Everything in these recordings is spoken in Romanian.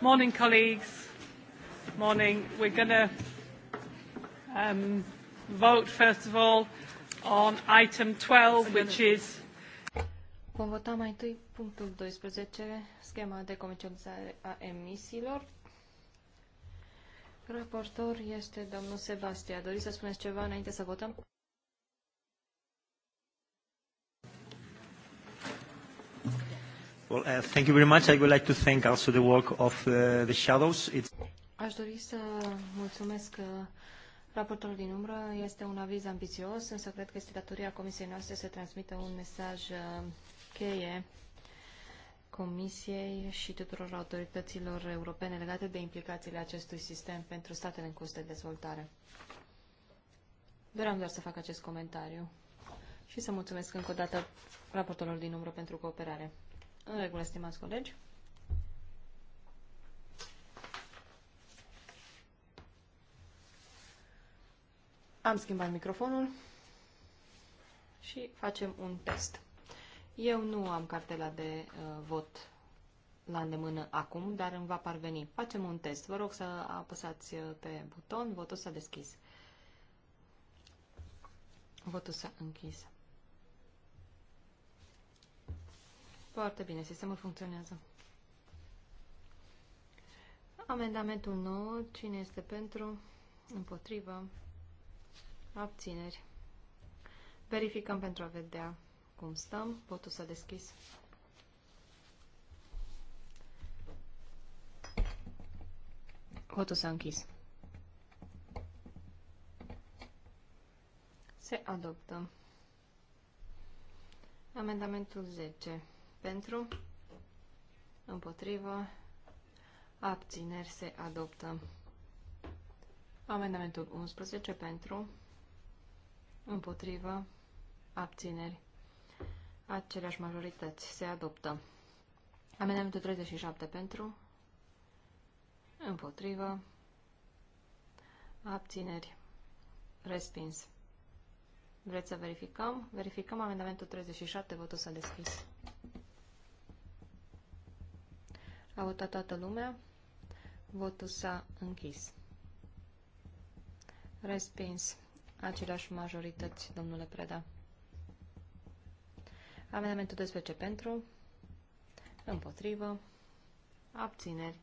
Morning, colleagues. Morning. We're going to um, vote, first of all, on item 12, which is... Vom vota mai întâi punctul 12, schema de comercializare a emisiilor. Raportor este domnul Sebastian. Doriți să spuneți ceva înainte să votăm? Well, uh, thank you very much. I would like to thank also the work of uh, the shadows. It's... Aș dori să mulțumesc uh, Raportul din umbră. Este un aviz ambițios, însă cred că este datoria comisiei noastre să transmită un mesaj uh, cheie Comisiei și tuturor autorităților europene legate de implicațiile acestui sistem pentru statele în curs de dezvoltare. Doream doar să fac acest comentariu și să mulțumesc încă o dată raportorilor din umbră pentru cooperare. În regulă, stimați colegi. Am schimbat microfonul și facem un test. Eu nu am cartela de uh, vot la îndemână acum, dar îmi va parveni. Facem un test. Vă rog să apăsați uh, pe buton. Votul s-a deschis. Votul s-a închis. Foarte bine, sistemul funcționează. Amendamentul 9. Cine este pentru? Împotrivă? Abțineri? Verificăm pentru a vedea cum stăm. Votul s-a deschis. Votul s-a închis. Se adoptă. Amendamentul 10 pentru, împotrivă, abțineri se adoptă. Amendamentul 11 pentru, împotrivă, abțineri, aceleași majorități se adoptă. Amendamentul 37 pentru, împotrivă, abțineri, respins. Vreți să verificăm? Verificăm amendamentul 37, votul s-a deschis. A votat toată lumea. Votul s-a închis. Respins. Aceleași majorități, domnule Preda. Amendamentul 12 pentru. Împotrivă. Abțineri.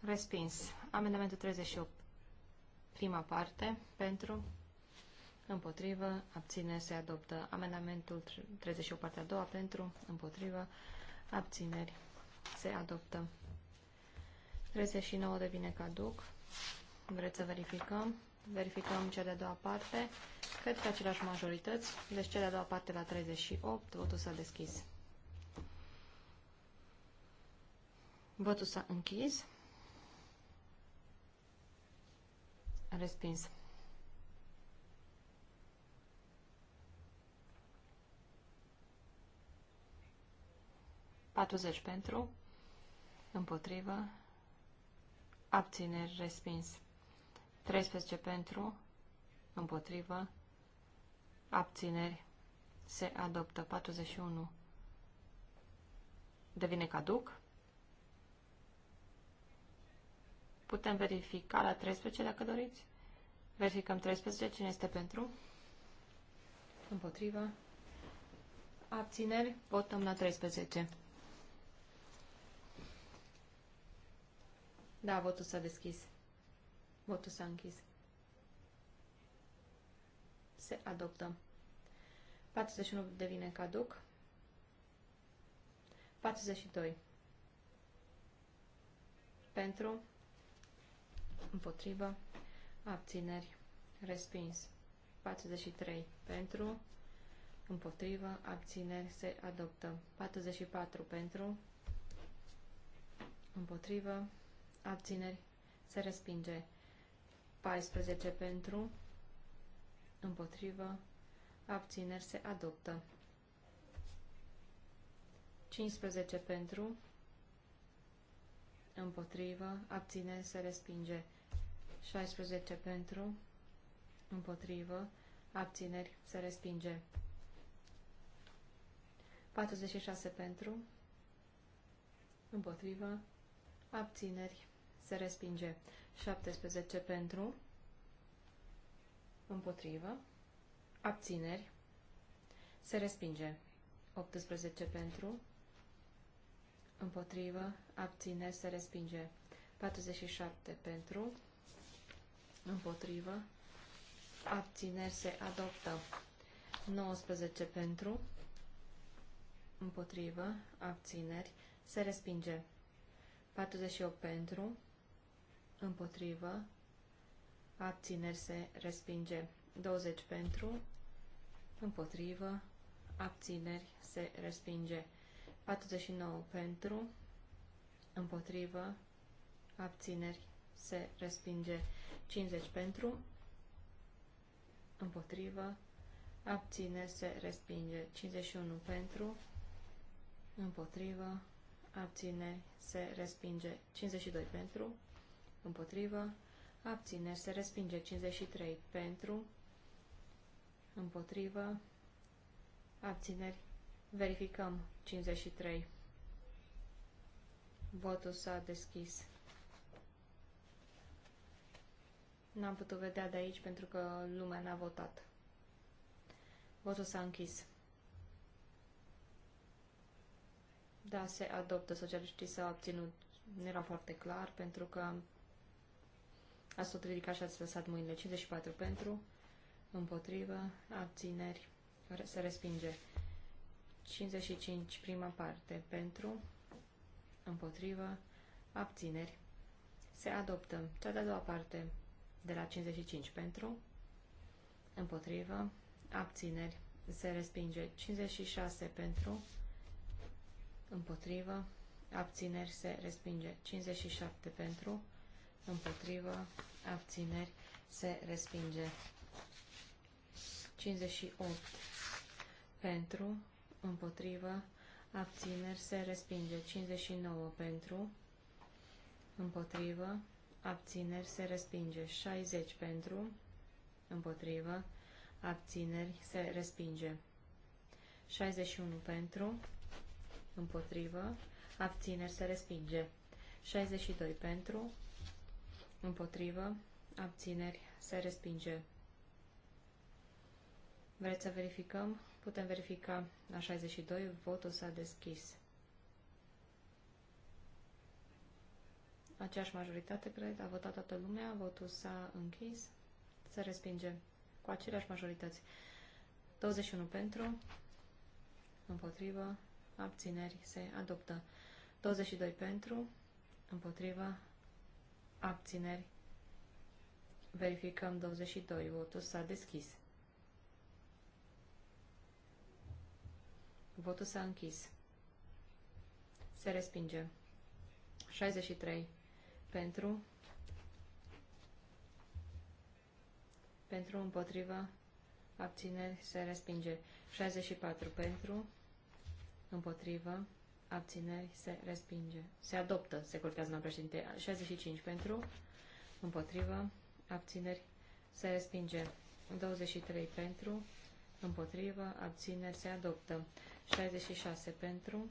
Respins. Amendamentul 38. Prima parte. Pentru. Împotrivă. Abține. Se adoptă. Amendamentul 38. Partea a doua. Pentru. Împotrivă. Abțineri. Se adoptă. 39 devine caduc. Vreți să verificăm? Verificăm cea de-a doua parte. Cred că aceleași majorități. Deci cea de-a doua parte la 38. Votul s-a deschis. Votul s-a închis. Respins. Patruzeci pentru, împotrivă, abțineri, respins. 13 pentru, împotrivă, abțineri, se adoptă. 41 devine caduc. Putem verifica la 13 dacă doriți. Verificăm 13, cine este pentru? Împotrivă. Abțineri, votăm la 13. Da, votul s-a deschis. Votul s-a închis. Se adoptă. 41 devine caduc. 42. Pentru, împotrivă, abțineri, respins. 43. Pentru, împotrivă, abțineri, se adoptă. 44. Pentru, împotrivă, abțineri, se respinge. 14 pentru, împotrivă, abțineri, se adoptă. 15 pentru, împotrivă, abțineri, se respinge. 16 pentru, împotrivă, abțineri, se respinge. 46 pentru, împotrivă, abțineri, se respinge. 17 pentru, împotrivă, abțineri, se respinge. 18 pentru, împotrivă, abțineri, se respinge. 47 pentru, împotrivă, abțineri, se adoptă. 19 pentru, împotrivă, abțineri, se respinge. 48 pentru, împotrivă, abțineri se respinge. 20 pentru, împotrivă, abțineri se respinge. 49 pentru, împotrivă, abțineri se respinge. 50 pentru, împotrivă, abțineri se respinge. 51 pentru, împotrivă, abțineri se respinge. 52 pentru, împotrivă, abțineri, se respinge 53 pentru, împotrivă, abțineri, verificăm 53. Votul s-a deschis. N-am putut vedea de aici pentru că lumea n-a votat. Votul s-a închis. Da, se adoptă. Socialiștii s-au obținut. Nu era foarte clar pentru că Ați tot ridicat și ați lăsat mâinile. 54 pentru, împotrivă, abțineri, se respinge. 55 prima parte pentru, împotrivă, abțineri, se adoptă. Cea de-a doua parte de la 55 pentru, împotrivă, abțineri, se respinge. 56 pentru, împotrivă, abțineri, se respinge. 57 pentru, împotrivă, abțineri, se respinge. 58. Pentru, împotrivă, abțineri, se respinge. 59. Pentru, împotrivă, abțineri, se respinge. 60. Pentru, împotrivă, abțineri, se respinge. 61. Pentru, împotrivă, abțineri, se respinge. 62. Pentru, Împotrivă. Abțineri. Se respinge. Vreți să verificăm? Putem verifica la 62. Votul s-a deschis. Aceeași majoritate, cred, a votat toată lumea, votul s-a închis, se respinge cu aceleași majorități. 21 pentru, împotrivă, abțineri, se adoptă. 22 pentru, împotrivă, Abțineri. Verificăm 22. Votul s-a deschis. Votul s-a închis. Se respinge. 63. Pentru. Pentru, împotriva, abțineri, se respinge. 64. Pentru, împotriva, abțineri, se respinge. Se adoptă, se cortează la președinte. 65 pentru, împotrivă, abțineri, se respinge. 23 pentru, împotrivă, abțineri, se adoptă. 66 pentru,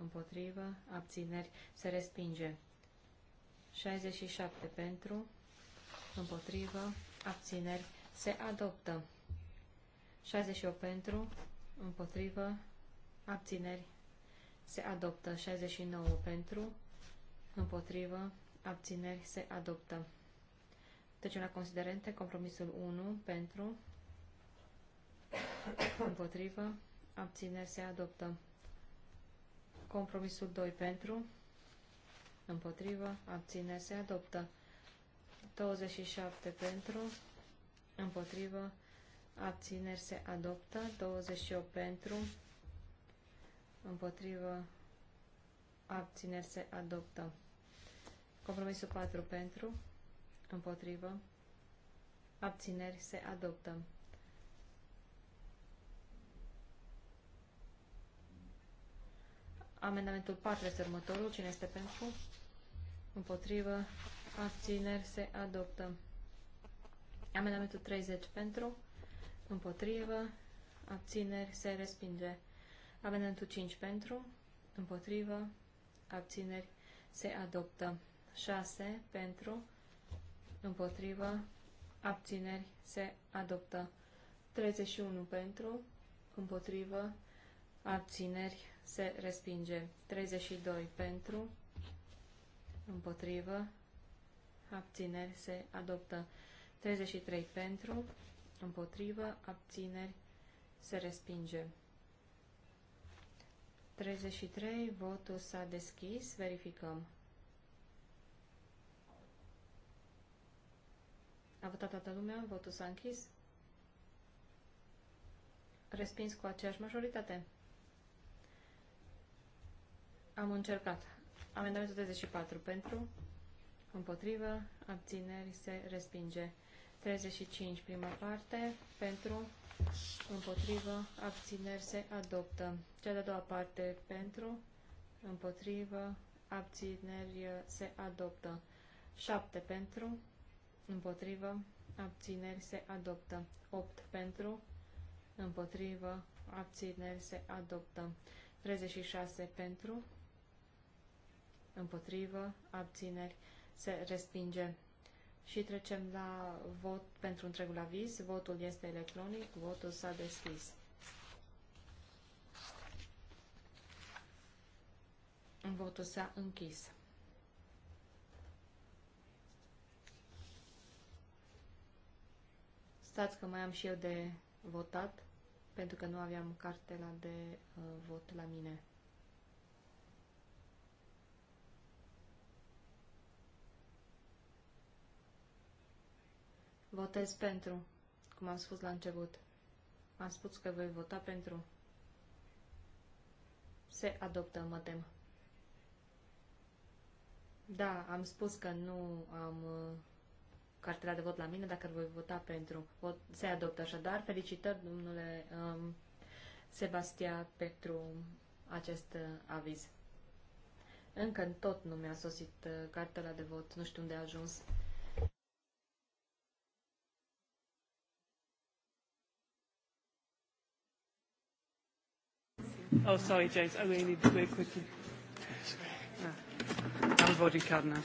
împotrivă, abțineri, se respinge. 67 pentru, împotrivă, abțineri, se adoptă. 68 pentru, împotrivă, abțineri, se adoptă. 69 pentru, împotrivă, abțineri, se adoptă. Trecem la considerente. Compromisul 1 pentru, împotrivă, abțineri, se adoptă. Compromisul 2 pentru, împotrivă, abțineri, se adoptă. 27 pentru, împotrivă, abțineri, se adoptă. 28 pentru, împotrivă, abțineri se adoptă. Compromisul 4 pentru, împotrivă, abțineri se adoptă. Amendamentul 4 este următorul. Cine este pentru? Împotrivă. Abțineri se adoptă. Amendamentul 30 pentru. Împotrivă. Abțineri se respinge. Amendamentul 5 pentru, împotrivă, abțineri, se adoptă. 6 pentru, împotrivă, abțineri, se adoptă. 31 pentru, împotrivă, abțineri, se respinge. 32 pentru, împotrivă, abțineri, se adoptă. 33 pentru, împotrivă, abțineri, se respinge. 33, votul s-a deschis, verificăm. A votat toată lumea, votul s-a închis. Respins cu aceeași majoritate. Am încercat. Amendamentul 34 pentru, împotrivă, abțineri, se respinge. 35 prima parte, pentru, împotrivă, abțineri se adoptă. Cea de-a doua parte pentru, împotrivă, abțineri se adoptă. 7 pentru, împotrivă, abțineri se adoptă. 8 pentru, împotrivă, abțineri se adoptă. 36 pentru, împotrivă, abțineri se respinge. Și trecem la vot pentru întregul aviz. Votul este electronic, votul s-a deschis. Votul s-a închis. Stați că mai am și eu de votat, pentru că nu aveam cartela de uh, vot la mine. Votez pentru, cum am spus la început. Am spus că voi vota pentru. Se adoptă, mă tem. Da, am spus că nu am uh, cartela de vot la mine, dacă voi vota pentru. Vot, se adoptă așadar. Felicitări, domnule um, Sebastia, pentru acest uh, aviz. Încă tot nu mi-a sosit uh, cartela de vot, nu știu unde a ajuns. Oh, sorry, James. I oh, really need to wait quickly. Ah, I have voting card now.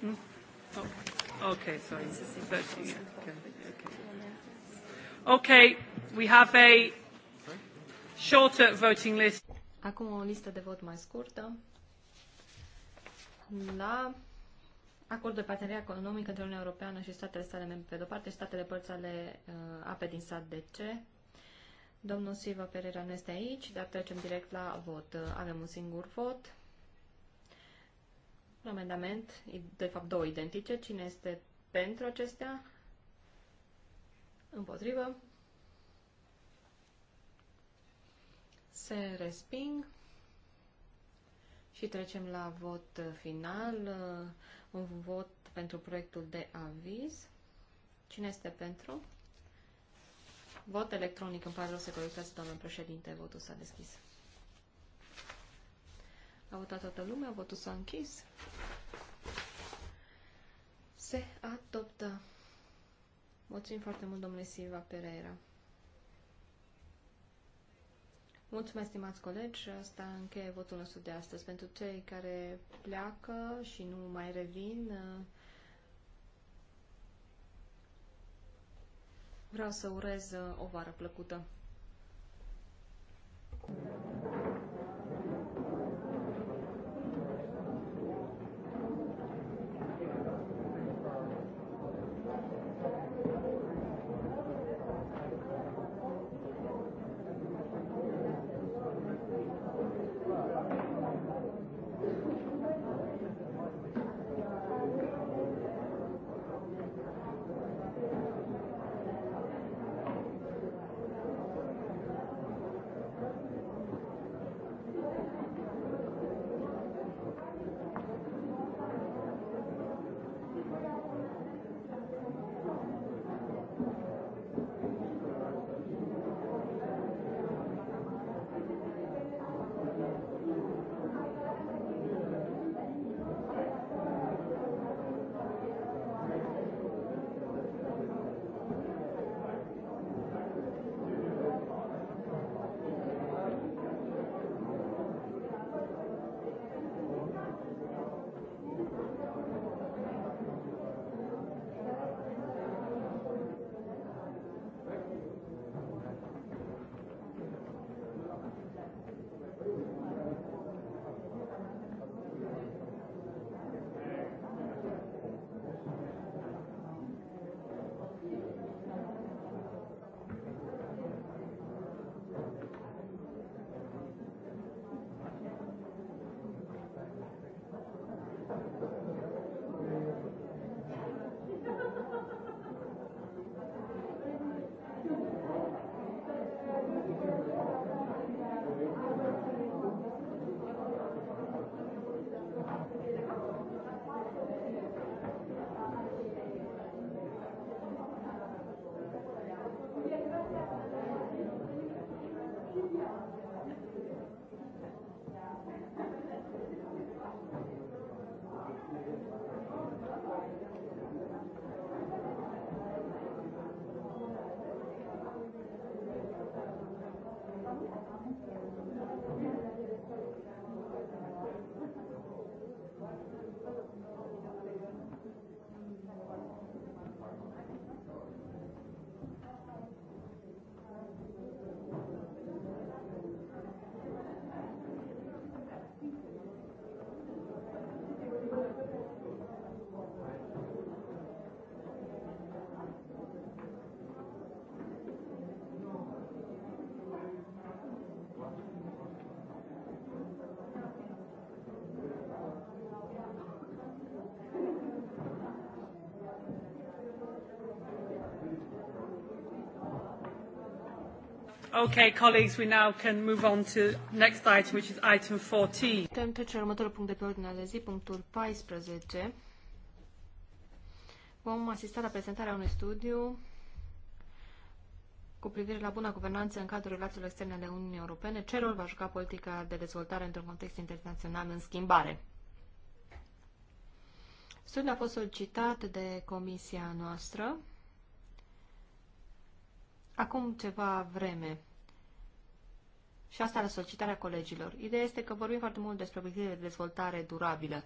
Hmm? okay, sorry. okay, okay. okay, we have a shorter voting list. Acum o listă de vot mai scurtă. La acord de parteneriat economic între Uniunea Europeană și statele sale membre pe de-o parte statele părți ale uh, ape din sat de ce. Domnul Silva Pereira nu este aici, dar trecem direct la vot. Uh, avem un singur vot. Un amendament, de fapt două identice. Cine este pentru acestea? Împotrivă. Se resping. Și trecem la vot final. Uh, un vot pentru proiectul de aviz. Cine este pentru? Vot electronic. Îmi pare rău să corectează, doamnă președinte. Votul s-a deschis. A votat toată lumea, votul s-a închis. Se adoptă. Mulțumim foarte mult, domnule Silva Pereira. Mulțumesc, stimați colegi. Asta încheie votul nostru de astăzi. Pentru cei care pleacă și nu mai revin, vreau să urez o vară plăcută. Okay, colleagues, we now can move on to next item, which is item 14. Putem următorul punct de pe ordinea de zi, punctul 14. Vom asista la prezentarea unui studiu cu privire la buna guvernanță în cadrul relațiilor externe ale Uniunii Europene, ce rol va juca politica de dezvoltare într-un context internațional în schimbare? Studiul a fost solicitat de comisia noastră acum ceva vreme. Și asta la solicitarea colegilor. Ideea este că vorbim foarte mult despre obiectivele de dezvoltare durabilă,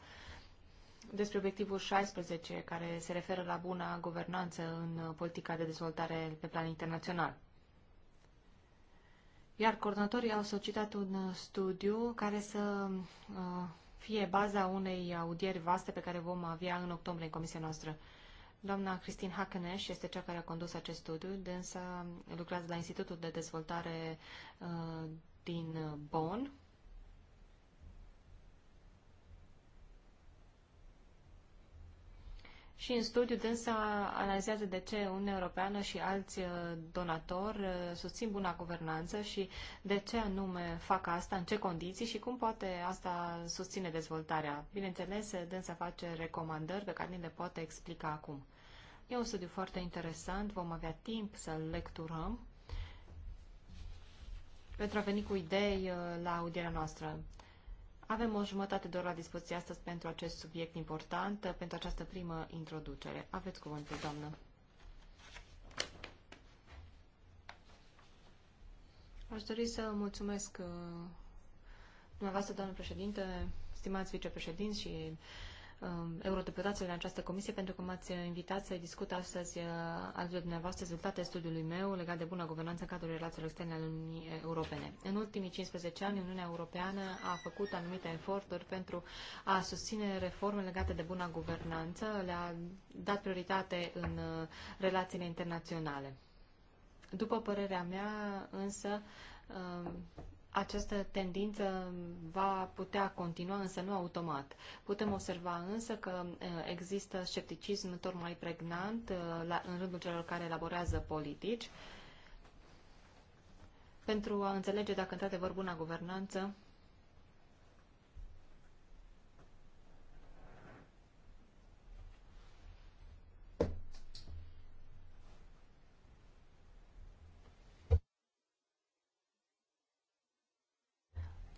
despre obiectivul 16, care se referă la buna guvernanță în politica de dezvoltare pe plan internațional. Iar coordonatorii au solicitat un studiu care să uh, fie baza unei audieri vaste pe care vom avea în octombrie în comisia noastră. Doamna Cristin Hackenesh este cea care a condus acest studiu, însă lucrează la Institutul de Dezvoltare uh, din uh, Bonn. Și în studiu dânsa analizează de ce Uniunea Europeană și alți uh, donatori uh, susțin buna guvernanță și de ce anume fac asta, în ce condiții și cum poate asta susține dezvoltarea. Bineînțeles, dânsa face recomandări pe care ni le poate explica acum. E un studiu foarte interesant, vom avea timp să-l lecturăm pentru a veni cu idei uh, la audierea noastră. Avem o jumătate de oră la dispoziție astăzi pentru acest subiect important, uh, pentru această primă introducere. Aveți cuvântul, doamnă. Aș dori să mulțumesc uh, dumneavoastră, doamnă președinte, stimați vicepreședinți și Um, eurodeputaților în această comisie pentru că m-ați invitat să discut astăzi uh, alături de dumneavoastră rezultatele studiului meu legat de bună guvernanță în cadrul relațiilor externe ale Uniunii Europene. În ultimii 15 ani, Uniunea Europeană a făcut anumite eforturi pentru a susține reforme legate de bună guvernanță, le-a dat prioritate în uh, relațiile internaționale. După părerea mea, însă, um, această tendință va putea continua, însă nu automat. Putem observa însă că uh, există scepticism tot mai pregnant uh, la, în rândul celor care elaborează politici pentru a înțelege dacă într-adevăr buna guvernanță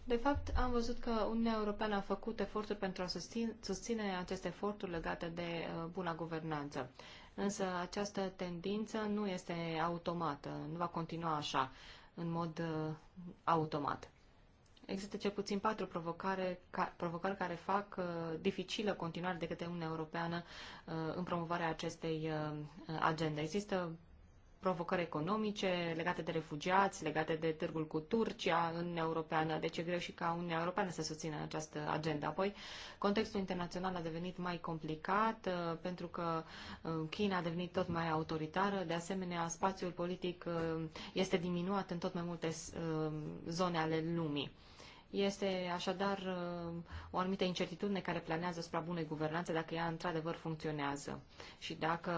De fapt, am văzut că Uniunea Europeană a făcut eforturi pentru a susține, susține aceste eforturi legate de uh, buna guvernanță. Însă această tendință nu este automată, nu va continua așa, în mod uh, automat. Există cel puțin patru provocare, ca, provocări care fac uh, dificilă continuare de către Uniunea Europeană uh, în promovarea acestei uh, agende. Există provocări economice legate de refugiați, legate de târgul cu Turcia în Uniunea Europeană, deci e greu și ca Uniunea Europeană să susțină această agenda. Apoi, contextul internațional a devenit mai complicat uh, pentru că uh, China a devenit tot mai autoritară, de asemenea, spațiul politic uh, este diminuat în tot mai multe zone ale lumii. Este așadar uh, o anumită incertitudine care planează spre bunei guvernanțe dacă ea într-adevăr funcționează și dacă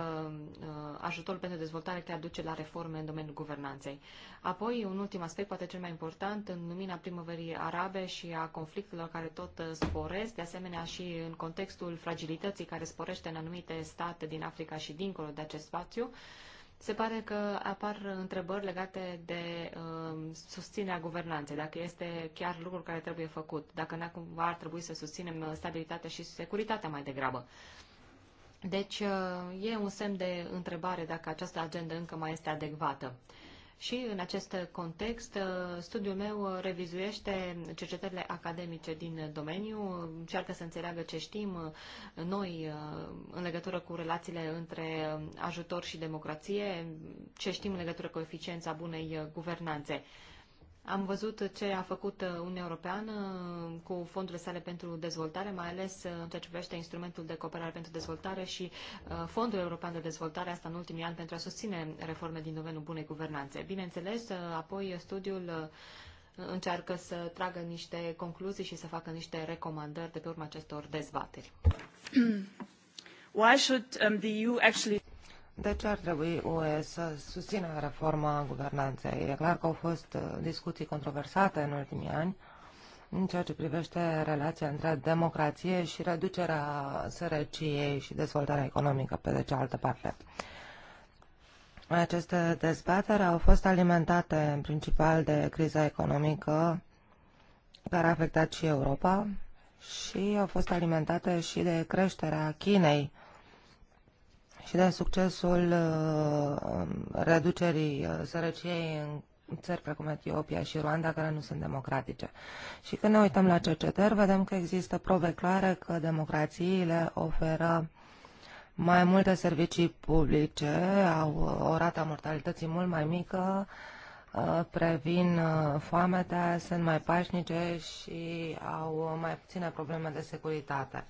uh, ajutorul pentru dezvoltare te aduce la reforme în domeniul guvernanței. Apoi, un ultim aspect, poate cel mai important, în lumina primăverii arabe și a conflictelor care tot uh, sporesc, de asemenea și în contextul fragilității care sporește în anumite state din Africa și dincolo de acest spațiu, se pare că apar întrebări legate de uh, susținerea guvernanței, dacă este chiar lucrul care trebuie făcut, dacă ne cumva ar trebui să susținem stabilitatea și securitatea mai degrabă. Deci uh, e un semn de întrebare dacă această agendă încă mai este adecvată. Și în acest context, uh, studiul meu revizuiește cercetările academice din domeniu, încearcă să înțeleagă ce știm uh, noi uh, în legătură cu relațiile între ajutor și democrație, ce știm în legătură cu eficiența bunei guvernanțe. Am văzut ce a făcut uh, Uniunea Europeană uh, cu fondurile sale pentru dezvoltare, mai ales uh, în ceea ce privește instrumentul de cooperare pentru dezvoltare și Fondul European de Dezvoltare, asta în ultimii ani, pentru a susține reforme din domeniul bunei guvernanțe. Bineînțeles, apoi studiul încearcă să tragă niște concluzii și să facă niște recomandări de pe urma acestor dezbateri. Why should um, the EU actually deci ar trebui UE să susțină reforma guvernanței. E clar că au fost uh, discuții controversate în ultimii ani în ceea ce privește relația între democrație și reducerea sărăciei și dezvoltarea economică, pe de cealaltă parte. Aceste dezbatere au fost alimentate în principal de criza economică care a afectat și Europa și au fost alimentate și de creșterea Chinei și de succesul uh, reducerii uh, sărăciei în țări precum Etiopia și Rwanda, care nu sunt democratice. Și când ne uităm la cercetări, vedem că există probe clare că democrațiile oferă mai multe servicii publice, au uh, o rată a mortalității mult mai mică, previn foametea, sunt mai pașnice și au mai puține probleme de securitate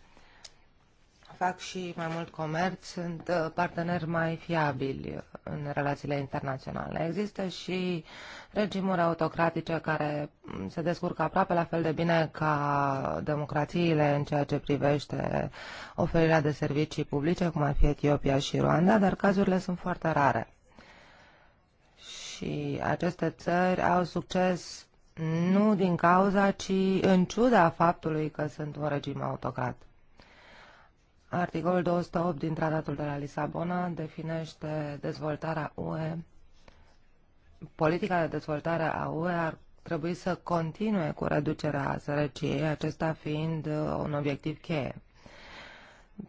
fac și mai mult comerț, sunt uh, parteneri mai fiabili uh, în relațiile internaționale. Există și regimuri autocratice care mm, se descurcă aproape la fel de bine ca democrațiile în ceea ce privește oferirea de servicii publice, cum ar fi Etiopia și Rwanda, dar cazurile sunt foarte rare. Și aceste țări au succes nu din cauza, ci în ciuda faptului că sunt un regim autocrat. Articolul 208 din Tratatul de la Lisabona definește dezvoltarea UE. Politica de dezvoltare a UE ar trebui să continue cu reducerea sărăciei, acesta fiind uh, un obiectiv cheie.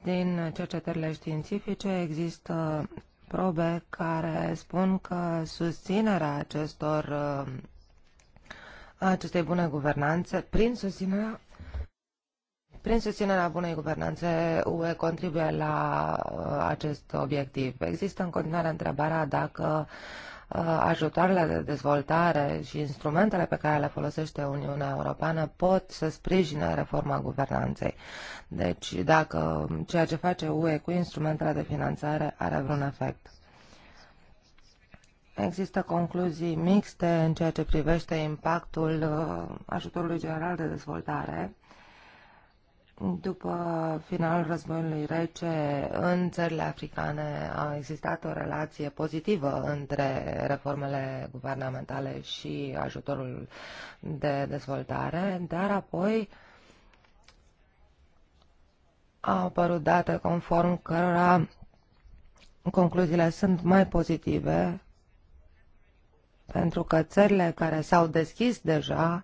Din cercetările științifice există probe care spun că susținerea acestor uh, acestei bune guvernanțe prin susținerea prin susținerea bunei guvernanțe, UE contribuie la uh, acest obiectiv. Există în continuare întrebarea dacă uh, ajutoarele de dezvoltare și instrumentele pe care le folosește Uniunea Europeană pot să sprijine reforma guvernanței. Deci dacă ceea ce face UE cu instrumentele de finanțare are vreun efect. Există concluzii mixte în ceea ce privește impactul uh, ajutorului general de dezvoltare după finalul războiului rece, în țările africane a existat o relație pozitivă între reformele guvernamentale și ajutorul de dezvoltare, dar apoi au apărut date conform cărora concluziile sunt mai pozitive, pentru că țările care s-au deschis deja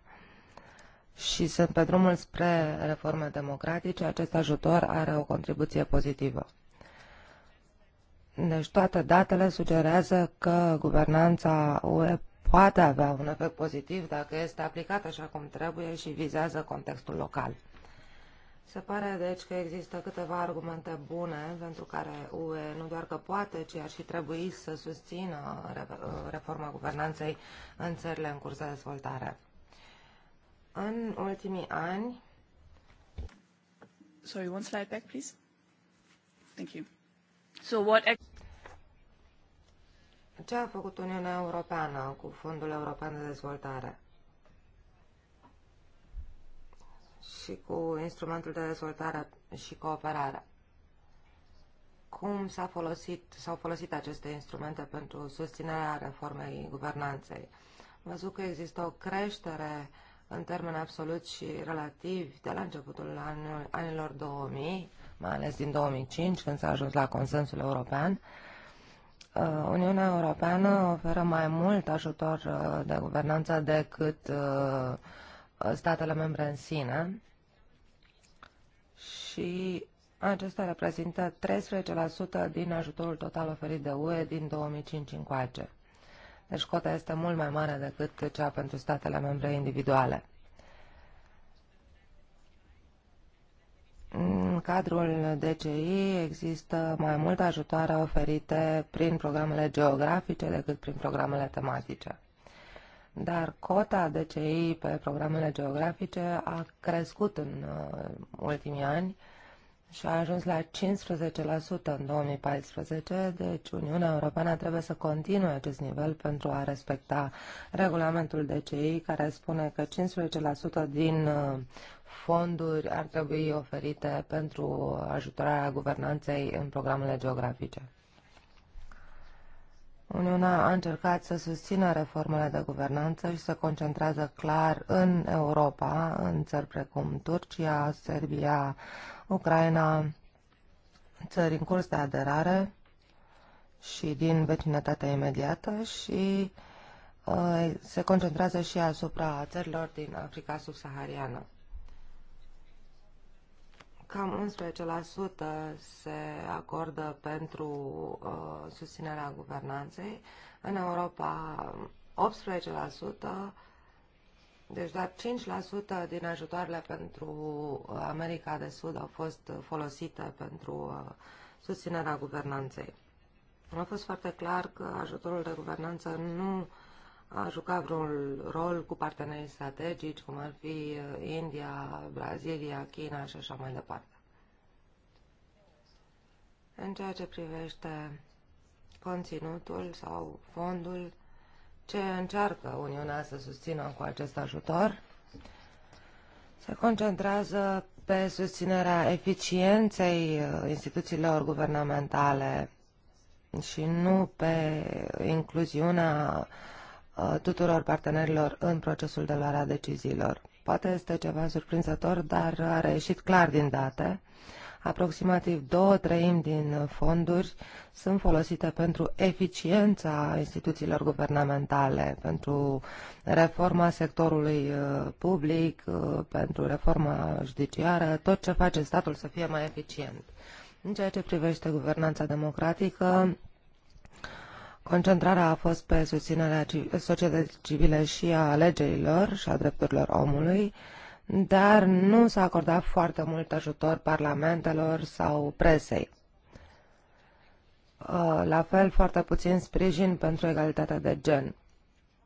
și sunt pe drumul spre reforme democratice, acest ajutor are o contribuție pozitivă. Deci toate datele sugerează că guvernanța UE poate avea un efect pozitiv dacă este aplicată așa cum trebuie și vizează contextul local. Se pare deci că există câteva argumente bune pentru care UE nu doar că poate, ci ar și trebui să susțină reforma guvernanței în țările în curs de dezvoltare. În ultimii ani... Sorry, one slide back, please. Thank you. So what... Ce a făcut Uniunea Europeană cu Fondul European de Dezvoltare? și cu instrumentul de dezvoltare și cooperare. Cum s-a folosit, s-au folosit aceste instrumente pentru susținerea reformei guvernanței? Am văzut că există o creștere uh, în termen absolut și relativ de la începutul anilor 2000, mai ales din 2005, când s-a ajuns la consensul european, uh, Uniunea Europeană oferă mai mult ajutor uh, de guvernanță decât uh, statele membre în sine și acesta reprezintă 13% din ajutorul total oferit de UE din 2005 încoace. Deci cota este mult mai mare decât cea pentru statele membre individuale. În cadrul DCI există mai multe ajutoare oferite prin programele geografice decât prin programele tematice. Dar cota DCI pe programele geografice a crescut în uh, ultimii ani și a ajuns la 15% în 2014, deci Uniunea Europeană trebuie să continue acest nivel pentru a respecta regulamentul DCI care spune că 15% din uh, fonduri ar trebui oferite pentru ajutorarea guvernanței în programele geografice. Uniunea a încercat să susțină reformele de guvernanță și se concentrează clar în Europa, în țări precum Turcia, Serbia, Ucraina, țări în curs de aderare și din vecinătatea imediată și uh, se concentrează și asupra țărilor din Africa subsahariană. Cam 11% se acordă pentru uh, susținerea guvernanței. În Europa, 18% deci doar 5% din ajutoarele pentru uh, America de Sud au fost uh, folosite pentru uh, susținerea guvernanței. A fost foarte clar că ajutorul de guvernanță nu a jucat vreun rol cu partenerii strategici, cum ar fi India, Brazilia, China și așa mai departe. În ceea ce privește conținutul sau fondul, ce încearcă Uniunea să susțină cu acest ajutor se concentrează pe susținerea eficienței uh, instituțiilor guvernamentale și nu pe incluziunea uh, tuturor partenerilor în procesul de luare a deciziilor. Poate este ceva surprinzător, dar a reieșit clar din date Aproximativ două treimi din fonduri sunt folosite pentru eficiența instituțiilor guvernamentale, pentru reforma sectorului uh, public, uh, pentru reforma judiciară, tot ce face statul să fie mai eficient. În ceea ce privește guvernanța democratică, Concentrarea a fost pe susținerea societății civile și a alegerilor și a drepturilor omului, dar nu s-a acordat foarte mult ajutor parlamentelor sau presei. Uh, la fel, foarte puțin sprijin pentru egalitatea de gen,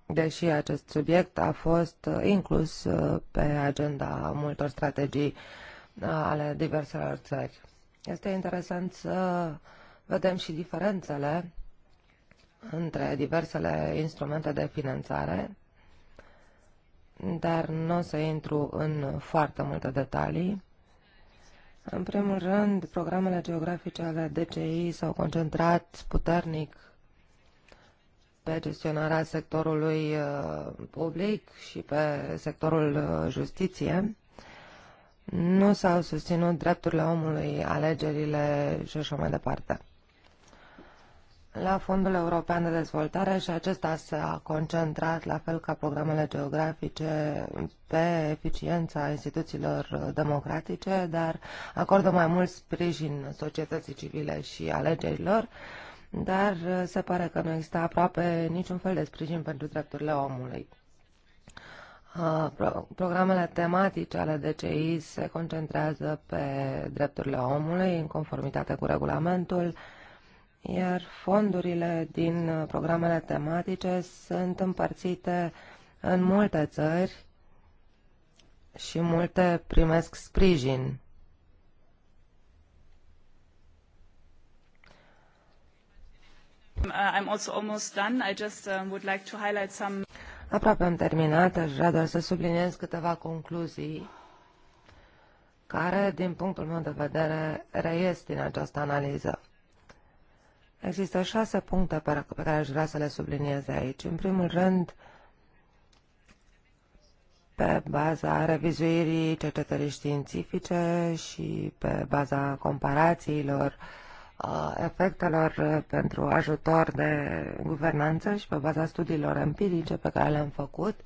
deși acest subiect a fost uh, inclus uh, pe agenda multor strategii ale diverselor țări. Este interesant să vedem și diferențele între diversele instrumente de finanțare dar nu o să intru în foarte multe detalii. În primul rând, programele geografice ale DCI s-au concentrat puternic pe gestionarea sectorului uh, public și pe sectorul uh, justiție. Nu s-au susținut drepturile omului, alegerile și așa mai departe la Fondul European de Dezvoltare și acesta s-a concentrat, la fel ca programele geografice, pe eficiența instituțiilor democratice, dar acordă mai mult sprijin societății civile și alegerilor, dar se pare că nu există aproape niciun fel de sprijin pentru drepturile omului. Programele tematice ale DCI se concentrează pe drepturile omului în conformitate cu regulamentul, iar fondurile din uh, programele tematice sunt împărțite în multe țări și multe primesc sprijin. Uh, I'm also almost done. I just uh, would like to highlight some Aproape am terminat, aș vrea doar să subliniez câteva concluzii care, din punctul meu de vedere, reies din această analiză. Există șase puncte pe care aș vrea să le subliniez aici. În primul rând, pe baza revizuirii cercetării științifice și pe baza comparațiilor efectelor pentru ajutor de guvernanță și pe baza studiilor empirice pe care le-am făcut,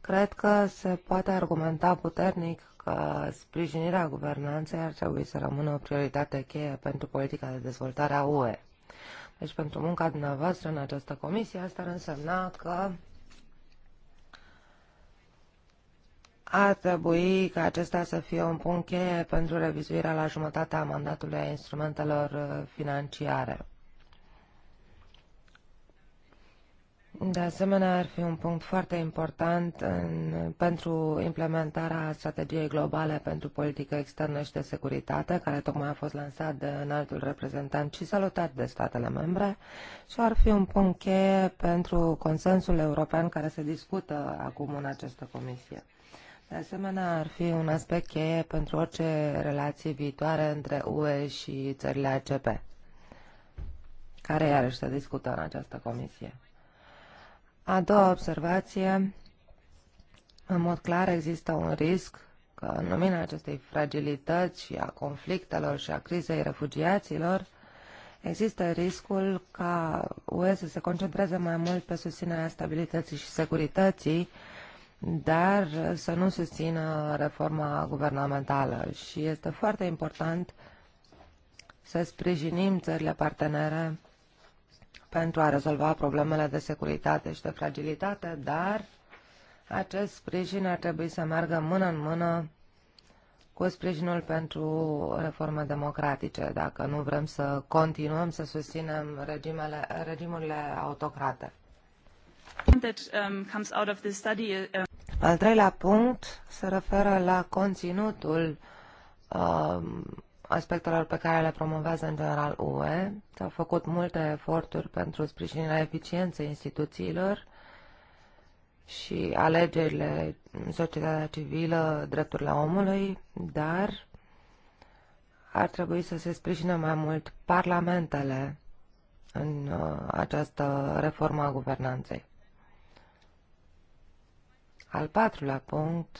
cred că se poate argumenta puternic că sprijinirea guvernanței ar trebui să rămână o prioritate cheie pentru politica de dezvoltare a UE. Deci pentru munca dumneavoastră în această comisie, asta ar însemna că ar trebui ca acesta să fie un punct cheie pentru revizuirea la jumătatea mandatului a instrumentelor uh, financiare. De asemenea, ar fi un punct foarte important în, pentru implementarea strategiei globale pentru politică externă și de securitate, care tocmai a fost lansat de înaltul reprezentant și salutat de statele membre, și ar fi un punct cheie pentru consensul european care se discută acum în această comisie. De asemenea, ar fi un aspect cheie pentru orice relație viitoare între UE și țările ACP, care iarăși se discută în această comisie. A doua observație, în mod clar există un risc că în lumina acestei fragilități și a conflictelor și a crizei refugiaților, există riscul ca UE să se concentreze mai mult pe susținerea stabilității și securității, dar să nu susțină reforma guvernamentală. Și este foarte important să sprijinim țările partenere pentru a rezolva problemele de securitate și de fragilitate, dar acest sprijin ar trebui să meargă mână în mână cu sprijinul pentru reforme democratice, dacă nu vrem să continuăm să susținem regimele, regimurile autocrate. Um, uh, um, Al treilea punct se referă la conținutul um, aspectelor pe care le promovează în general UE. S-au făcut multe eforturi pentru sprijinirea eficienței instituțiilor și alegerile societatea civilă, drepturile omului, dar ar trebui să se sprijină mai mult parlamentele în uh, această reformă a guvernanței. Al patrulea punct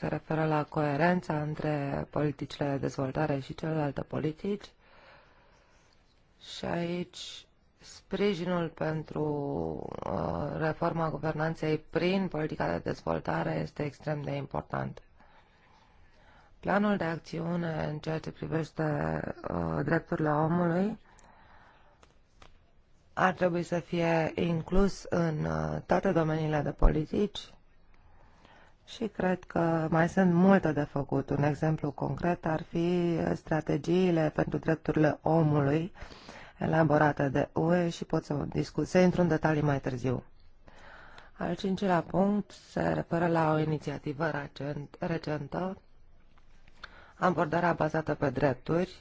se referă la coerența între politicile de dezvoltare și celelalte politici. Și aici sprijinul pentru uh, reforma guvernanței prin politica de dezvoltare este extrem de important. Planul de acțiune în ceea ce privește uh, drepturile omului ar trebui să fie inclus în uh, toate domeniile de politici și cred că mai sunt multe de făcut. Un exemplu concret ar fi strategiile pentru drepturile omului elaborate de UE și pot să discut, să intru în detalii mai târziu. Al cincilea punct se referă la o inițiativă recent, recentă, abordarea bazată pe drepturi,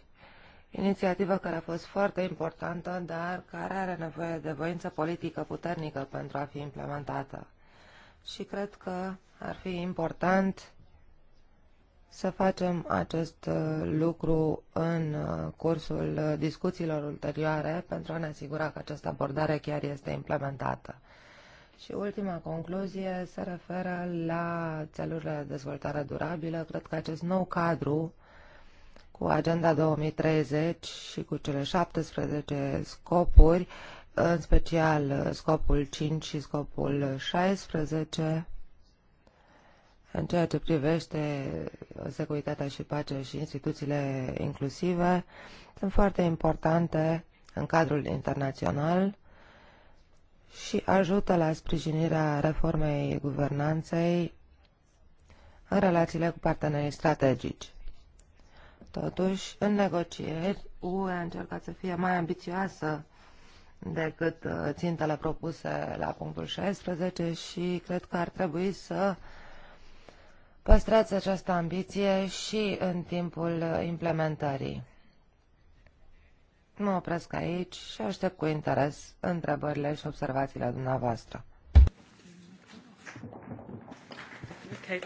inițiativă care a fost foarte importantă, dar care are nevoie de voință politică puternică pentru a fi implementată și cred că ar fi important să facem acest uh, lucru în uh, cursul discuțiilor ulterioare pentru a ne asigura că această abordare chiar este implementată. Și ultima concluzie se referă la țelurile de dezvoltare durabilă. Cred că acest nou cadru cu Agenda 2030 și cu cele 17 scopuri în special uh, scopul 5 și scopul 16, în ceea ce privește securitatea și pacea și instituțiile inclusive, sunt foarte importante în cadrul internațional și ajută la sprijinirea reformei guvernanței în relațiile cu partenerii strategici. Totuși, în negocieri, UE a încercat să fie mai ambițioasă decât uh, țintele propuse la punctul 16 și cred că ar trebui să păstrați această ambiție și în timpul implementării. Mă opresc aici și aștept cu interes întrebările și observațiile dumneavoastră. Okay.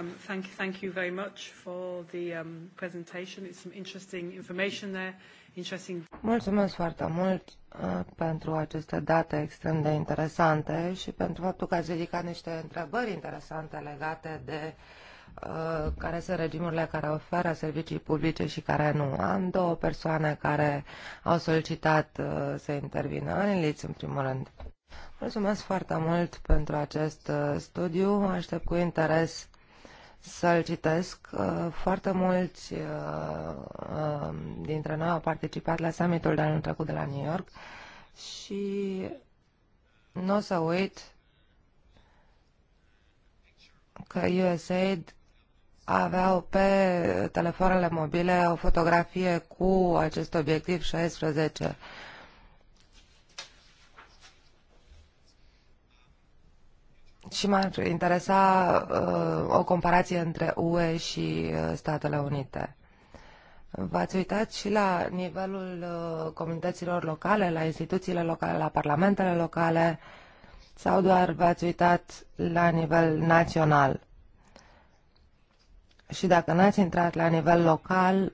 Um, thank, thank you very much for the um, presentation. It's some interesting information there interesting. Mulțumesc foarte mult uh, pentru aceste date extrem de interesante și pentru faptul că ați ridicat niște întrebări interesante legate de uh, care sunt regimurile care oferă servicii publice și care nu. Am două persoane care au solicitat uh, să intervină. Aniliț, în primul rând. Mulțumesc foarte mult pentru acest studiu. Aștept cu interes să-l citesc. Uh, foarte mulți uh, uh, dintre noi au participat la summitul de anul trecut de la New York și nu o să uit că USAID aveau pe telefoanele mobile o fotografie cu acest obiectiv 16 Și m-ar interesa uh, o comparație între UE și uh, Statele Unite. V-ați uitat și la nivelul uh, comunităților locale, la instituțiile locale, la parlamentele locale sau doar v-ați uitat la nivel național? Și dacă n-ați intrat la nivel local,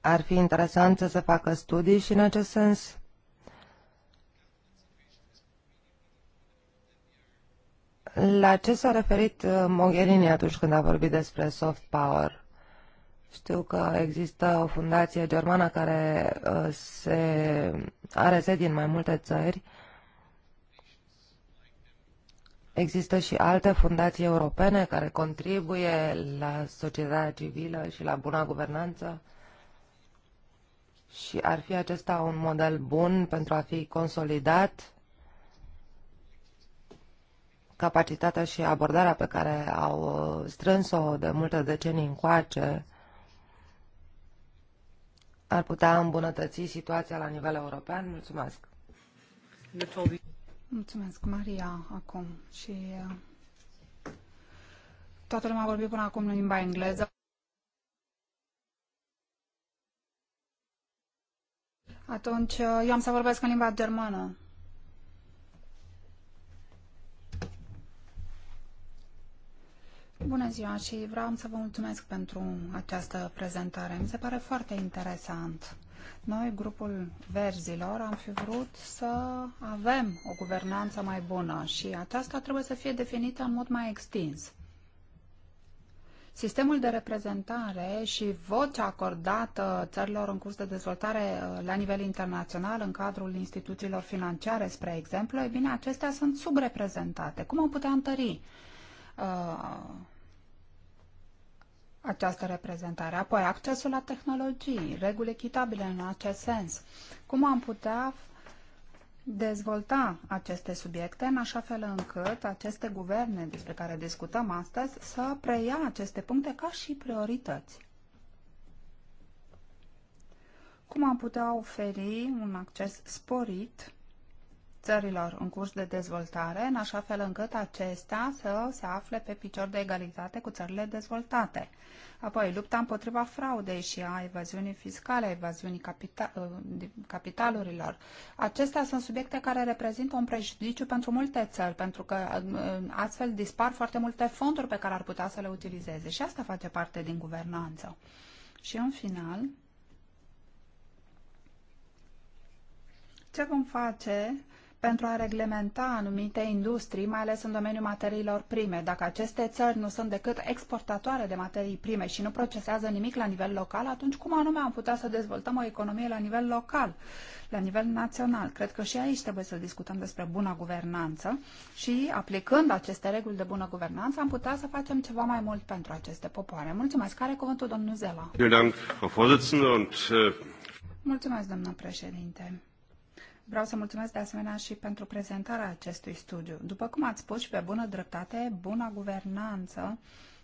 ar fi interesant să se facă studii și în acest sens? La ce s-a referit uh, Mogherini atunci când a vorbit despre soft power? Știu că există o fundație germană care uh, se are sedi în mai multe țări. Există și alte fundații europene care contribuie la societatea civilă și la buna guvernanță. Și ar fi acesta un model bun pentru a fi consolidat capacitatea și abordarea pe care au strâns-o de multe decenii încoace ar putea îmbunătăți situația la nivel european? Mulțumesc! Mulțumesc, Maria, acum. Și uh, toată lumea a vorbit până acum în limba engleză. Atunci, uh, eu am să vorbesc în limba germană. Bună ziua și vreau să vă mulțumesc pentru această prezentare. Mi se pare foarte interesant. Noi, grupul verzilor, am fi vrut să avem o guvernanță mai bună și aceasta trebuie să fie definită în mod mai extins. Sistemul de reprezentare și vocea acordată țărilor în curs de dezvoltare uh, la nivel internațional în cadrul instituțiilor financiare, spre exemplu, e bine, acestea sunt subreprezentate. Cum am putea întări uh, această reprezentare. Apoi, accesul la tehnologii, reguli echitabile în acest sens. Cum am putea dezvolta aceste subiecte în așa fel încât aceste guverne despre care discutăm astăzi să preia aceste puncte ca și priorități. Cum am putea oferi un acces sporit țărilor în curs de dezvoltare, în așa fel încât acestea să se afle pe picior de egalitate cu țările dezvoltate. Apoi, lupta împotriva fraudei și a evaziunii fiscale, a evaziunii capita uh, capitalurilor. Acestea sunt subiecte care reprezintă un prejudiciu pentru multe țări, pentru că um, uh, astfel dispar foarte multe fonduri pe care ar putea să le utilizeze și asta face parte din guvernanță. Și în final, ce vom face pentru a reglementa anumite industrii, mai ales în domeniul materiilor prime. Dacă aceste țări nu sunt decât exportatoare de materii prime și nu procesează nimic la nivel local, atunci cum anume am putea să dezvoltăm o economie la nivel local, la nivel național? Cred că și aici trebuie să discutăm despre bună guvernanță și aplicând aceste reguli de bună guvernanță am putea să facem ceva mai mult pentru aceste popoare. Mulțumesc. Care cuvântul domnul Zela? Äh, Mulțumesc, domnul președinte. Vreau să mulțumesc de asemenea și pentru prezentarea acestui studiu. După cum ați spus și pe bună dreptate, buna guvernanță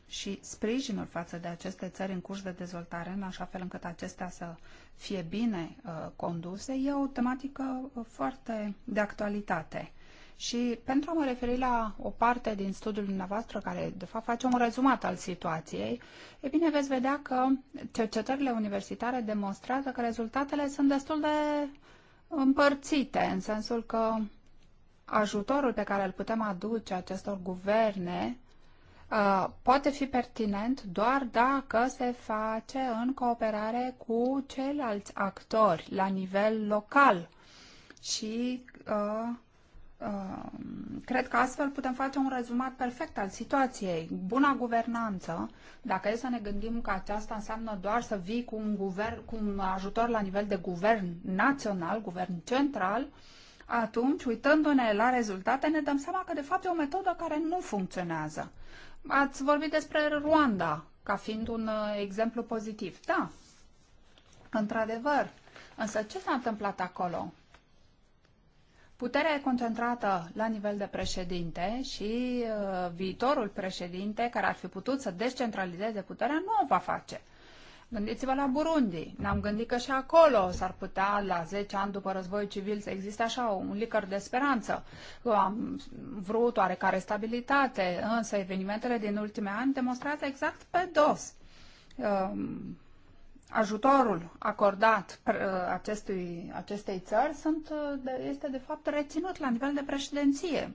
și sprijinul față de aceste țări în curs de dezvoltare, în așa fel încât acestea să fie bine uh, conduse, e o tematică uh, foarte de actualitate. Și pentru a mă referi la o parte din studiul dumneavoastră, care de fapt face un rezumat al situației, e bine, veți vedea că cercetările universitare demonstrează că rezultatele sunt destul de împărțite, în sensul că ajutorul pe care îl putem aduce acestor guverne uh, poate fi pertinent doar dacă se face în cooperare cu ceilalți actori la nivel local și uh, Uh, cred că astfel putem face un rezumat perfect al situației. Buna guvernanță, dacă e să ne gândim că aceasta înseamnă doar să vii cu un, guvern, cu un ajutor la nivel de guvern național, guvern central, atunci, uitându-ne la rezultate, ne dăm seama că, de fapt, e o metodă care nu funcționează. Ați vorbit despre Rwanda ca fiind un uh, exemplu pozitiv. Da, într-adevăr. Însă ce s-a întâmplat acolo? Puterea e concentrată la nivel de președinte și uh, viitorul președinte, care ar fi putut să descentralizeze puterea, nu o va face. Gândiți-vă la Burundi. Ne-am gândit că și acolo s-ar putea, la 10 ani după război civil, să existe așa un licăr de speranță. Am vrut oarecare stabilitate, însă evenimentele din ultimele ani demonstrează exact pe dos. Um, ajutorul acordat uh, acestui, acestei țări sunt, uh, este de fapt reținut la nivel de președinție.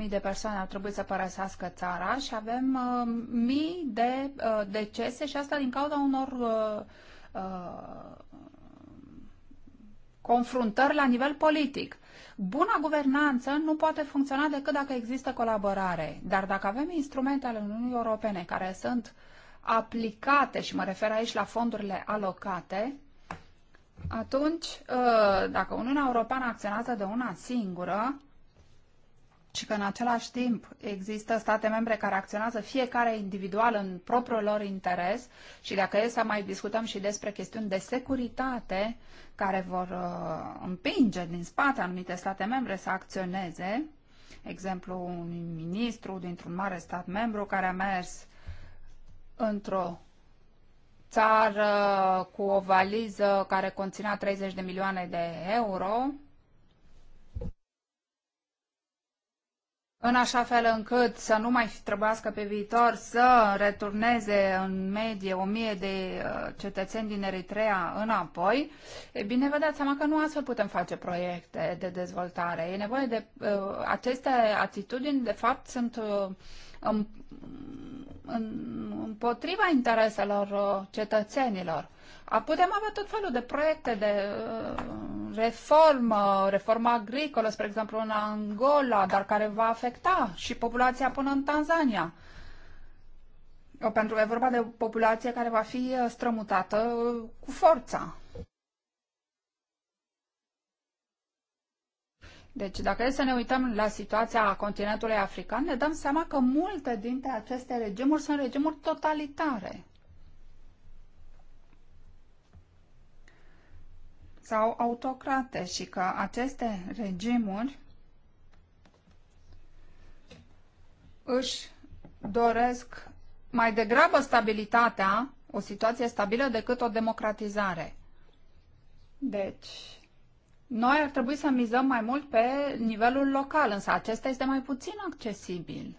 250.000 de persoane au trebuit să părăsească țara și avem uh, mii de uh, decese și asta din cauza unor uh, uh, confruntări la nivel politic. Buna guvernanță nu poate funcționa decât dacă există colaborare. Dar dacă avem instrumente ale Uniunii Europene care sunt aplicate, și mă refer aici la fondurile alocate, atunci, uh, dacă Uniunea Europeană acționează de una singură, și că în același timp există state membre care acționează fiecare individual în propriul lor interes și dacă e să mai discutăm și despre chestiuni de securitate care vor uh, împinge din spate anumite state membre să acționeze, exemplu un ministru dintr-un mare stat membru care a mers într-o țară cu o valiză care conținea 30 de milioane de euro în așa fel încât să nu mai trebuiască pe viitor să returneze în medie o mie de uh, cetățeni din Eritrea înapoi, e bine, vă dați seama că nu astfel putem face proiecte de dezvoltare. E nevoie de uh, aceste atitudini, de fapt, sunt uh, împotriva intereselor cetățenilor. Putem avea tot felul de proiecte de uh, reformă, reformă agricolă, spre exemplu în Angola, dar care va afecta și populația până în Tanzania. Pentru că e vorba de o populație care va fi uh, strămutată uh, cu forța. Deci, dacă e să ne uităm la situația continentului african, ne dăm seama că multe dintre aceste regimuri sunt regimuri totalitare. sau autocrate și că aceste regimuri își doresc mai degrabă stabilitatea, o situație stabilă, decât o democratizare. Deci, noi ar trebui să mizăm mai mult pe nivelul local, însă acesta este mai puțin accesibil.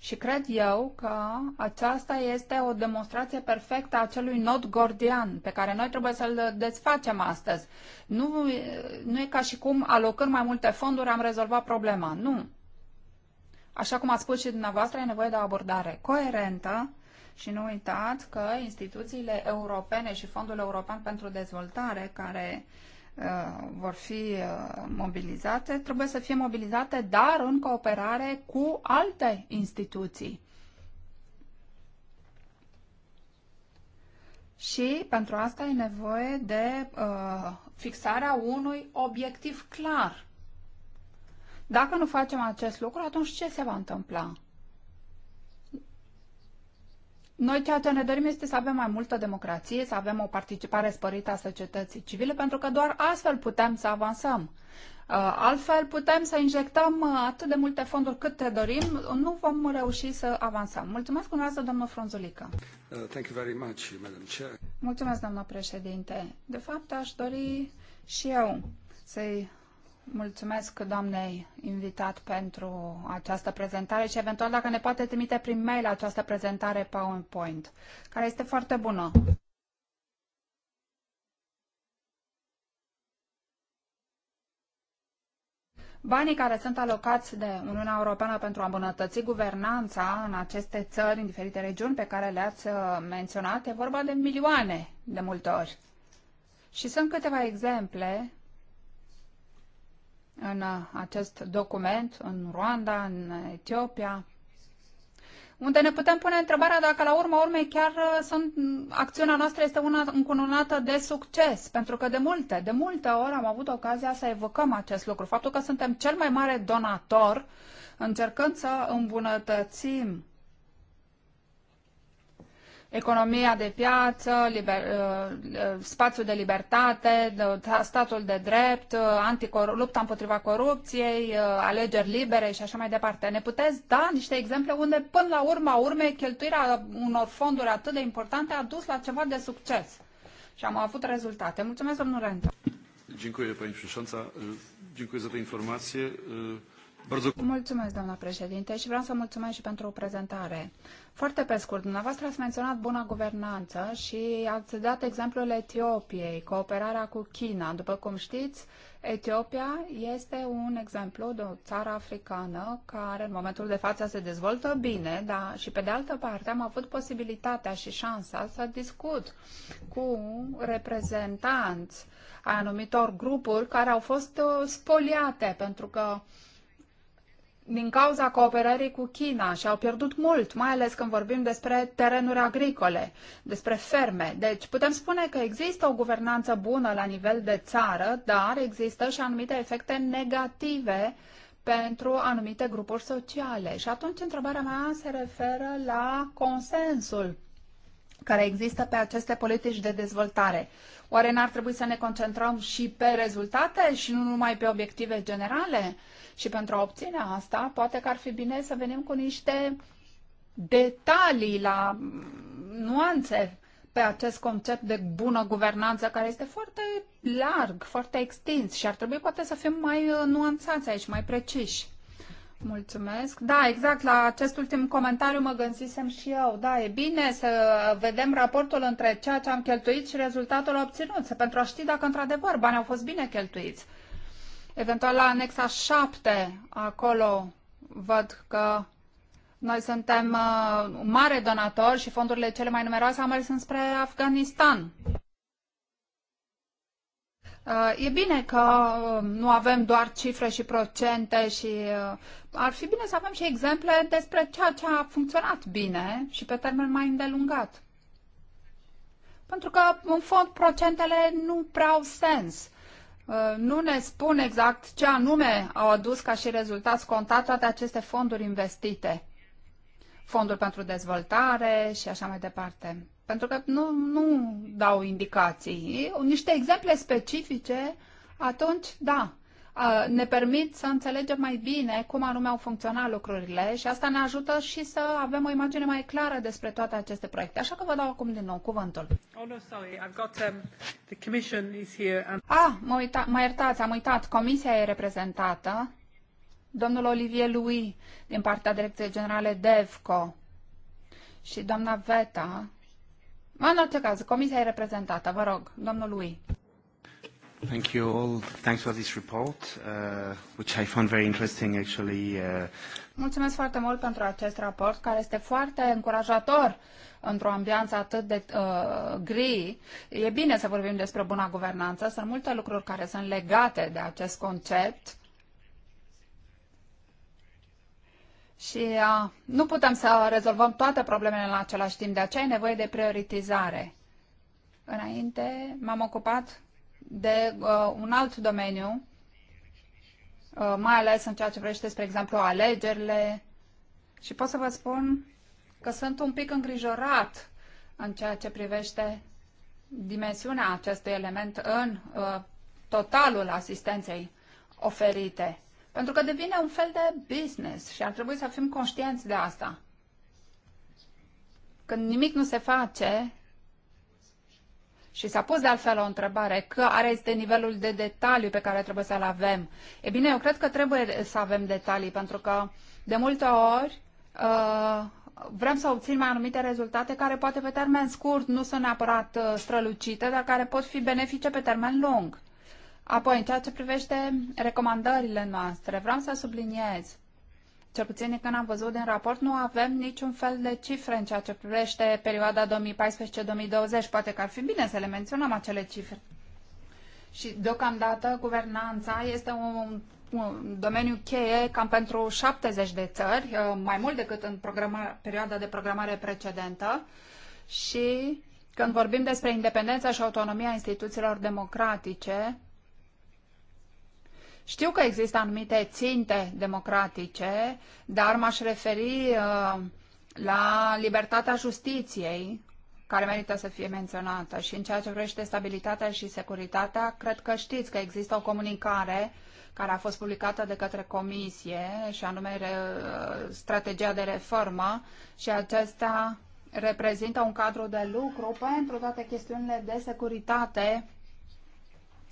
Și cred eu că aceasta este o demonstrație perfectă a acelui nod gordian pe care noi trebuie să-l desfacem astăzi. Nu, nu e ca și cum alocând mai multe fonduri am rezolvat problema. Nu. Așa cum a spus și dumneavoastră, e nevoie de o abordare coerentă și nu uitați că instituțiile europene și Fondul European pentru Dezvoltare, care uh, Uh, vor fi uh, mobilizate, trebuie să fie mobilizate, dar în cooperare cu alte instituții. Și pentru asta e nevoie de uh, fixarea unui obiectiv clar. Dacă nu facem acest lucru, atunci ce se va întâmpla? Noi ceea ce ne dorim este să avem mai multă democrație, să avem o participare sporită a societății civile, pentru că doar astfel putem să avansăm. Uh, altfel putem să injectăm uh, atât de multe fonduri cât te dorim, nu vom reuși să avansăm. Mulțumesc dumneavoastră, doamnă Frunzulică. Uh, thank you very much, Madam Chair. Mulțumesc, domnul președinte. De fapt, aș dori și eu să-i Mulțumesc doamnei invitat pentru această prezentare și eventual dacă ne poate trimite prin mail această prezentare PowerPoint, care este foarte bună. Banii care sunt alocați de Uniunea Europeană pentru a îmbunătăți guvernanța în aceste țări, în diferite regiuni pe care le-ați uh, menționat, e vorba de milioane de multe ori. Și sunt câteva exemple în acest document, în Rwanda, în Etiopia, unde ne putem pune întrebarea dacă la urma urmei chiar uh, sunt, acțiunea noastră este una încununată de succes, pentru că de multe, de multe ori am avut ocazia să evocăm acest lucru, faptul că suntem cel mai mare donator încercând să îmbunătățim economia de piață, liber, uh, uh, spațiul de libertate, statul de drept, uh, lupta împotriva corupției, alegeri libere și așa mai departe. Ne puteți da niște exemple unde, până la urma urmei, cheltuirea unor fonduri atât de importante a dus la ceva de succes și am avut rezultate. Mulțumesc, domnul Rentă. Dziękuję Pani Przewodnicząca. Dziękuję za tę informację. Mulțumesc, doamna președinte, și vreau să mulțumesc și pentru o prezentare. Foarte pe scurt, dumneavoastră ați menționat buna guvernanță și ați dat exemplul Etiopiei, cooperarea cu China. După cum știți, Etiopia este un exemplu de o țară africană care în momentul de față se dezvoltă bine, dar și pe de altă parte am avut posibilitatea și șansa să discut cu reprezentanți a anumitor grupuri care au fost uh, spoliate pentru că din cauza cooperării cu China și au pierdut mult, mai ales când vorbim despre terenuri agricole, despre ferme. Deci putem spune că există o guvernanță bună la nivel de țară, dar există și anumite efecte negative pentru anumite grupuri sociale. Și atunci întrebarea mea se referă la consensul care există pe aceste politici de dezvoltare. Oare n-ar trebui să ne concentrăm și pe rezultate și nu numai pe obiective generale? Și pentru a obține asta, poate că ar fi bine să venim cu niște detalii la nuanțe pe acest concept de bună guvernanță care este foarte larg, foarte extins și ar trebui poate să fim mai uh, nuanțați aici, mai preciși. Mulțumesc. Da, exact, la acest ultim comentariu mă gândisem și eu. Da, e bine să vedem raportul între ceea ce am cheltuit și rezultatul obținut, pentru a ști dacă într-adevăr banii au fost bine cheltuiți. Eventual la anexa 7, acolo văd că noi suntem uh, mare donator și fondurile cele mai numeroase au mers înspre Afganistan. Uh, e bine că uh, nu avem doar cifre și procente și uh, ar fi bine să avem și exemple despre ceea ce a funcționat bine și pe termen mai îndelungat. Pentru că, în fond, procentele nu prea au sens. Uh, nu ne spun exact ce anume au adus ca și rezultat scontat toate aceste fonduri investite. Fondul pentru dezvoltare și așa mai departe. Pentru că nu, nu dau indicații. Niște exemple specifice, atunci, da, ne permit să înțelegem mai bine cum anume au funcționat lucrurile și asta ne ajută și să avem o imagine mai clară despre toate aceste proiecte. Așa că vă dau acum din nou cuvântul. Oh, no, sorry. I've got, um, the commission is here and... Ah, mă, uita- mă iertați, am uitat. Comisia e reprezentată. Domnul Olivier Louis din partea Direcției Generale DEVCO și doamna Veta. În orice caz, comisia e reprezentată. Vă rog, domnul Louis. Thank you all. Thanks for this report, uh, which I found very interesting actually. Uh... Mulțumesc foarte mult pentru acest raport, care este foarte încurajator într-o ambianță atât de uh, gri. E bine să vorbim despre buna guvernanță. Sunt multe lucruri care sunt legate de acest concept. Și uh, nu putem să rezolvăm toate problemele în același timp, de aceea e nevoie de prioritizare. Înainte m-am ocupat de uh, un alt domeniu, uh, mai ales în ceea ce privește, spre exemplu, alegerile. Și pot să vă spun că sunt un pic îngrijorat în ceea ce privește dimensiunea acestui element în uh, totalul asistenței oferite. Pentru că devine un fel de business și ar trebui să fim conștienți de asta. Când nimic nu se face și s-a pus de altfel o întrebare, că are este nivelul de detaliu pe care trebuie să-l avem. E bine, eu cred că trebuie să avem detalii, pentru că de multe ori uh, vrem să obținem anumite rezultate care poate pe termen scurt nu sunt neapărat uh, strălucite, dar care pot fi benefice pe termen lung. Apoi, în ceea ce privește recomandările noastre, vreau să subliniez cel puțin din când am văzut din raport, nu avem niciun fel de cifre în ceea ce privește perioada 2014-2020. Poate că ar fi bine să le menționăm acele cifre. Și deocamdată guvernanța este un, un domeniu cheie cam pentru 70 de țări, uh, mai mult decât în perioada de programare precedentă. Și când vorbim despre independența și autonomia instituțiilor democratice, știu că există anumite ținte democratice, dar m-aș referi uh, la libertatea justiției, care merită să fie menționată. Și în ceea ce privește stabilitatea și securitatea, cred că știți că există o comunicare care a fost publicată de către Comisie, și anume strategia de reformă, și acesta reprezintă un cadru de lucru pentru toate chestiunile de securitate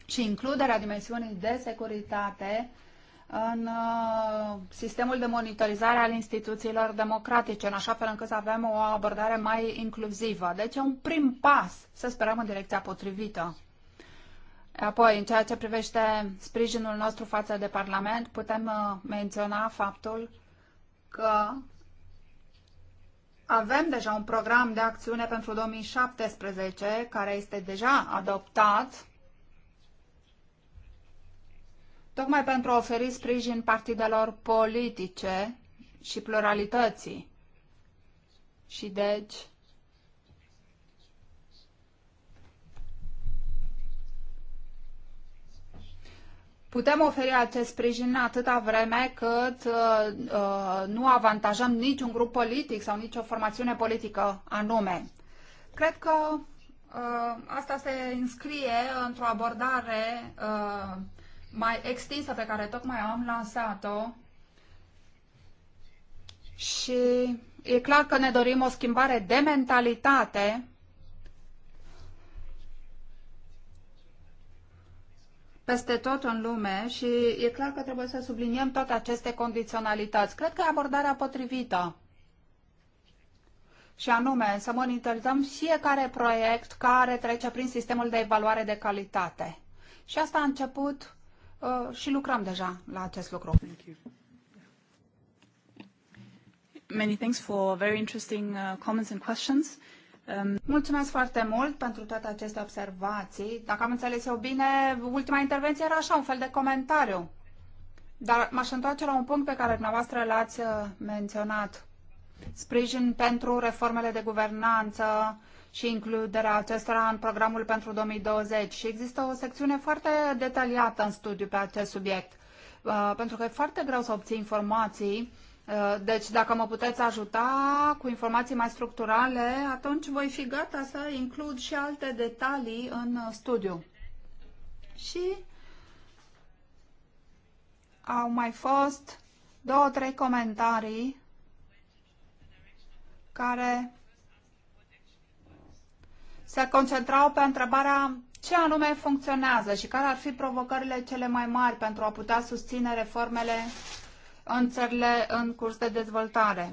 și includerea dimensiunii de securitate în uh, sistemul de monitorizare al instituțiilor democratice, în așa fel încât să avem o abordare mai inclusivă. Deci e un prim pas, să sperăm, în direcția potrivită. Apoi, în ceea ce privește sprijinul nostru față de Parlament, putem uh, menționa faptul că avem deja un program de acțiune pentru 2017 care este deja adoptat tocmai pentru a oferi sprijin partidelor politice și pluralității. Și deci, putem oferi acest sprijin atâta vreme cât uh, uh, nu avantajăm niciun grup politic sau nicio formațiune politică anume. Cred că uh, asta se înscrie într-o abordare uh, mai extinsă pe care tocmai am lansat-o și e clar că ne dorim o schimbare de mentalitate peste tot în lume și e clar că trebuie să subliniem toate aceste condiționalități. Cred că e abordarea potrivită. Și anume, să monitorizăm fiecare proiect care trece prin sistemul de evaluare de calitate. Și asta a început Uh, și lucrăm deja la acest lucru. Thank you. Many thanks for very interesting uh, comments and questions. Um... Mulțumesc foarte mult pentru toate aceste observații. Dacă am înțeles eu bine, ultima intervenție era așa, un fel de comentariu. Dar m-aș întoarce la un punct pe care dumneavoastră l-ați uh, menționat. Sprijin pentru reformele de guvernanță, și includerea acestora în programul pentru 2020. Și există o secțiune foarte detaliată în studiu pe acest subiect, uh, pentru că e foarte greu să obții informații. Uh, deci, dacă mă puteți ajuta cu informații mai structurale, atunci voi fi gata să includ și alte detalii în uh, studiu. Și au mai fost două, trei comentarii care se concentrau pe întrebarea ce anume funcționează și care ar fi provocările cele mai mari pentru a putea susține reformele în țările în curs de dezvoltare.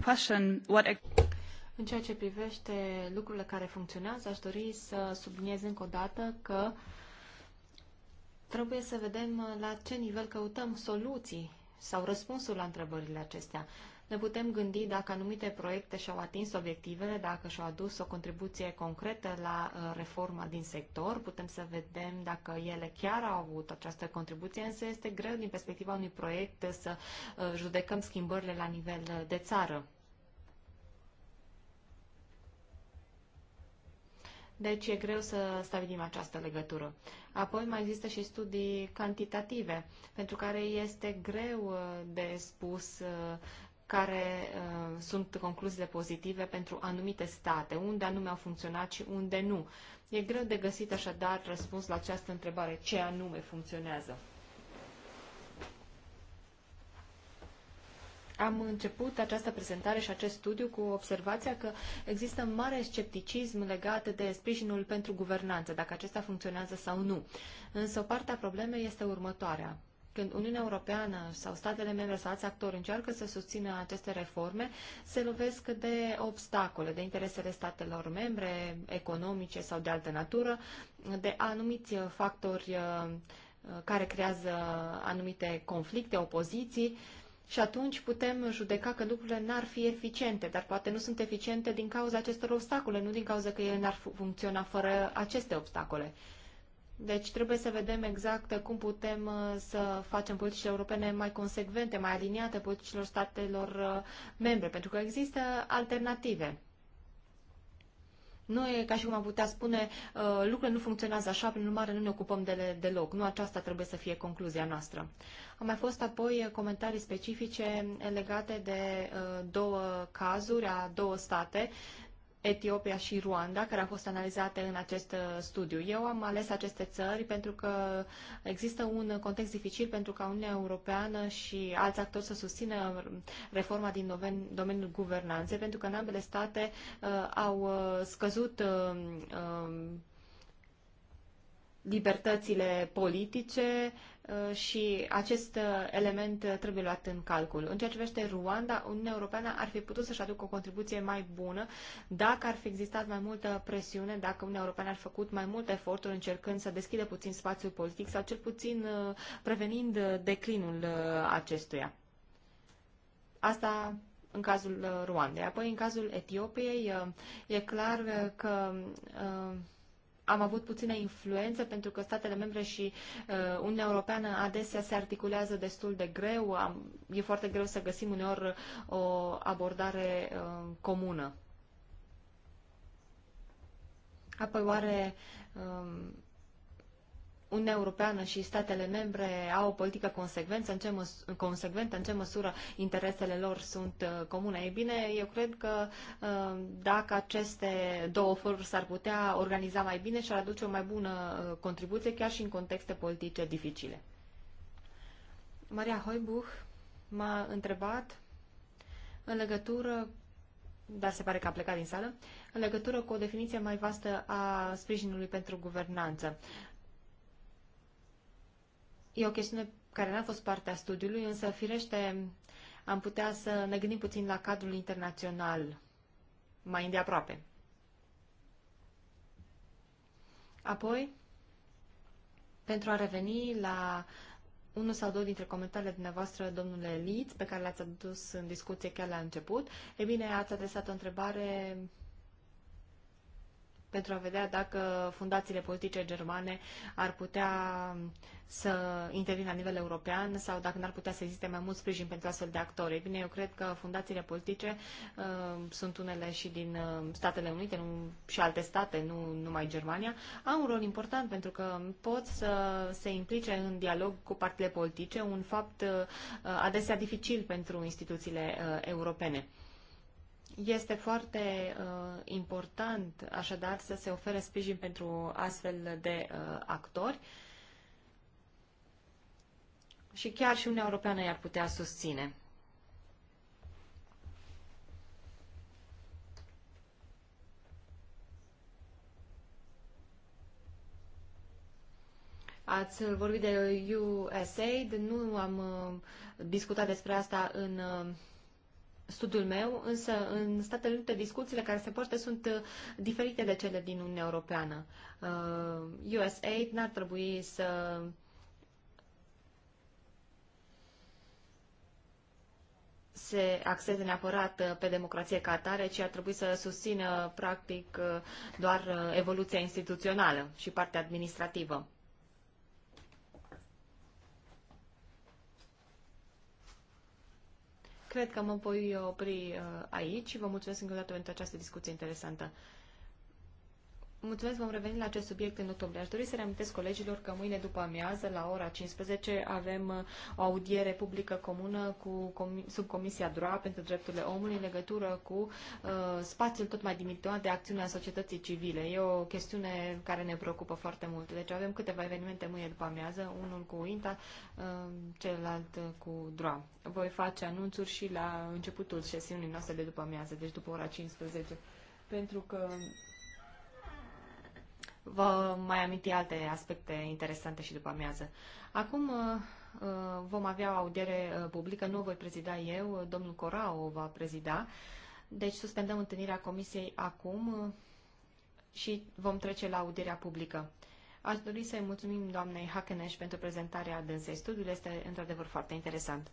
În ceea ce privește lucrurile care funcționează, aș dori să subliniez încă o dată că trebuie să vedem la ce nivel căutăm soluții sau răspunsul la întrebările acestea ne putem gândi dacă anumite proiecte și-au atins obiectivele, dacă și-au adus o contribuție concretă la uh, reforma din sector, putem să vedem dacă ele chiar au avut această contribuție, însă este greu din perspectiva unui proiect să uh, judecăm schimbările la nivel uh, de țară. Deci e greu să stabilim această legătură. Apoi mai există și studii cantitative, pentru care este greu de spus care uh, sunt concluziile pozitive pentru anumite state, unde anume au funcționat și unde nu. E greu de găsit așadar răspuns la această întrebare, ce anume funcționează. Am început această prezentare și acest studiu cu observația că există mare scepticism legat de sprijinul pentru guvernanță, dacă acesta funcționează sau nu. Însă partea problemei este următoarea când Uniunea Europeană sau statele membre sau alți actori încearcă să susțină aceste reforme, se lovesc de obstacole, de interesele statelor membre, economice sau de altă natură, de anumiți factori uh, care creează anumite conflicte, opoziții, și atunci putem judeca că lucrurile n-ar fi eficiente, dar poate nu sunt eficiente din cauza acestor obstacole, nu din cauza că ele n-ar funcționa fără aceste obstacole. Deci trebuie să vedem exact cum putem uh, să facem politicile europene mai consecvente, mai aliniate politicilor statelor uh, membre, pentru că există alternative. Nu e ca și cum am putea spune, uh, lucrurile nu funcționează așa, prin urmare nu ne ocupăm de ele deloc. Nu aceasta trebuie să fie concluzia noastră. Au mai fost apoi comentarii specifice legate de două cazuri a două state Etiopia și Ruanda, care au fost analizate în acest uh, studiu. Eu am ales aceste țări pentru că există un context dificil pentru ca Uniunea Europeană și alți actori să susțină reforma din domeniul guvernanței, pentru că în ambele state uh, au uh, scăzut uh, uh, libertățile politice, uh, Uh, și acest uh, element uh, trebuie luat în calcul. În ceea ce privește Ruanda, Uniunea Europeană ar fi putut să-și aducă o contribuție mai bună dacă ar fi existat mai multă presiune, dacă Uniunea Europeană ar fi făcut mai multe eforturi încercând să deschidă puțin spațiul politic sau cel puțin prevenind declinul acestuia. Asta în cazul Ruandei. Apoi, în cazul Etiopiei, e clar că am avut puțină influență pentru că statele membre și uh, Uniunea Europeană adesea se articulează destul de greu. Am, e foarte greu să găsim uneori uh, o abordare uh, comună. Apoi oare uh, Uniunea Europeană și statele membre au o politică consecvență, în ce măs- consecventă, în ce măsură interesele lor sunt uh, comune. Ei bine, eu cred că uh, dacă aceste două foruri s-ar putea organiza mai bine și ar aduce o mai bună uh, contribuție chiar și în contexte politice dificile. Maria Hoibuch m-a întrebat în legătură, dar se pare că a plecat din sală, în legătură cu o definiție mai vastă a sprijinului pentru guvernanță. E o chestiune care n-a fost partea studiului, însă, firește, am putea să ne gândim puțin la cadrul internațional mai îndeaproape. Apoi, pentru a reveni la unul sau două dintre comentariile dumneavoastră, domnule Liț, pe care le-ați adus în discuție chiar la început, e bine, ați adresat o întrebare pentru a vedea dacă fundațiile politice germane ar putea să intervină la nivel european sau dacă n-ar putea să existe mai mult sprijin pentru astfel de actori. bine, eu cred că fundațiile politice uh, sunt unele și din uh, Statele Unite nu, și alte state, nu numai Germania, au un rol important pentru că pot să se implice în dialog cu partile politice, un fapt uh, adesea dificil pentru instituțiile uh, europene. Este foarte uh, important, așadar, să se ofere sprijin pentru astfel de uh, actori și chiar și Uniunea Europeană i-ar putea susține. Ați vorbit de USAID, nu am uh, discutat despre asta în uh, studiul meu, însă în Statele Unite discuțiile care se poartă sunt uh, diferite de cele din Uniunea Europeană. USAID uh, n-ar trebui să se axeze neapărat uh, pe democrație ca atare, ci ar trebui să susțină practic doar evoluția instituțională și partea administrativă. Cred că mă voi opri uh, aici. Vă mulțumesc încă o dată pentru această discuție interesantă. Mulțumesc, vom reveni la acest subiect în octombrie. Aș dori să reamintesc colegilor că mâine după amiază, la ora 15, avem uh, o audiere publică comună cu subcomisia DROA pentru drepturile omului în legătură cu uh, spațiul tot mai diminuat de acțiune a societății civile. E o chestiune care ne preocupă foarte mult. Deci avem câteva evenimente mâine după amiază, unul cu INTA, uh, celălalt cu DROA. Voi face anunțuri și la începutul sesiunii noastre de după amiază, deci după ora 15, pentru că vă mai aminti alte aspecte interesante și după amiază. Acum uh, uh, vom avea o audiere uh, publică, nu o voi prezida eu, domnul Cora o va prezida. Deci suspendăm întâlnirea comisiei acum și vom trece la audierea publică. Aș dori să-i mulțumim doamnei Hakeneș pentru prezentarea dânsei. Studiul este într-adevăr foarte interesant.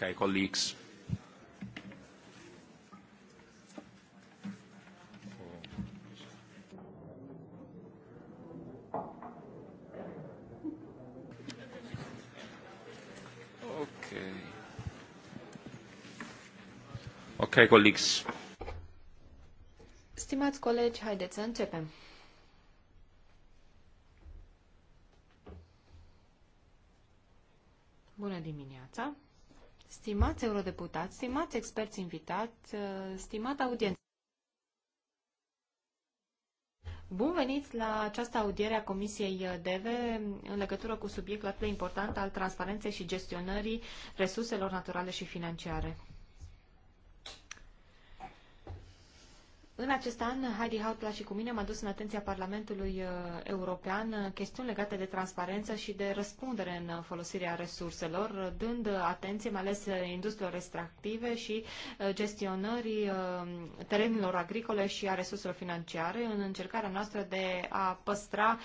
Okay, colleagues. Okay. Okay, colleagues. Stimați colegi, haideți să începem. Stimați eurodeputați, stimați experți invitați, uh, stimați audiență. Bun venit la această audiere a Comisiei DEVE în legătură cu subiectul atât de important al transparenței și gestionării resurselor naturale și financiare. acest an, Heidi Hautla și cu mine am adus în atenția Parlamentului uh, European uh, chestiuni legate de transparență și de răspundere în uh, folosirea resurselor, dând atenție mai ales industriilor extractive și gestionării terenilor agricole și a resurselor financiare în încercarea noastră de a păstra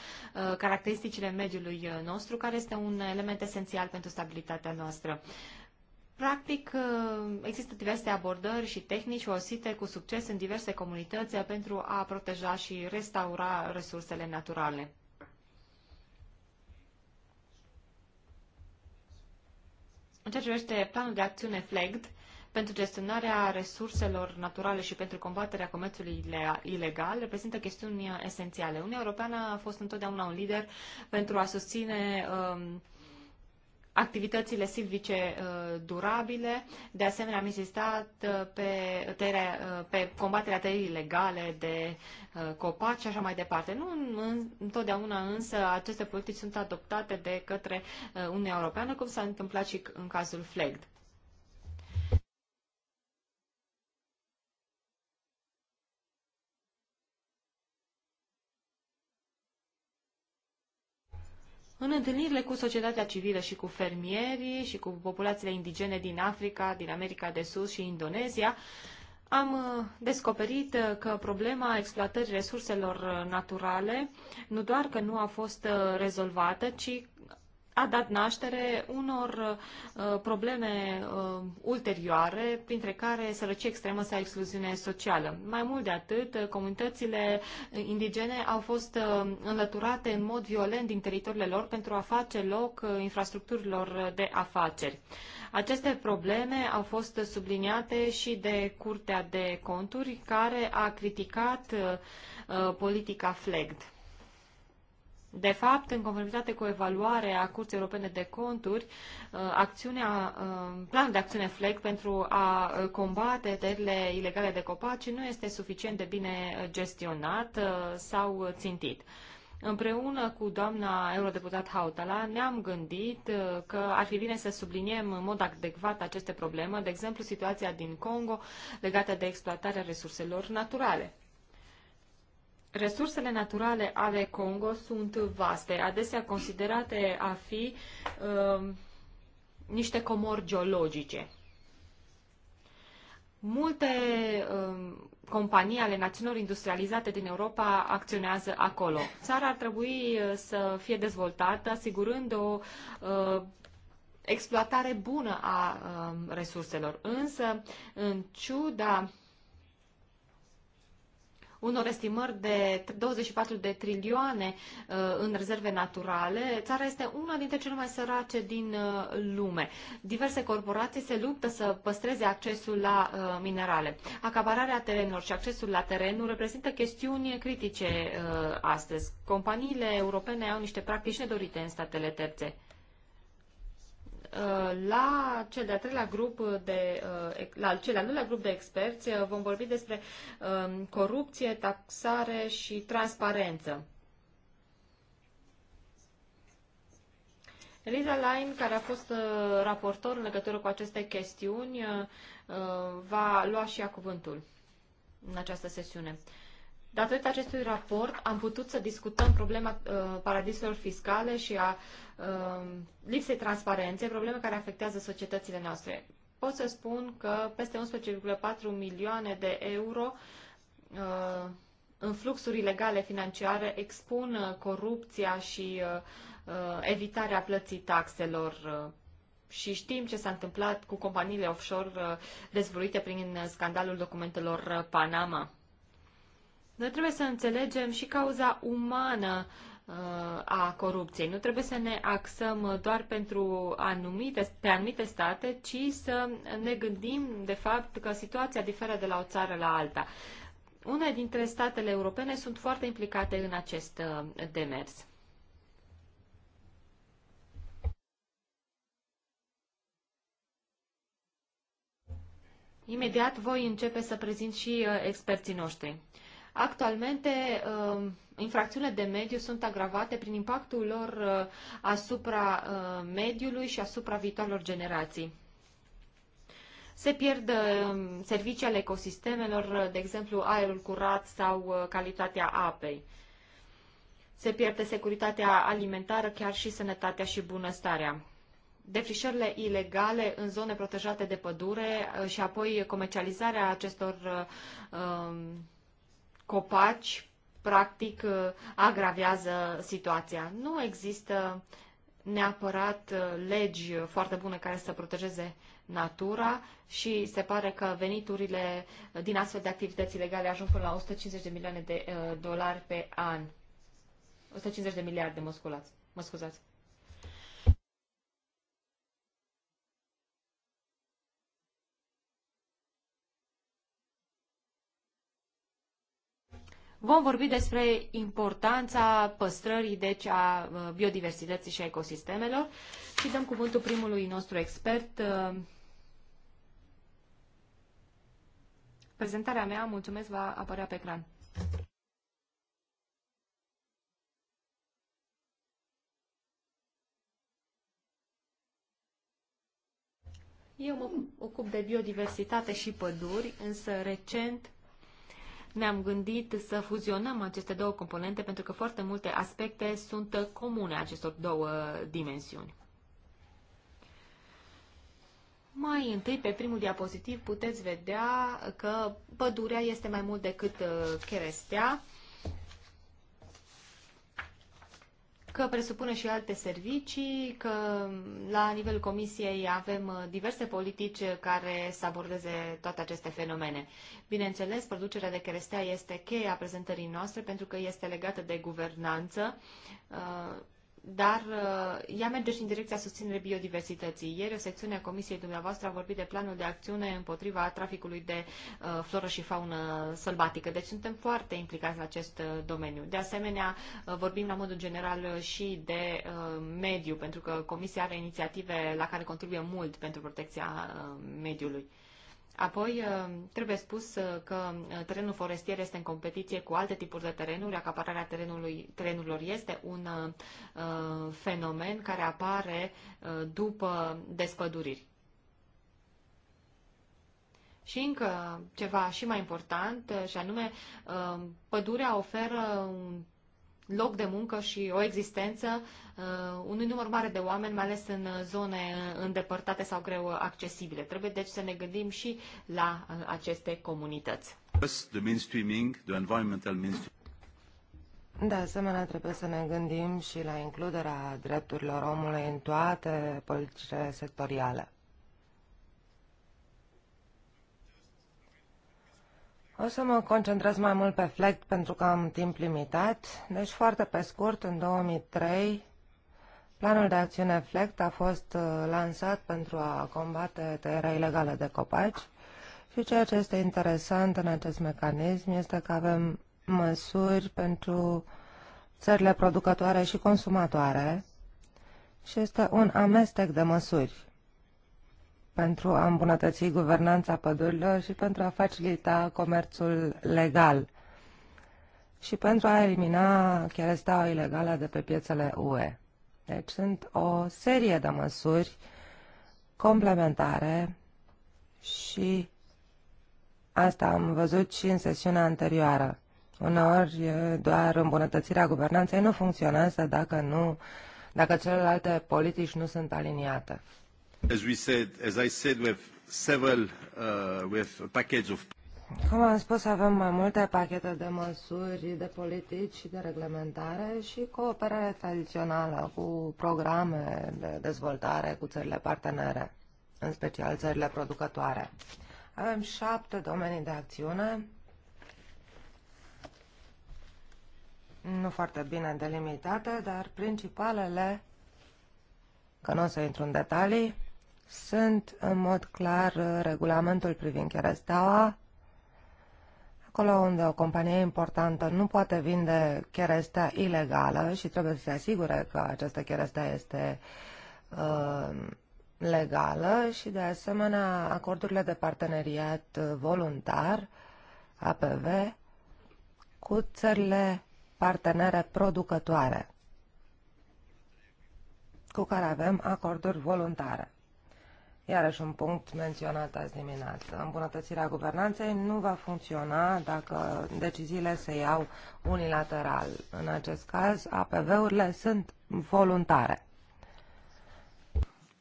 caracteristicile mediului nostru, care este un element esențial pentru stabilitatea noastră. Practic, uh, există diverse abordări și tehnici folosite cu succes în diverse comunități pentru a proteja și restaura resursele naturale. În ceea ce privește planul de acțiune FLEGD, pentru gestionarea resurselor naturale și pentru combaterea comerțului ilegal reprezintă chestiuni esențiale. Uniunea Europeană a fost întotdeauna un lider pentru a susține um, activitățile silvice uh, durabile. De asemenea, am insistat uh, pe, tăierea, uh, pe combaterea tăierii legale de copaci și așa mai departe. Nu întotdeauna însă aceste politici sunt adoptate de către Uniunea Europeană, cum s-a întâmplat și în cazul FLEGD. În întâlnirile cu societatea civilă și cu fermierii și cu populațiile indigene din Africa, din America de Sud și Indonezia, am uh, descoperit uh, că problema exploatării resurselor uh, naturale nu doar că nu a fost rezolvată, ci a dat naștere unor uh, probleme uh, ulterioare, printre care sărăcie extremă sau excluziune socială. Mai mult de atât, uh, comunitățile indigene au fost uh, înlăturate în mod violent din teritoriile lor pentru a face loc uh, infrastructurilor de afaceri. Aceste probleme au fost subliniate și de Curtea de Conturi, care a criticat uh, uh politica FLEGD. De fapt, în conformitate cu evaluarea Curții Europene de Conturi, uh, acțiunea, uh, planul de acțiune FLEC pentru a uh, combate terile ilegale de copaci nu este suficient de bine gestionat sau țintit. Împreună cu doamna eurodeputat Hautala ne-am gândit că ar fi bine să subliniem în mod adecvat aceste probleme, de exemplu situația din Congo legată de exploatarea resurselor naturale. Resursele naturale ale Congo sunt vaste, adesea considerate a fi uh, niște comori geologice. Multe uh, companii ale națiunilor industrializate din Europa acționează acolo. Țara ar trebui uh, să fie dezvoltată, asigurând o uh, exploatare bună a um, resurselor. Însă, în ciuda unor estimări de 24 de trilioane uh, în rezerve naturale, țara este una dintre cele mai sărace din uh, lume. Diverse corporații se luptă să păstreze accesul la uh, minerale. Acapararea terenurilor și accesul la nu reprezintă chestiuni critice astăzi. Companiile europene au niște practici nedorite în statele terțe. Uh, la cel de-al treilea grup de, uh, la cel de-al doilea grup de experți uh, vom vorbi despre um, corupție, taxare și transparență. Eliza Lain, care a fost raportor în legătură cu aceste chestiuni, va lua și ea cuvântul în această sesiune. Datorită acestui raport am putut să discutăm problema uh, paradisurilor fiscale și a uh, lipsei transparenței, probleme care afectează societățile noastre. Pot să spun că peste 11,4 milioane de euro uh, în fluxuri ilegale financiare expun uh, corupția și uh, uh, evitarea plății taxelor. Și știm ce s-a întâmplat cu companiile offshore dezvoluite prin scandalul documentelor Panama. Noi trebuie să înțelegem și cauza umană uh, a corupției. Nu trebuie să ne axăm doar pentru anumite, pe anumite state, ci să ne gândim de fapt că situația diferă de la o țară la alta. Une dintre statele europene sunt foarte implicate în acest uh, demers. Imediat voi începe să prezint și uh, experții noștri. Actualmente, um, infracțiunile de mediu sunt agravate prin impactul lor uh, asupra uh, mediului și asupra viitoarelor generații. Se pierd um, servicii ale ecosistemelor, uh, de exemplu aerul curat sau calitatea apei. Se pierde securitatea alimentară, chiar și sănătatea și bunăstarea defrișările ilegale în zone protejate de pădure și apoi comercializarea acestor um, copaci, practic, uh, agravează situația. Nu există neapărat uh, legi foarte bune care să protejeze natura și se pare că veniturile din astfel de activități ilegale ajung până la 150 de milioane de uh, dolari pe an. 150 de miliarde, mă, mă scuzați. Vom vorbi despre importanța păstrării, deci, a uh, biodiversității și a ecosistemelor și dăm cuvântul primului nostru expert. Uh, prezentarea mea, mulțumesc, va apărea pe ecran. Eu mă ocup de biodiversitate și păduri, însă recent ne-am gândit să fuzionăm aceste două componente pentru că foarte multe aspecte sunt comune acestor două dimensiuni. Mai întâi, pe primul diapozitiv, puteți vedea că pădurea este mai mult decât uh, cherestea. că presupune și alte servicii, că la nivelul Comisiei avem uh, diverse politici uh, care să abordeze toate aceste fenomene. Bineînțeles, producerea de crestea este cheia prezentării noastre pentru că este legată de guvernanță uh, dar uh, ea merge și în direcția susținerii biodiversității. Ieri o secțiune a Comisiei dumneavoastră a vorbit de planul de acțiune împotriva traficului de uh, floră și faună sălbatică. Deci suntem foarte implicați în acest uh, domeniu. De asemenea, uh, vorbim la modul general uh, și de uh, mediu, pentru că Comisia are inițiative la care contribuie mult pentru protecția uh, mediului. Apoi, uh, trebuie spus uh, că uh, terenul forestier este în competiție cu alte tipuri de terenuri. Acapararea terenului, terenurilor este un fenomen care apare după despăduriri. Și încă ceva și mai important, și anume, pădurea oferă un loc de muncă și o existență uh, unui număr mare de oameni, mai ales în uh, zone uh, îndepărtate sau greu uh, accesibile. Trebuie deci să ne gândim și la uh, aceste comunități. De asemenea, trebuie să ne gândim și la includerea drepturilor omului în toate politicile sectoriale. O să mă concentrez mai mult pe FLECT pentru că am timp limitat. Deci, foarte pe scurt, în 2003, planul de acțiune FLECT a fost uh, lansat pentru a combate tăierea ilegală de copaci. Și ceea ce este interesant în acest mecanism este că avem măsuri pentru țările producătoare și consumatoare și este un amestec de măsuri pentru a îmbunătăți guvernanța pădurilor și pentru a facilita comerțul legal și pentru a elimina cherestaua ilegală de pe piețele UE. Deci sunt o serie de măsuri complementare și asta am văzut și în sesiunea anterioară. Uneori doar îmbunătățirea guvernanței nu funcționează dacă, nu, dacă celelalte politici nu sunt aliniate cum am spus, avem mai multe pachete de măsuri, de politici și de reglementare și cooperare tradițională cu programe de dezvoltare cu țările partenere, în special țările producătoare. Avem șapte domenii de acțiune, nu foarte bine delimitate, dar principalele, că nu o să intru în detalii, sunt în mod clar regulamentul privind cheresteaua, acolo unde o companie importantă nu poate vinde cherestea ilegală și trebuie să se asigure că această cherestea este uh, legală și de asemenea acordurile de parteneriat voluntar, APV, cu țările partenere producătoare, cu care avem acorduri voluntare. Iarăși un punct menționat azi dimineață. Îmbunătățirea guvernanței nu va funcționa dacă deciziile se iau unilateral. În acest caz, APV-urile sunt voluntare.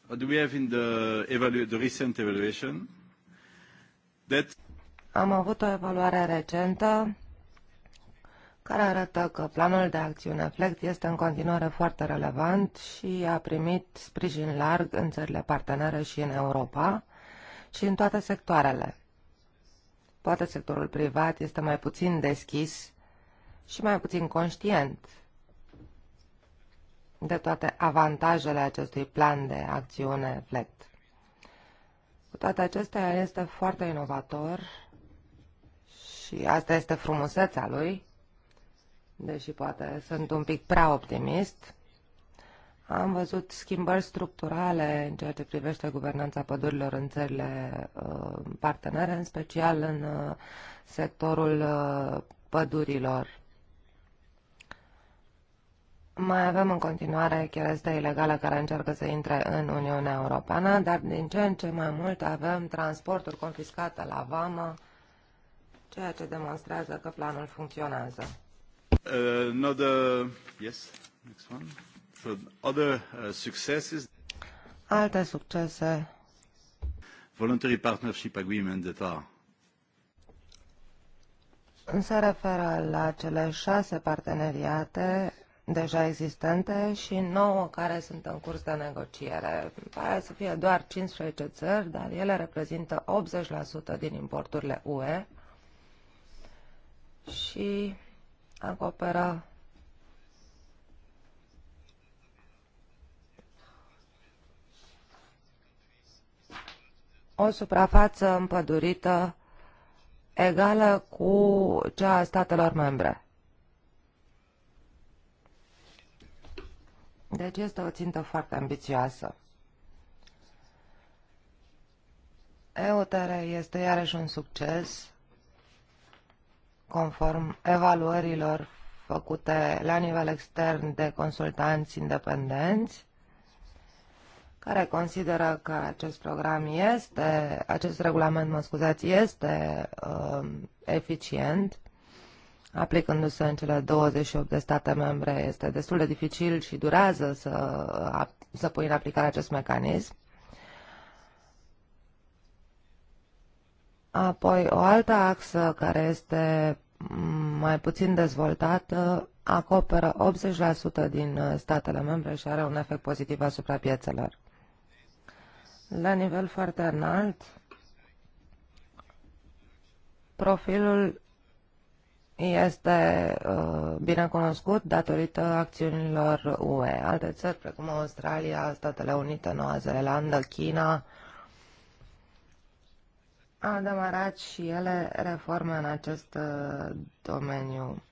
Uh, we have in the, the recent evaluation? That... Am avut o evaluare recentă care arată că planul de acțiune FLECT este în continuare foarte relevant și a primit sprijin larg în țările partenere și în Europa și în toate sectoarele. Poate sectorul privat este mai puțin deschis și mai puțin conștient de toate avantajele acestui plan de acțiune FLECT. Cu toate acestea, este foarte inovator și asta este frumusețea lui deși poate sunt un pic prea optimist. Am văzut schimbări structurale în ceea ce privește guvernanța pădurilor în țările uh, partenere, în special în uh, sectorul uh, pădurilor. Mai avem în continuare cherestea ilegală care încearcă să intre în Uniunea Europeană, dar din ce în ce mai mult avem transporturi confiscate la vamă, ceea ce demonstrează că planul funcționează. Uh, uh, Alte succese. Voluntary Partnership Agreement de TAR. Se referă la cele șase parteneriate deja existente și nouă care sunt în curs de negociere. Pare să fie doar 15 țări, dar ele reprezintă 80% din importurile UE și a coopera o suprafață împădurită egală cu cea a statelor membre. Deci este o țintă foarte ambițioasă. EUTR este iarăși un succes conform evaluărilor făcute la nivel extern de consultanți independenți, care consideră că acest program este, acest regulament, mă scuzați, este uh, eficient, aplicându-se în cele 28 de state membre, este destul de dificil și durează să, să pui în aplicare acest mecanism. Apoi, o altă axă care este mai puțin dezvoltată acoperă 80% din uh, statele membre și are un efect pozitiv asupra piețelor. La nivel foarte înalt, profilul este uh, bine cunoscut datorită acțiunilor UE. Alte țări, precum Australia, Statele Unite, Noua Zeelandă, China, au demarat și ele reforme în acest uh, domeniu.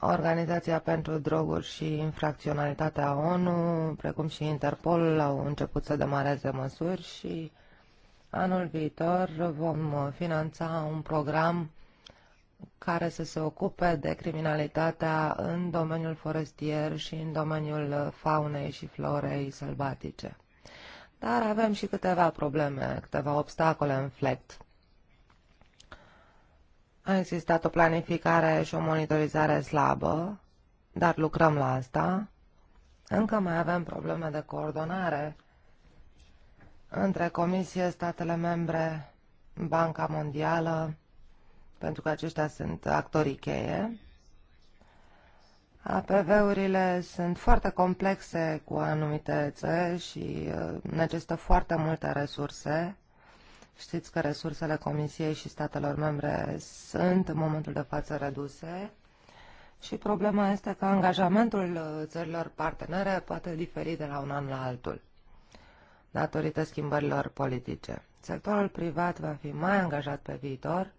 Organizația pentru Droguri și Infracționalitatea ONU, precum și Interpol, au început să demareze măsuri și anul viitor vom finanța un program care să se ocupe de criminalitatea în domeniul forestier și în domeniul faunei și florei sălbatice. Dar avem și câteva probleme, câteva obstacole în flect. A existat o planificare și o monitorizare slabă, dar lucrăm la asta. Încă mai avem probleme de coordonare între Comisie, statele membre, Banca Mondială, pentru că aceștia sunt actorii cheie. APV-urile sunt foarte complexe cu anumite țări și uh, necesită foarte multe resurse. Știți că resursele Comisiei și statelor membre sunt în momentul de față reduse și problema este că angajamentul uh, țărilor partenere poate diferi de la un an la altul datorită schimbărilor politice. Sectorul privat va fi mai angajat pe viitor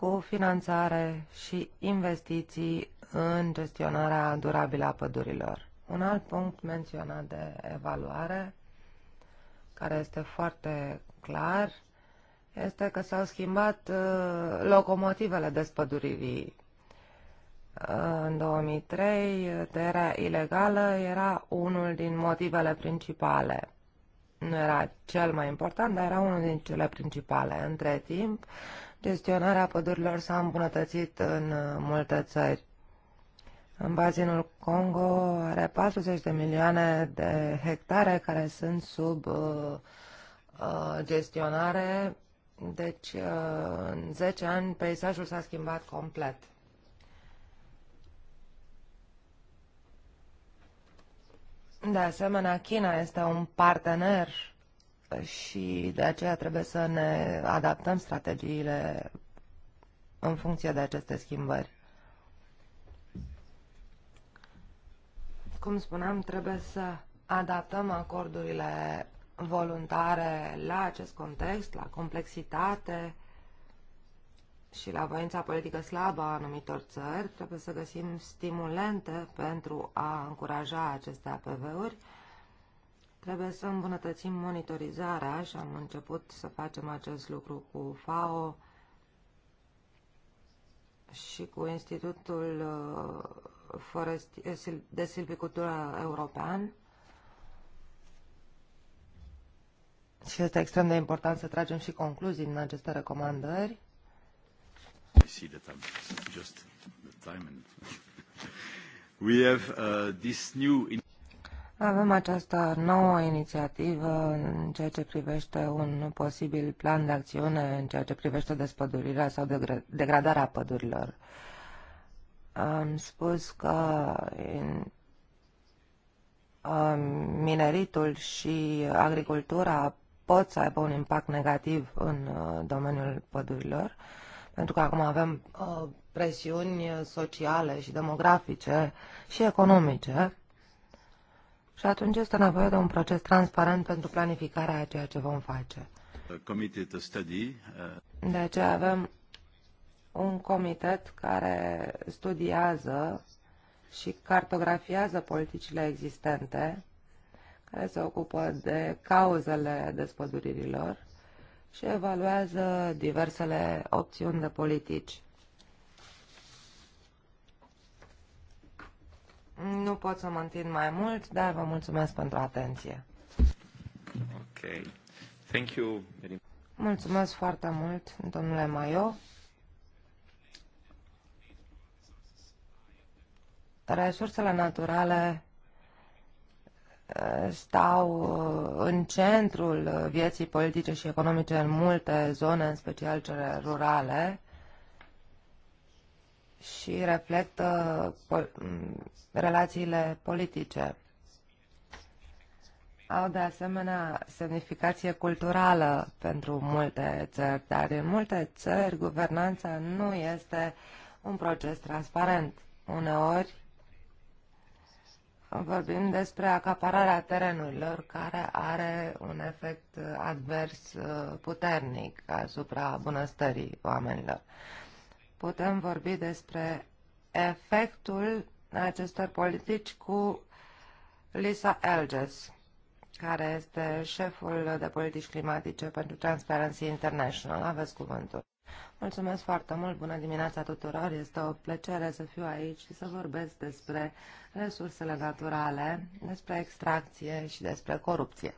cu finanțare și investiții în gestionarea durabilă a pădurilor. Un alt punct menționat de evaluare, care este foarte clar, este că s-au schimbat uh, locomotivele despăduririi. Uh, în 2003, tăierea ilegală era unul din motivele principale nu era cel mai important, dar era unul din cele principale. Între timp, Gestionarea pădurilor s-a îmbunătățit în uh, multe țări. În bazinul Congo are 40 de milioane de hectare care sunt sub uh, uh gestionare, deci uh, în 10 ani peisajul s-a schimbat complet. De asemenea, China este un partener și de aceea trebuie să ne adaptăm strategiile în funcție de aceste schimbări. Cum spuneam, trebuie să adaptăm acordurile voluntare la acest context, la complexitate și la voința politică slabă a anumitor țări. Trebuie să găsim stimulente pentru a încuraja aceste APV-uri Trebuie să îmbunătățim monitorizarea și am început să facem acest lucru cu FAO și cu Institutul uh, eh, de Silvicultură European. Și este extrem de important să tragem și concluzii din aceste recomandări. We have uh, this new avem această nouă inițiativă în ceea ce privește un posibil plan de acțiune în ceea ce privește despădurirea sau degradarea pădurilor. Am spus că mineritul și agricultura pot să aibă un impact negativ în domeniul pădurilor, pentru că acum avem presiuni sociale și demografice și economice și atunci este nevoie de un proces transparent pentru planificarea a ceea ce vom face. Uh, de aceea avem un comitet care studiază și cartografiază politicile existente, care se ocupă de cauzele despăduririlor și evaluează diversele opțiuni de politici Nu pot să mă întind mai mult, dar vă mulțumesc pentru atenție. Ok. Thank you. Mulțumesc foarte mult, domnule Maio. Resursele naturale eh, stau eh, în centrul vieții politice și economice în multe zone, în special cele rurale și reflectă pol relațiile politice. Au de asemenea semnificație culturală pentru multe țări, dar în multe țări guvernanța nu este un proces transparent. Uneori vorbim despre acapararea terenurilor care are un efect advers uh, puternic asupra bunăstării oamenilor putem vorbi despre efectul acestor politici cu Lisa Elges, care este șeful de politici climatice pentru Transparency International. Aveți cuvântul. Mulțumesc foarte mult, bună dimineața tuturor, este o plăcere să fiu aici și să vorbesc despre resursele naturale, despre extracție și despre corupție.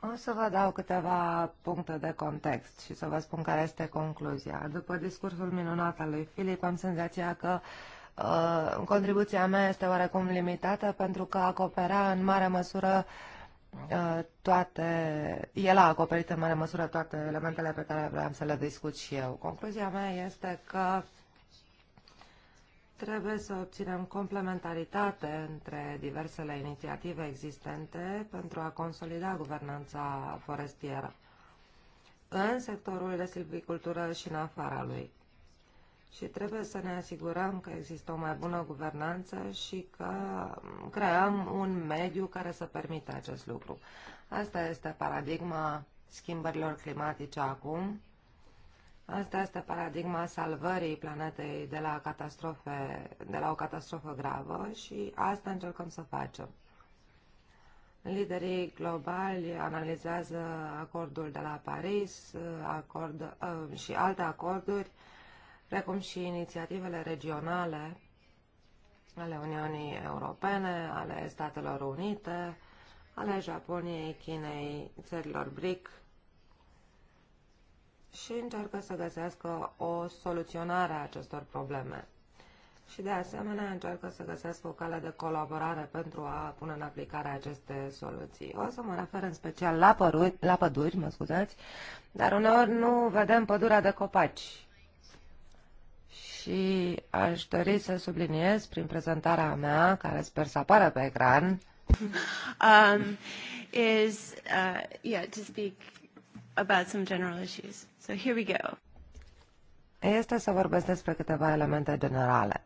O să vă dau câteva puncte de context și să vă spun care este concluzia. După discursul minunat al lui Filip, am senzația că uh, contribuția mea este oarecum limitată pentru că acopera în mare măsură uh, toate, el a acoperit în mare măsură toate elementele pe care vreau să le discut și eu. Concluzia mea este că Trebuie să obținem complementaritate între diversele inițiative existente pentru a consolida guvernanța forestieră în sectorul de silvicultură și în afara lui. Și trebuie să ne asigurăm că există o mai bună guvernanță și că creăm un mediu care să permită acest lucru. Asta este paradigma schimbărilor climatice acum Asta este paradigma salvării planetei de la, catastrofe, de la o catastrofă gravă și asta încercăm să facem. Liderii globali analizează acordul de la Paris acord, uh, și alte acorduri, precum și inițiativele regionale ale Uniunii Europene, ale Statelor Unite, ale Japoniei, Chinei, țărilor BRIC și încearcă să găsească o soluționare a acestor probleme. Și de asemenea încearcă să găsească o cale de colaborare pentru a pune în aplicare aceste soluții. O să mă refer în special la, păruri, la păduri, mă scuzați, dar uneori nu vedem pădurea de copaci. Și aș dori să subliniez prin prezentarea mea, care sper să apară pe ecran, um, is, uh, yeah, to speak about some general issues. So here we go. Este să vorbesc despre câteva elemente generale.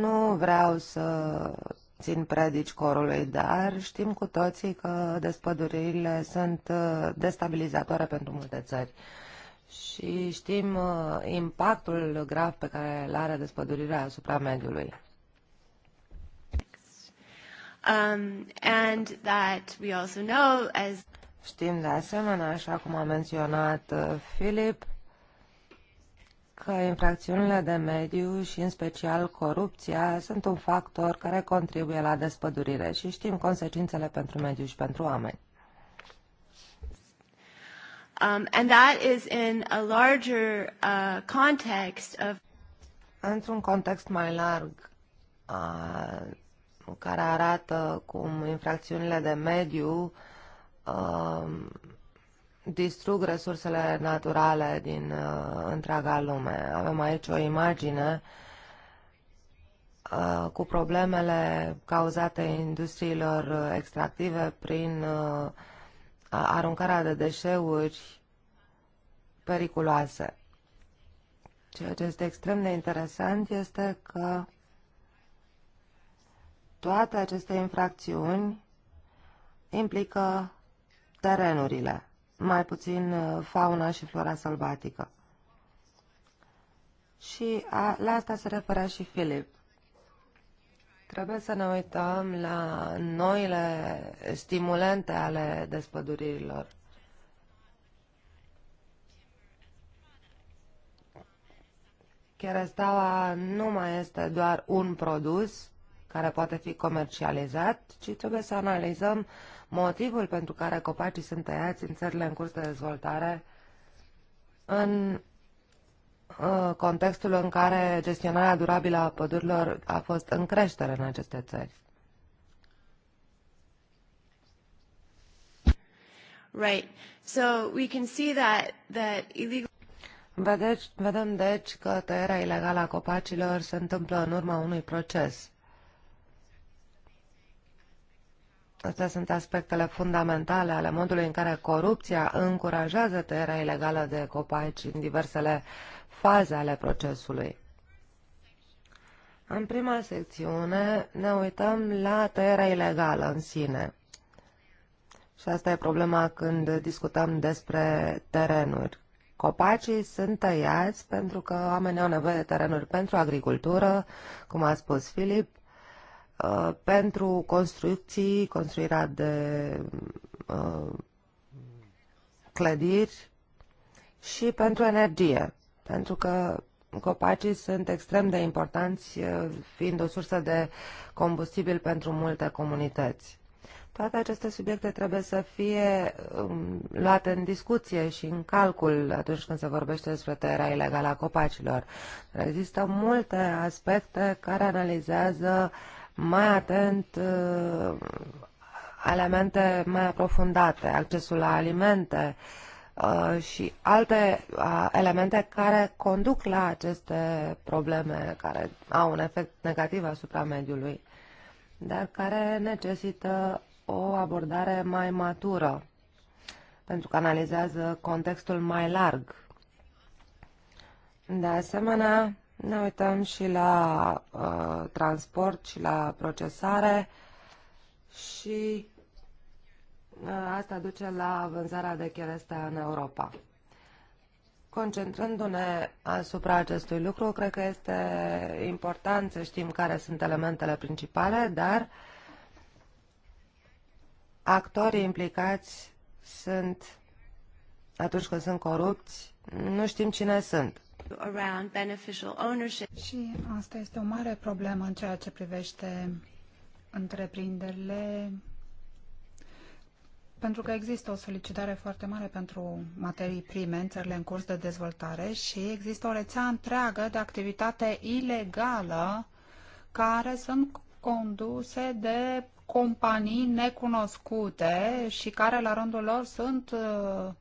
Nu vreau să țin predici corului, dar știm cu toții că despăduririle sunt uh, destabilizatoare pentru multe țări. Și știm uh, impactul grav pe care îl are despădurirea asupra mediului. Um, and that we also know as Știm de asemenea, așa cum a menționat uh, Filip, că infracțiunile de mediu și în special corupția sunt un factor care contribuie la despădurire și știm consecințele pentru mediu și pentru oameni. Um, and that is in a larger uh, context of Într-un context mai larg uh, care arată cum infracțiunile de mediu uh, Um, distrug resursele naturale din uh, întreaga lume. Avem aici o imagine uh, cu problemele cauzate industriilor extractive prin uh, aruncarea de deșeuri periculoase. Ceea ce este extrem de interesant este că toate aceste infracțiuni implică terenurile, mai puțin uh, fauna și flora sălbatică. Și a, la asta se referea și Filip. Trebuie să ne uităm la noile stimulente ale despăduririlor. Cherestaua nu mai este doar un produs care poate fi comercializat, ci trebuie să analizăm uh, Motivul pentru care copacii sunt tăiați în țările în curs de dezvoltare în uh, contextul în care gestionarea durabilă a pădurilor a fost în creștere în aceste țări. Right. So we can see that, that illegal... Vedeci, vedem deci că tăierea ilegală a copacilor se întâmplă în urma unui proces. Acestea sunt aspectele fundamentale ale modului în care corupția încurajează tăierea ilegală de copaci în diversele faze ale procesului. În prima secțiune ne uităm la tăierea ilegală în sine. Și asta e problema când discutăm despre terenuri. Copacii sunt tăiați pentru că oamenii au nevoie de terenuri pentru agricultură, cum a spus Filip, Uh, pentru construcții, construirea de uh, clădiri și pentru energie, pentru că copacii sunt extrem de importanți, uh, fiind o sursă de combustibil pentru multe comunități. Toate aceste subiecte trebuie să fie um, luate în discuție și în calcul atunci când se vorbește despre tăierea ilegală a copacilor. Există multe aspecte care analizează uh, mai atent uh, elemente mai aprofundate, accesul la alimente uh, și alte uh, elemente care conduc la aceste probleme care au un efect negativ asupra mediului, dar care necesită o abordare mai matură, pentru că analizează contextul mai larg. De asemenea, ne uităm și la uh, transport și la procesare și uh, asta duce la vânzarea de cherestea în Europa. Concentrându-ne asupra acestui lucru, cred că este important să știm care sunt elementele principale, dar actorii implicați sunt, atunci când sunt corupți, nu știm cine sunt around beneficial ownership. Și asta este o mare problemă în ceea ce privește întreprinderile pentru că există o solicitare foarte mare pentru materii prime în țările în curs de dezvoltare și există o rețea întreagă de activitate ilegală care sunt conduse de companii necunoscute și care la rândul lor sunt uh,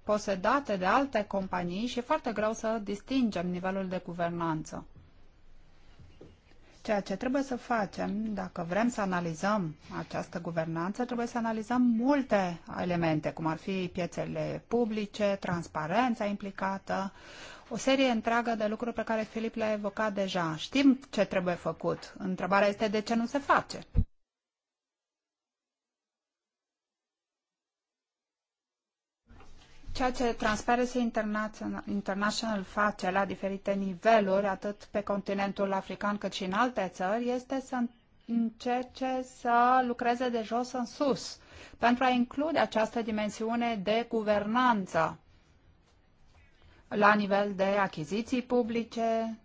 posedate de alte companii și e foarte greu să distingem nivelul de guvernanță. Ceea ce trebuie să facem, dacă vrem să analizăm această guvernanță, trebuie să analizăm multe elemente, cum ar fi piețele publice, transparența implicată, o serie întreagă de lucruri pe care Filip le-a evocat deja. Știm ce trebuie făcut. Întrebarea este de ce nu se face. Ceea ce Transparency International face la diferite niveluri, atât pe continentul african cât și în alte țări, este să încerce să lucreze de jos în sus, pentru a include această dimensiune de guvernanță la nivel de achiziții publice.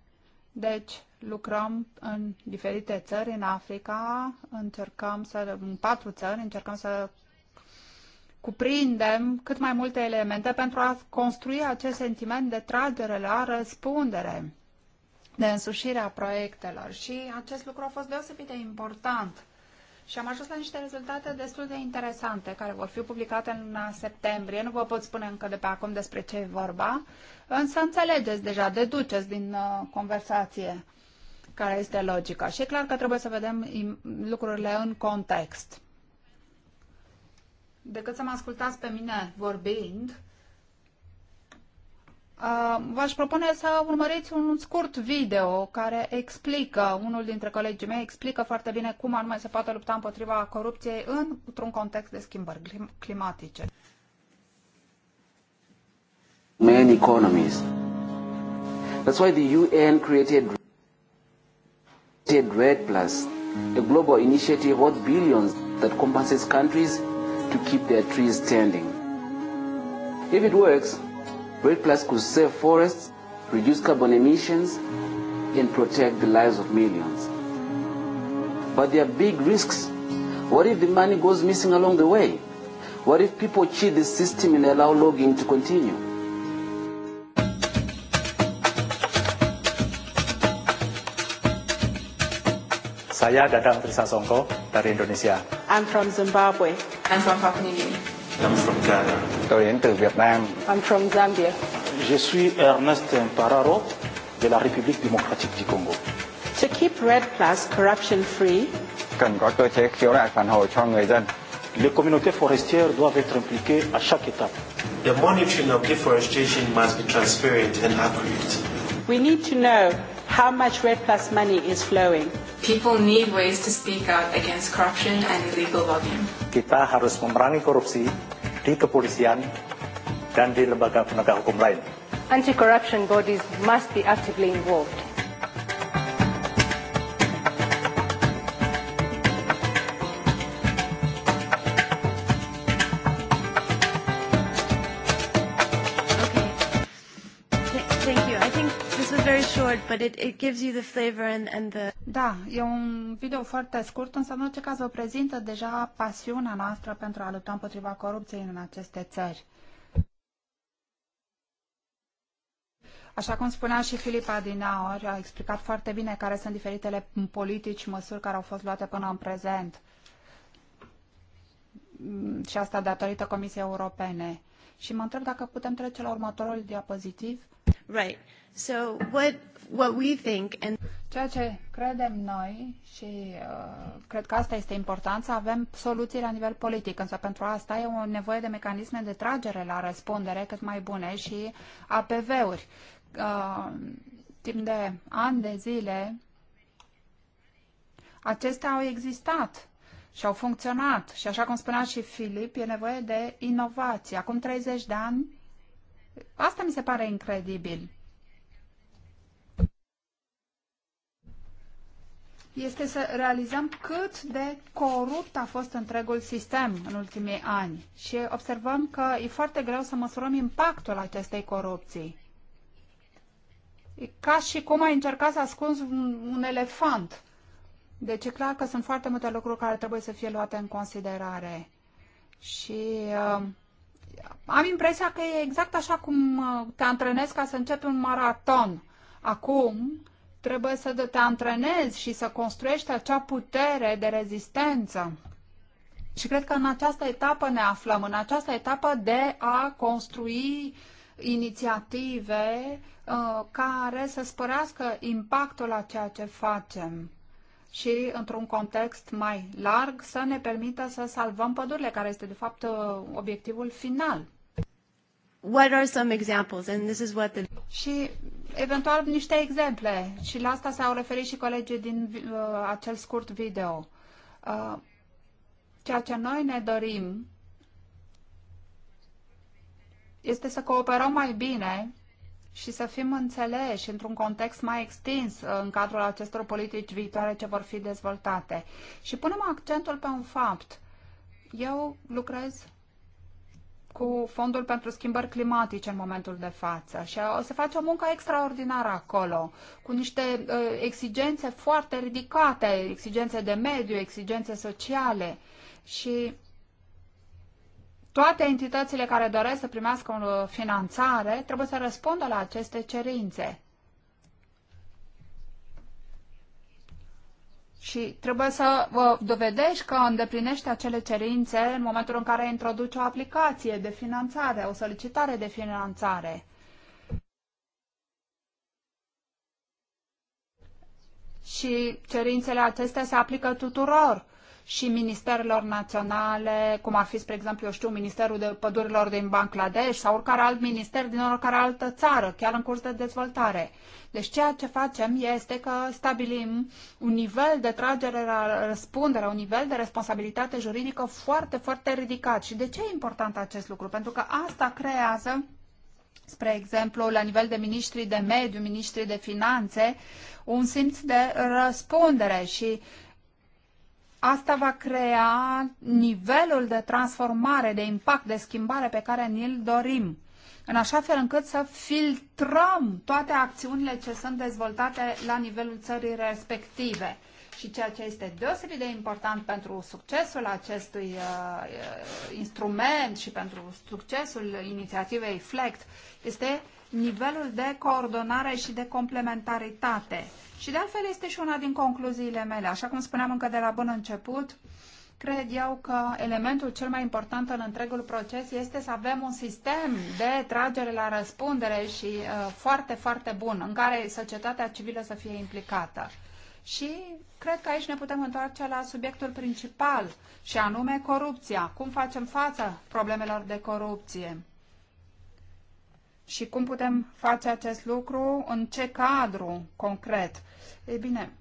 Deci, lucrăm în diferite țări în Africa, încercăm să, în patru țări, încercăm să cuprindem cât mai multe elemente pentru a construi acest sentiment de tragere la răspundere, de însușirea proiectelor. Și acest lucru a fost deosebit de important. Și am ajuns la niște rezultate destul de interesante, care vor fi publicate în septembrie. Nu vă pot spune încă de pe acum despre ce e vorba, însă înțelegeți deja, deduceți din uh, conversație care este logica. Și e clar că trebuie să vedem lucrurile în context decât să mă ascultați pe mine vorbind, uh, v-aș propune să urmăriți un scurt video care explică, unul dintre colegii mei explică foarte bine cum anume se poate lupta împotriva corupției într-un context de schimbări climatice. Main economies. That's why the UN created Red Plus, a global initiative worth billions that compensates countries to keep their trees standing. If it works, Red Plus could save forests, reduce carbon emissions, and protect the lives of millions. But there are big risks. What if the money goes missing along the way? What if people cheat the system and allow logging to continue? Saya Dadang Trisasongko dari Indonesia. I'm from Zimbabwe. I'm from Papua New Guinea. I'm from Ghana. Tôi đến từ Việt Nam. I'm from Zambia. Je suis Ernest Pararo de la République démocratique du Congo. To keep Red Plus corruption free. Cần có cơ chế khiếu nại phản hồi cho người dân. Les communautés forestières doivent être impliquées à chaque étape. The monitoring of deforestation must be transparent and accurate. We need to know how much Red Plus money is flowing. People need ways to speak out against corruption and illegal logging. Kita harus memerangi korupsi di kepolisian dan di lembaga penegak hukum lain. Anti-corruption bodies must be actively involved. Da, e un video foarte scurt, însă în orice caz vă prezintă deja pasiunea noastră pentru a lupta împotriva corupției în aceste țări. Așa cum spunea și Filipa Dinaori, a explicat foarte bine care sunt diferitele politici, măsuri care au fost luate până în prezent. Mm, și asta datorită Comisiei Europene. Și mă întreb dacă putem trece la următorul diapozitiv. Right. So what what we think and Ceea ce credem noi și uh, cred că asta este important, să avem soluții la nivel politic, însă pentru asta e o nevoie de mecanisme de tragere la răspundere cât mai bune și APV-uri. Uh, timp de ani de zile, acestea au existat și au funcționat. Și așa cum spunea și Filip, e nevoie de inovație. Acum 30 de ani, asta mi se pare incredibil. este să realizăm cât de corupt a fost întregul sistem în ultimii ani și observăm că e foarte greu să măsurăm impactul acestei corupții. E ca și cum ai încerca să ascunzi un, un elefant. Deci e clar că sunt foarte multe lucruri care trebuie să fie luate în considerare. Și uh, am impresia că e exact așa cum uh, te antrenezi ca să începi un maraton. Acum, Trebuie să te antrenezi și să construiești acea putere de rezistență. Și cred că în această etapă ne aflăm, în această etapă de a construi inițiative uh, care să spărească impactul la ceea ce facem și, într-un context mai larg, să ne permită să salvăm pădurile, care este, de fapt, uh, obiectivul final. What are some examples? And this is what the... Și eventual niște exemple. Și la asta s-au referit și colegii din uh, acel scurt video. Uh, ceea ce noi ne dorim este să cooperăm mai bine și să fim înțeleși într-un context mai extins uh, în cadrul acestor politici viitoare ce vor fi dezvoltate. Și punem accentul pe un fapt. Eu lucrez cu Fondul pentru Schimbări Climatice în momentul de față și o să face o muncă extraordinară acolo, cu niște uh, exigențe foarte ridicate, exigențe de mediu, exigențe sociale și toate entitățile care doresc să primească o finanțare trebuie să răspundă la aceste cerințe. și trebuie să vă dovedești că îndeplinești acele cerințe în momentul în care introduci o aplicație de finanțare, o solicitare de finanțare. Și cerințele acestea se aplică tuturor și ministerelor naționale, cum ar fi, spre exemplu, eu știu, Ministerul de Pădurilor din Bangladesh sau oricare alt minister din oricare altă țară, chiar în curs de dezvoltare. Deci ceea ce facem este că stabilim un nivel de tragere la răspundere, un nivel de responsabilitate juridică foarte, foarte ridicat. Și de ce e important acest lucru? Pentru că asta creează spre exemplu, la nivel de ministrii de mediu, ministrii de finanțe, un simț de răspundere și Asta va crea nivelul de transformare, de impact, de schimbare pe care ni-l dorim, în așa fel încât să filtrăm toate acțiunile ce sunt dezvoltate la nivelul țării respective. Și ceea ce este deosebit de important pentru succesul acestui uh, uh instrument și pentru succesul inițiativei FLECT este nivelul de coordonare și de complementaritate. Și de altfel este și una din concluziile mele. Așa cum spuneam încă de la bun început, cred eu că elementul cel mai important în întregul proces este să avem un sistem de tragere la răspundere și uh, foarte, foarte bun, în care societatea civilă să fie implicată. Și cred că aici ne putem întoarce la subiectul principal, și anume corupția. Cum facem față problemelor de corupție? Și cum putem face acest lucru? În ce cadru concret? Ei bine,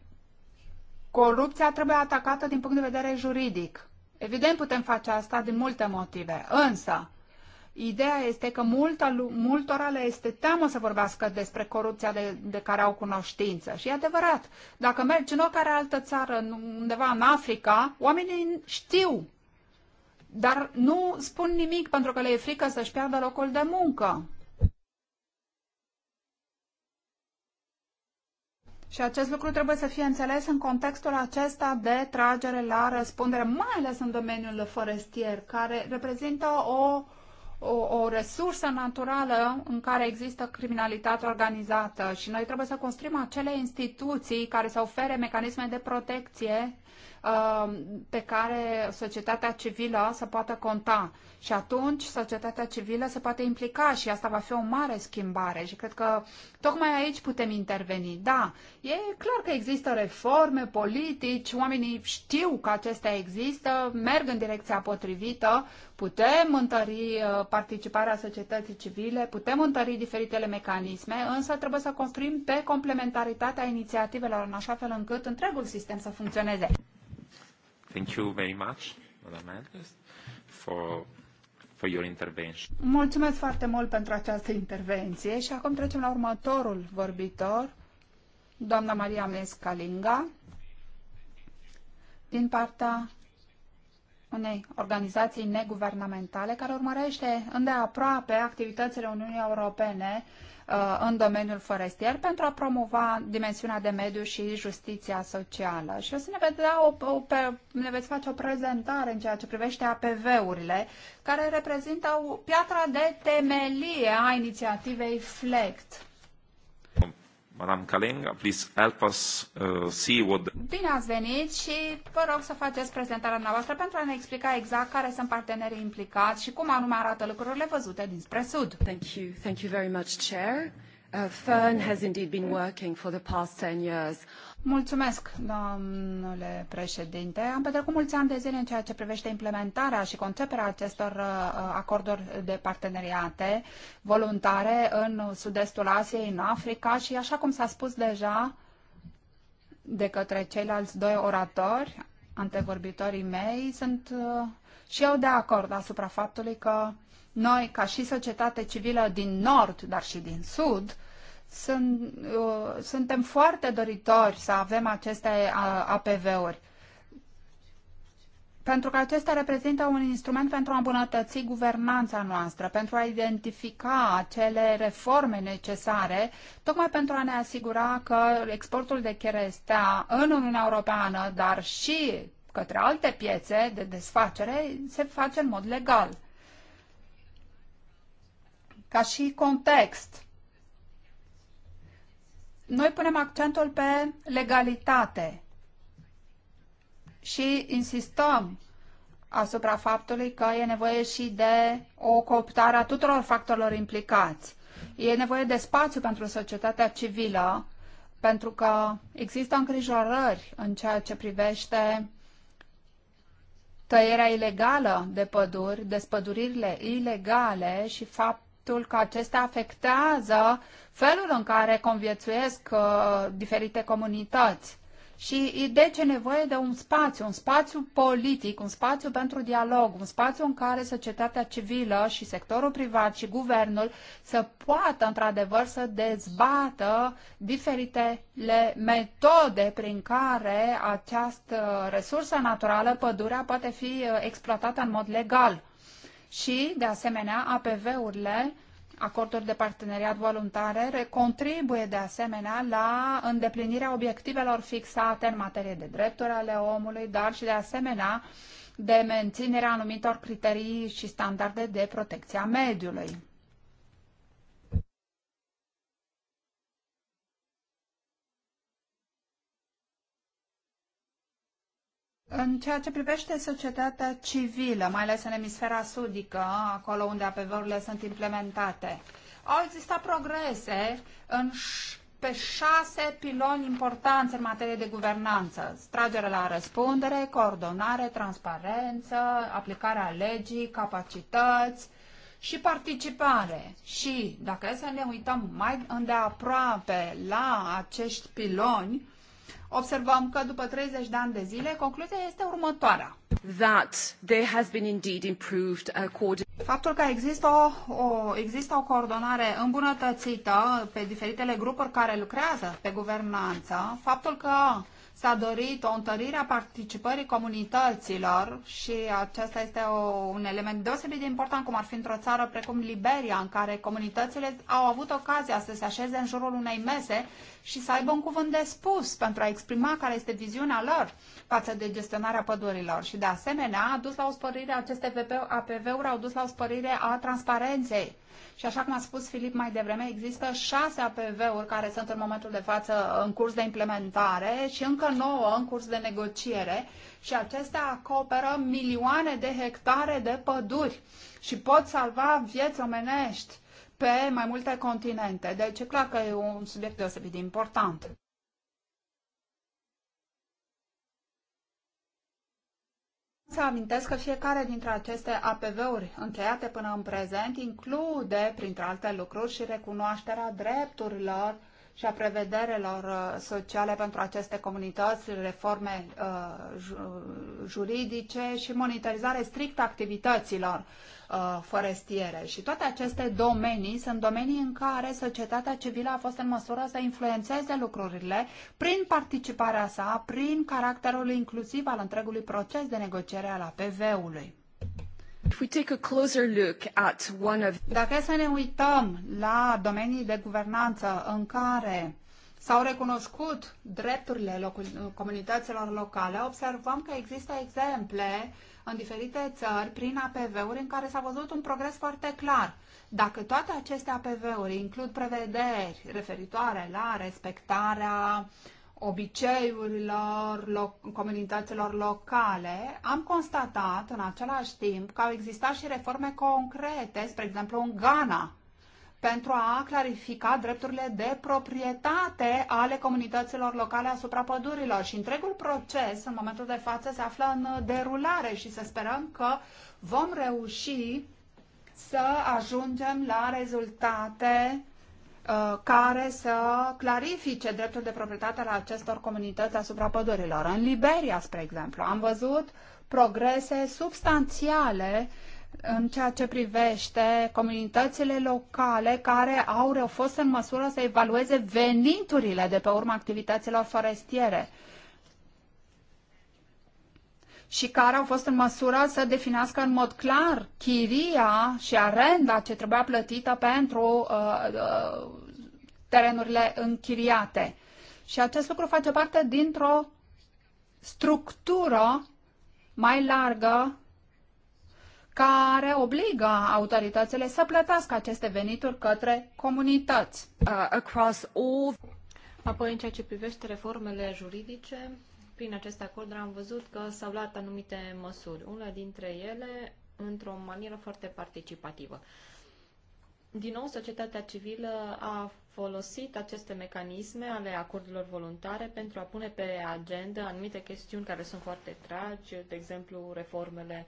corupția trebuie atacată din punct de vedere juridic. Evident putem face asta din multe motive, însă ideea este că multă, multora le este teamă să vorbească despre corupția de, de care au cunoștință. Și e adevărat, dacă mergi în oricare altă țară, undeva în Africa, oamenii știu, dar nu spun nimic pentru că le e frică să-și piardă locul de muncă Și acest lucru trebuie să fie înțeles în contextul acesta de tragere la răspundere, mai ales în domeniul forestier, care reprezintă o, o, o resursă naturală în care există criminalitate organizată și noi trebuie să construim acele instituții care să ofere mecanisme de protecție Um, pe care societatea civilă să poată conta. Și atunci societatea civilă se poate implica și asta va fi o mare schimbare și cred că tocmai aici putem interveni. Da, e clar că există reforme politici, oamenii știu că acestea există, merg în direcția potrivită, putem întări uh, participarea societății civile, putem întări diferitele mecanisme, însă trebuie să construim pe complementaritatea inițiativelor în așa fel încât întregul sistem să funcționeze. Thank you very much, Madam for, for your intervention. Mulțumesc foarte mult pentru această intervenție și acum trecem la următorul vorbitor, doamna Maria Mescalinga, din partea unei organizații neguvernamentale care urmărește îndeaproape activitățile Uniunii Europene uh, Uh, în domeniul forestier pentru a promova dimensiunea de mediu și justiția socială. Și o să ne, vedea o, o, pe, ne veți face o prezentare în ceea ce privește APV-urile, care reprezintă o piatra de temelie a inițiativei FLECT. Madame Kalenga, please help us uh, see what... The... Bine ați venit și vă rog să faceți prezentarea noastră pentru a ne explica exact care sunt partenerii implicați și cum anume arată lucrurile văzute dinspre Sud. Thank you. Thank you very much, Chair. Uh, Fern has indeed been working for the past 10 years Mulțumesc, domnule președinte. Am petrecut mulți ani de zile în ceea ce privește implementarea și conceperea acestor uh, acorduri de parteneriate voluntare în sud-estul Asiei, în Africa și, așa cum s-a spus deja de către ceilalți doi oratori, antevorbitorii mei, sunt uh, și eu de acord asupra faptului că noi, ca și societate civilă din nord, dar și din sud, sunt, uh, suntem foarte doritori să avem aceste uh, APV-uri pentru că acestea reprezintă un instrument pentru a îmbunătăți guvernanța noastră, pentru a identifica acele reforme necesare, tocmai pentru a ne asigura că exportul de cherestea în Uniunea Europeană, dar și către alte piețe de desfacere, se face în mod legal. Ca și context, noi punem accentul pe legalitate și insistăm asupra faptului că e nevoie și de o cooptare a tuturor factorilor implicați. E nevoie de spațiu pentru societatea civilă, pentru că există îngrijorări în ceea ce privește tăierea ilegală de păduri, despăduririle ilegale și faptul faptul că acestea afectează felul în care conviețuiesc uh, diferite comunități. Și de ce nevoie de un spațiu, un spațiu politic, un spațiu pentru dialog, un spațiu în care societatea civilă și sectorul privat și guvernul să poată într-adevăr să dezbată diferitele metode prin care această resursă naturală, pădurea, poate fi uh, exploatată în mod legal și, de asemenea, APV-urile, acorduri de parteneriat voluntare, contribuie, de asemenea, la îndeplinirea obiectivelor fixate în materie de drepturi ale omului, dar și, de asemenea, de menținerea anumitor criterii și standarde de protecție a mediului. În ceea ce privește societatea civilă, mai ales în emisfera sudică, acolo unde APV-urile sunt implementate, au existat progrese în pe șase piloni importanți în materie de guvernanță. Tragere la răspundere, coordonare, transparență, aplicarea legii, capacități și participare. Și dacă e să ne uităm mai îndeaproape la acești piloni, observăm că după 30 de ani de zile, concluzia este următoarea. That there has been indeed improved uh, Faptul că există o, o, există o coordonare îmbunătățită pe diferitele grupuri care lucrează pe guvernanță, faptul că s-a dorit o întărire a participării comunităților și acesta este o, un element deosebit de important, cum ar fi într-o țară precum Liberia, în care comunitățile au avut ocazia să se așeze în jurul unei mese și să aibă un cuvânt de spus pentru a exprima care este viziunea lor față de gestionarea pădurilor. Și de asemenea a dus la o spărire, aceste APV-uri au dus la o spărire a transparenței și așa cum a spus Filip mai devreme, există șase APV-uri care sunt în momentul de față în curs de implementare și încă nouă în curs de negociere și acestea acoperă milioane de hectare de păduri și pot salva vieți omenești pe mai multe continente. Deci e clar că e un subiect deosebit de important. Să amintesc că fiecare dintre aceste APV-uri încheiate până în prezent include, printre alte lucruri, și recunoașterea drepturilor și a prevederelor uh, sociale pentru aceste comunități, reforme uh, juridice și monitorizare strictă activităților uh, forestiere. Și toate aceste domenii sunt domenii în care societatea civilă a fost în măsură să influențeze lucrurile prin participarea sa, prin caracterul inclusiv al întregului proces de negociere al APV-ului. Dacă să ne uităm la domenii de guvernanță în care s-au recunoscut drepturile comunităților locale, observăm că există exemple în diferite țări prin APV-uri în care s-a văzut un progres foarte clar. Dacă toate aceste APV-uri includ prevederi referitoare la respectarea uh, obiceiurilor lo- comunităților locale, am constatat în același timp că au existat și reforme concrete, spre exemplu în Ghana, pentru a clarifica drepturile de proprietate ale comunităților locale asupra pădurilor. Și întregul proces, în momentul de față, se află în derulare și să sperăm că vom reuși să ajungem la rezultate Uh, care să clarifice dreptul de proprietate al acestor comunități asupra pădurilor. În Liberia, spre exemplu, am văzut progrese substanțiale în ceea ce privește comunitățile locale care au fost în măsură să evalueze veniturile de pe urma activităților forestiere. Uh, și care au fost în măsură să definească în mod clar chiria și arenda ce trebuia plătită pentru uh, uh, terenurile închiriate. Și acest lucru face parte dintr-o structură mai largă care obligă autoritățile să plătească aceste venituri către comunități. Uh, across all... Apoi, în ceea ce privește reformele juridice, prin acest acord am văzut că s-au luat anumite măsuri, una dintre ele într-o manieră foarte participativă. Din nou, societatea civilă a folosit aceste mecanisme ale acordurilor voluntare pentru a pune pe agenda anumite chestiuni care sunt foarte tragi, de exemplu reformele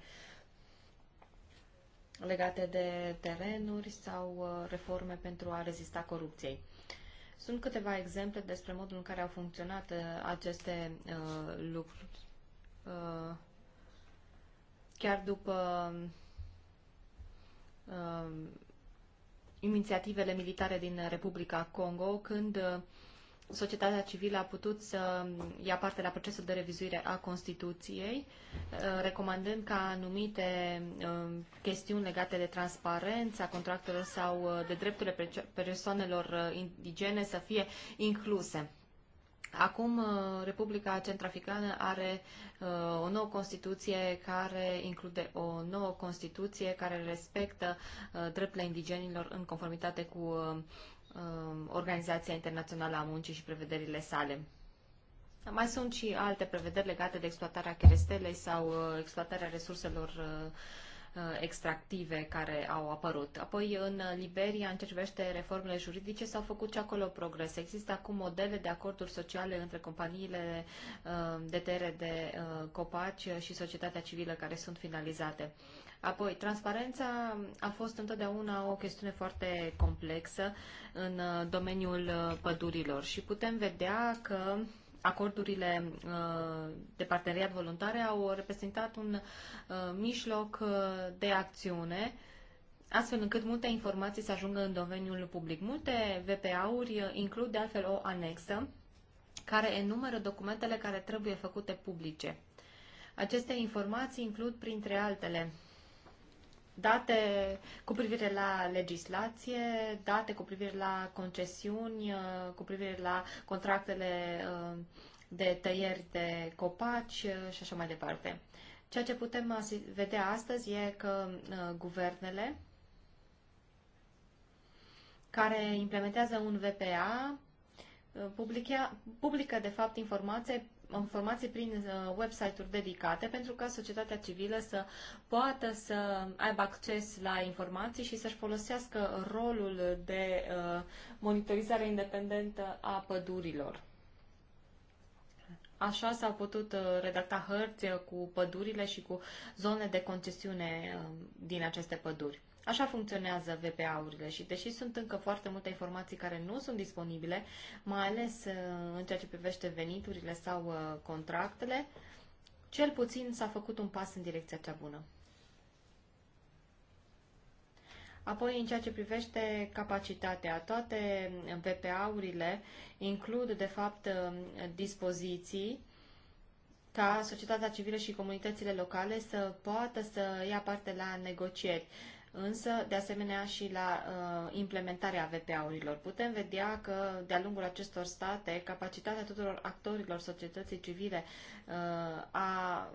legate de terenuri sau uh, reforme pentru a rezista corupției. Sunt câteva exemple despre modul în care au funcționat uh, aceste uh, lucruri. Uh, chiar după uh, inițiativele militare din Republica Congo, când uh, societatea civilă a putut să ia parte la procesul de revizuire a Constituției, uh, recomandând ca anumite uh, chestiuni legate de transparența contractelor sau uh, de drepturile persoanelor indigene să fie incluse. Acum Republica Centrafricană are uh, o nouă Constituție care include o nouă Constituție care respectă uh, drepturile indigenilor în conformitate cu uh, Um, Organizația Internațională a Muncii și prevederile sale. Mai sunt și alte prevederi legate de exploatarea cherestelei sau uh, exploatarea resurselor uh, uh, extractive care au apărut. Apoi, în Liberia, în ce privește reformele juridice, s-au făcut și acolo progrese. Există acum modele de acorduri sociale între companiile de tere de copaci și societatea civilă care sunt finalizate. Apoi, transparența a fost întotdeauna o chestiune foarte complexă în uh, domeniul uh, pădurilor și putem vedea că acordurile uh, de parteneriat voluntare au reprezentat un mijloc de acțiune astfel încât multe informații să ajungă în domeniul public. Multe VPA-uri includ de altfel o anexă care enumeră documentele care trebuie făcute publice. Aceste informații includ, printre altele, date cu privire la legislație, date cu privire la concesiuni, uh, cu privire la contractele uh, de tăieri de copaci uh, și așa mai departe. Ceea ce putem vedea astăzi e că guvernele care implementează un VPA publică, publică de fapt informații informații prin uh, website-uri dedicate pentru ca societatea civilă să poată să aibă acces la informații și să-și folosească rolul de uh, monitorizare independentă a pădurilor. Așa s-au putut uh, redacta hărți cu pădurile și cu zone de concesiune din aceste păduri. Așa funcționează VPA-urile și deși sunt încă foarte multe informații care nu sunt disponibile, mai ales uh, în ceea ce privește veniturile sau uh, contractele, cel puțin s-a făcut un pas în direcția cea bună. Apoi, în ceea ce privește capacitatea, toate VPA-urile includ, de fapt, uh, dispoziții ca societatea civilă și comunitățile locale să poată să ia parte la negocieri însă de asemenea și la uh, implementarea VPA-urilor. Putem vedea că de-a lungul acestor state, capacitatea tuturor actorilor societății civile uh, a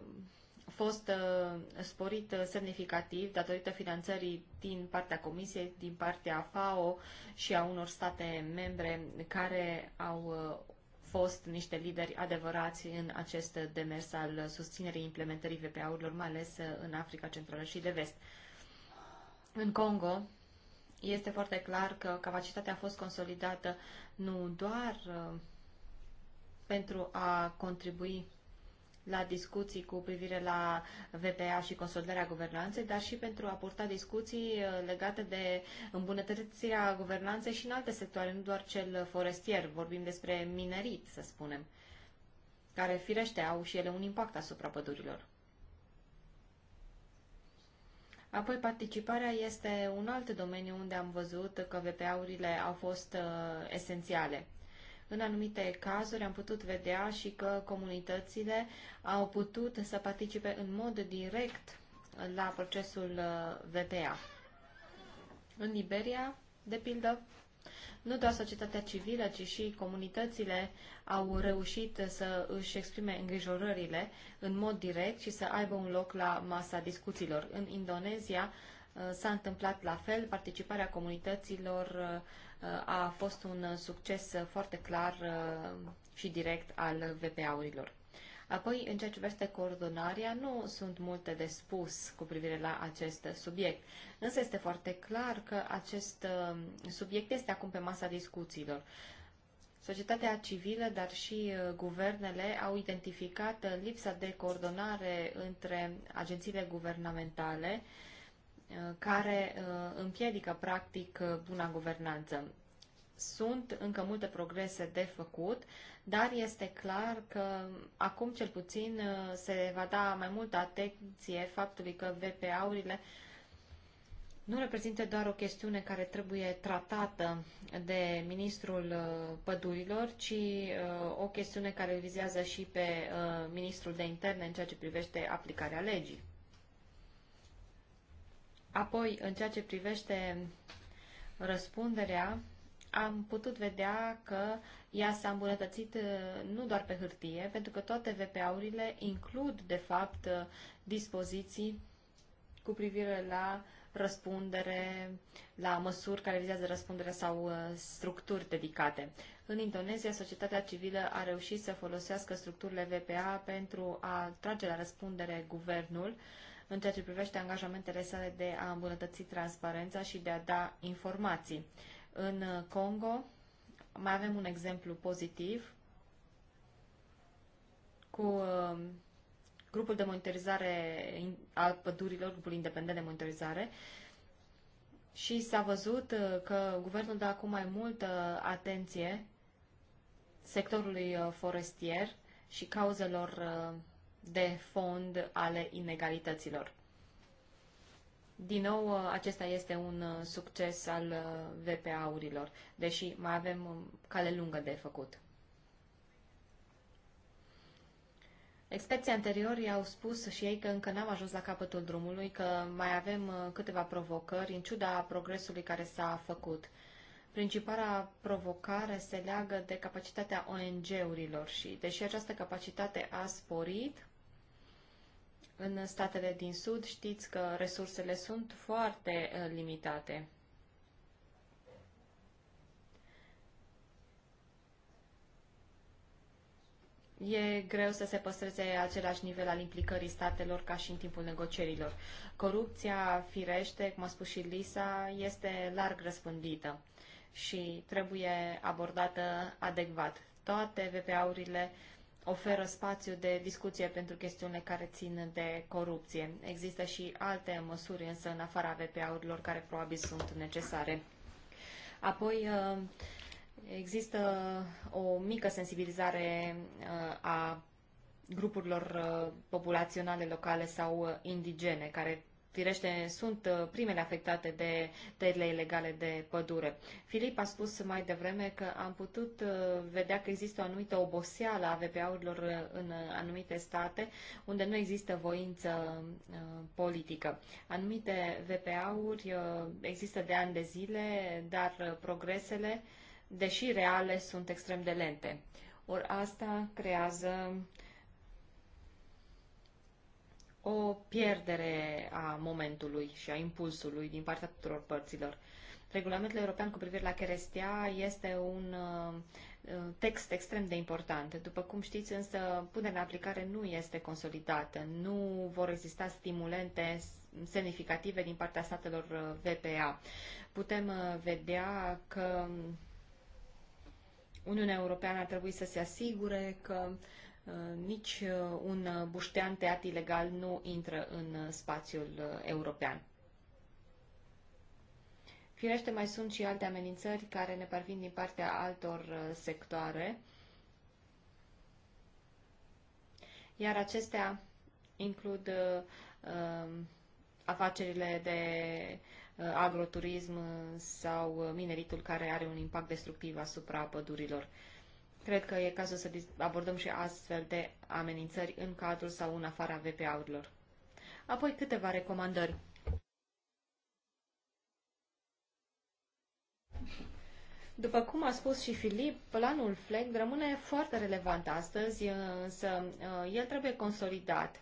fost uh, sporit uh, semnificativ datorită finanțării din partea Comisiei, din partea FAO și a unor state membre care au uh, fost niște lideri adevărați în acest demers al susținerii implementării VPA-urilor, mai ales uh, în Africa Centrală și de Vest. În Congo este foarte clar că capacitatea a fost consolidată nu doar uh, pentru a contribui la discuții cu privire la VPA și consolidarea guvernanței, dar și pentru a purta discuții uh, legate de îmbunătățirea guvernanței și în alte sectoare, nu doar cel forestier. Vorbim despre minerit, să spunem, care firește au și ele un impact asupra pădurilor. Apoi, participarea este un alt domeniu unde am văzut că VPA-urile au fost uh, esențiale. În anumite cazuri am putut vedea și că comunitățile au putut să participe în mod direct la procesul uh, VPA. În Liberia, de pildă, nu doar societatea civilă, ci și comunitățile au reușit să își exprime îngrijorările în mod direct și să aibă un loc la masa discuțiilor. În Indonezia uh, s-a întâmplat la fel, participarea comunităților uh, a fost un succes foarte clar uh, și direct al VPA-urilor. Apoi, în ceea ce privește coordonarea, nu sunt multe de spus cu privire la acest subiect. Însă este foarte clar că acest um, subiect este acum pe masa discuțiilor. Societatea civilă, dar și uh, guvernele au identificat uh, lipsa de coordonare între agențiile guvernamentale uh, care împiedică practic buna guvernanță sunt încă multe progrese de făcut, dar este clar că acum cel puțin uh, se va da mai multă atenție faptului că VPA-urile nu reprezintă doar o chestiune care trebuie tratată de ministrul uh, pădurilor, ci uh, o chestiune care vizează și pe ministrul de interne în ceea ce privește aplicarea legii. Apoi, în ceea ce privește răspunderea am putut vedea că ea s-a îmbunătățit uh, nu doar pe hârtie, pentru că toate VPA-urile includ, de fapt, uh, dispoziții cu privire la răspundere, la măsuri care vizează răspunderea sau uh, structuri dedicate. În Indonezia, societatea civilă a reușit să folosească structurile VPA pentru a trage la răspundere guvernul în ceea ce privește angajamentele sale de a îmbunătăți transparența și de a da informații. În uh, Congo mai avem un exemplu pozitiv cu um, grupul de monitorizare al pădurilor, grupul independent de monitorizare, și s-a văzut uh, că guvernul dă acum mai multă atenție sectorului uh, forestier și cauzelor de fond ale inegalităților. Din nou, uh, acesta este un uh, succes al uh, VPA-urilor, deși mai avem um, cale lungă de făcut. Experții anteriori au spus și ei că încă n-am ajuns la capătul drumului, că mai avem câteva provocări, în ciuda progresului care s-a făcut. Principala provocare se leagă de capacitatea ONG-urilor și, deși această capacitate a sporit, în statele din sud știți că resursele sunt foarte uh, limitate. E greu să se păstreze același nivel al implicării statelor ca și în timpul negocierilor. Corupția, firește, cum a spus și Lisa, este larg răspândită și trebuie abordată adecvat. Toate VPA-urile uh, oferă spațiu de discuție pentru chestiunile care țin de corupție. Există și alte măsuri, însă, în afara VPA-urilor, care probabil sunt necesare. Apoi, uh, există o mică sensibilizare uh, a grupurilor uh, populaționale locale sau indigene, care firește, sunt uh, primele afectate de tăierile ilegale de pădure. Filip a spus mai devreme că am putut uh, vedea că există o anumită oboseală a VPA-urilor uh, în anumite state unde nu există voință politică. Anumite VPA-uri există de ani de zile, dar progresele, deși reale, sunt extrem de lente. Ori asta creează o pierdere a momentului și a impulsului din partea tuturor părților. Regulamentul european cu privire la cherestia este un uh, uh, text extrem de important. După cum știți, însă, punerea în aplicare nu este consolidată. Nu vor exista stimulente semnificative din partea statelor uh, VPA. Putem vedea că Uniunea Europeană ar trebui să se asigure că uh, Uh, nici uh, un uh, buștean tăiat ilegal nu intră în spațiul european. Firește, mai sunt și alte amenințări care ne parvin din partea altor sectoare, iar acestea includ uh, um, afacerile de uh, agroturism sau mineritul care are un impact destructiv asupra pădurilor. Uh, Cred că e cazul să abordăm și astfel de amenințări în cadrul sau în afara VPA-urilor. Apoi câteva recomandări. După cum a spus și Filip, planul FLEG rămâne foarte relevant astăzi, însă uh, el trebuie consolidat.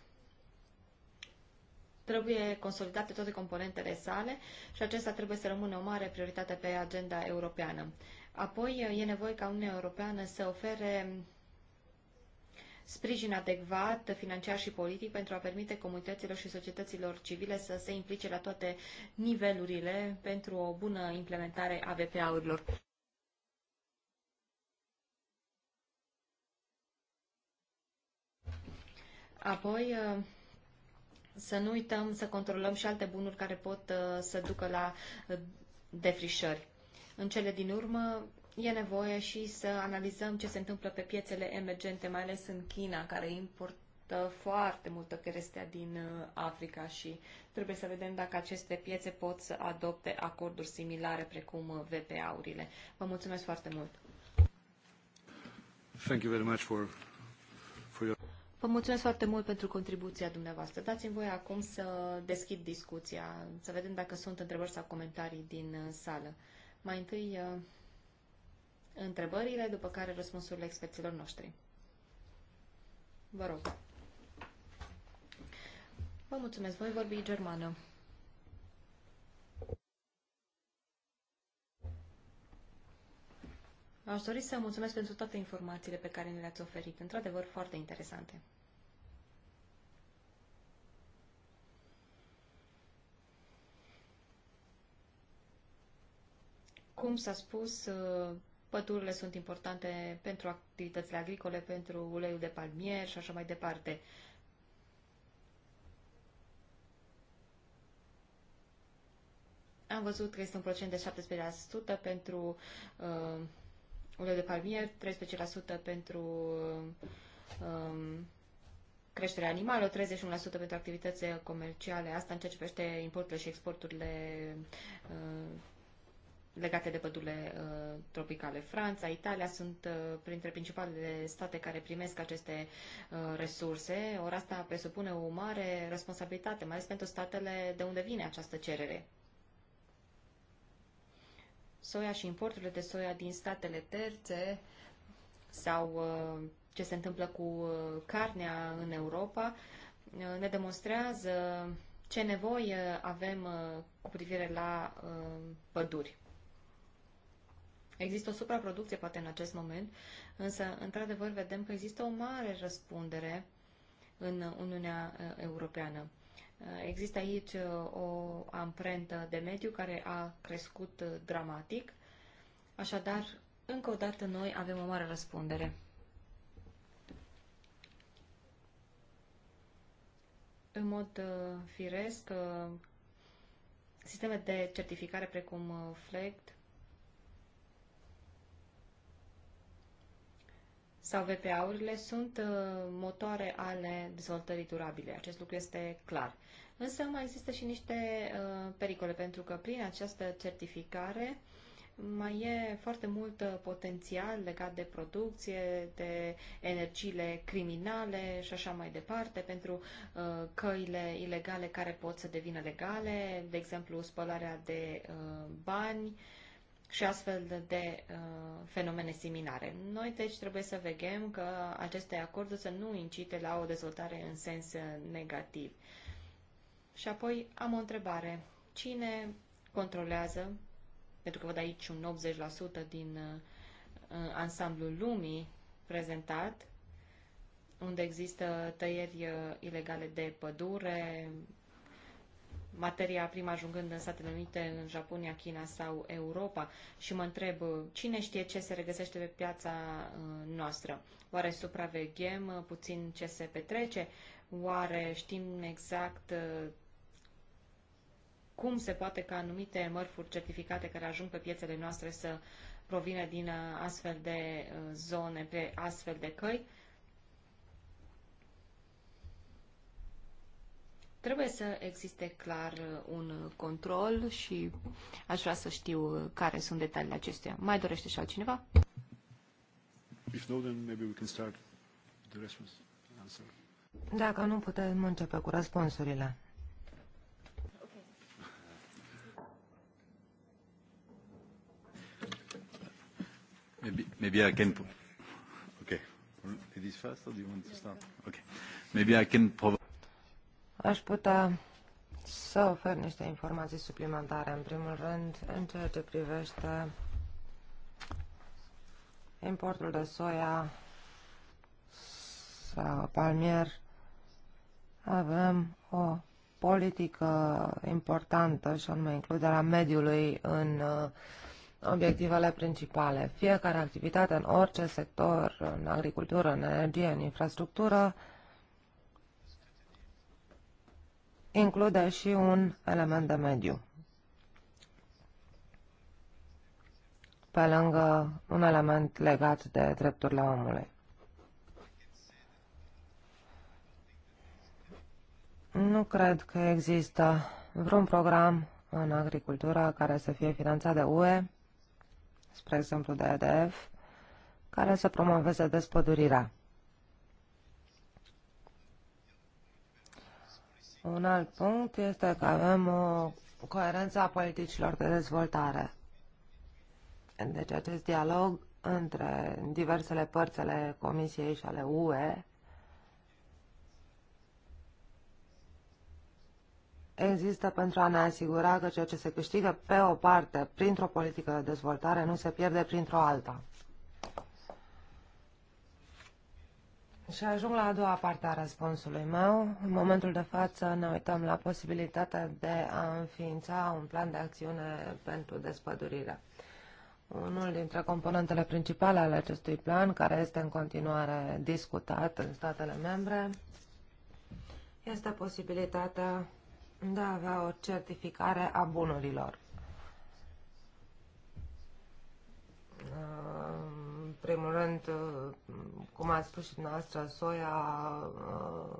Trebuie consolidate toate componentele sale și acesta trebuie să rămână o mare prioritate pe agenda europeană. Apoi e nevoie ca Uniunea Europeană să ofere sprijin adecvat financiar și politic pentru a permite comunităților și societăților civile să se implice la toate nivelurile pentru o bună implementare a VPA-urilor. Apoi, să nu uităm să controlăm și alte bunuri care pot să ducă la defrișări în cele din urmă e nevoie și să analizăm ce se întâmplă pe piețele emergente, mai ales în China, care importă foarte multă cherestea din uh, Africa și trebuie să vedem dacă aceste piețe pot să adopte acorduri similare precum uh, VPA-urile. Vă mulțumesc foarte mult! Thank you very much for, for your... Vă mulțumesc foarte mult pentru contribuția dumneavoastră. Dați-mi voie acum să deschid discuția, să vedem dacă sunt întrebări sau comentarii din uh, sală. Mai întâi uh, întrebările, după care răspunsurile experților noștri. Vă rog. Vă mulțumesc. Voi vorbi germană. Aș dori să mulțumesc pentru toate informațiile pe care ne le-ați oferit. Într-adevăr, foarte interesante. Cum s-a spus, uh, pădurile sunt importante pentru activitățile agricole, pentru uleiul de palmier și așa mai departe. Am văzut că este un procent de 17% pentru uh, ulei de palmier, 13% pentru uh, um, creșterea animalelor, 31% pentru activități comerciale, asta în ceea ce privește importurile și exporturile uh, legate de pădurile uh, tropicale. Franța, Italia sunt uh, printre principalele state care primesc aceste uh, resurse, ori asta presupune o mare responsabilitate, mai ales pentru statele de unde vine această cerere. Soia și importurile de soia din statele terțe sau uh, ce se întâmplă cu uh, carnea în Europa uh, ne demonstrează ce nevoie avem cu privire la păduri. Există o supraproducție, poate, în acest moment, însă, într-adevăr, vedem că există o mare răspundere în Uniunea uh, Europeană. Uh, există aici uh, o amprentă de mediu care a crescut dramatic, așadar, încă o dată, noi avem o mare răspundere. În mod firesc, sisteme de certificare precum FLECT sau VPA-urile sunt uh, motoare ale dezvoltării durabile. Acest lucru este clar. Însă mai există și niște uh, pericole, pentru că prin această certificare mai e foarte mult uh, potențial legat de producție, de energiile criminale și așa mai departe, pentru căile ilegale care pot să devină legale, de exemplu spălarea de bani, și astfel de, de uh, fenomene similare. Noi deci trebuie să vegem că aceste acorduri să nu incite la o dezvoltare în sens uh, negativ. Și apoi am o întrebare. Cine controlează, pentru că văd aici un 80% din uh, uh, ansamblul lumii prezentat, unde există tăieri uh, ilegale de pădure, materia primă ajungând în Statele Unite, în Japonia, China sau Europa și mă întreb cine știe ce se regăsește pe piața uh, noastră. Oare supraveghem uh, puțin ce se petrece? Oare știm exact uh, cum se poate ca anumite mărfuri certificate care ajung pe piețele noastre să provină din astfel de zone, pe astfel de căi? Trebuie să existe clar uh, un control și aș vrea să știu uh, care sunt detaliile acestea. Mai dorește și altcineva? If no, then maybe we can start the response answer. Dacă nu, putem începe cu răspunsurile. Maybe, maybe I can. Okay. It is fast, or do you want to start? Okay. Maybe I can provide. Aș putea să ofer niște informații suplimentare, în primul rând, în ceea ce privește importul de soia sau palmier. Avem o politică importantă și anume includerea mediului în uh, obiectivele principale. Fiecare activitate în orice sector, în agricultură, în energie, în infrastructură, include și un element de mediu. pe lângă un element legat de drepturile omului. Nu cred că există vreun program în agricultură care să fie finanțat de UE, spre exemplu de EDF, care să promoveze despădurirea. Un alt punct este că avem o coerență a politicilor de dezvoltare. Deci acest dialog între diversele părți ale Comisiei și ale UE există pentru a ne asigura că ceea ce se câștigă pe o parte printr-o politică de dezvoltare nu se pierde printr-o alta. Și ajung la a doua parte a răspunsului meu. În momentul de față ne uităm la posibilitatea de a înființa un plan de acțiune pentru despădurire. Unul dintre componentele principale ale acestui plan, care este în continuare discutat în statele membre, este posibilitatea de a avea o certificare a bunurilor. Um, primul rând, uh, cum ați spus și dumneavoastră, soia, uh,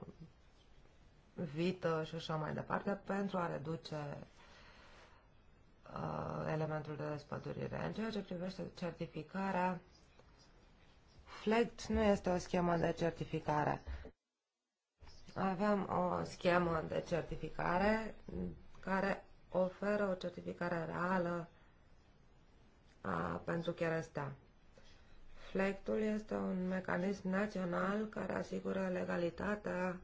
vită și așa mai departe, pentru a reduce uh, elementul de despădurire. În ceea ce privește certificarea, FLECT nu este o schemă de certificare. Avem o schemă de certificare care oferă o certificare reală a, pentru asta. Reflectul este un mecanism național care asigură legalitatea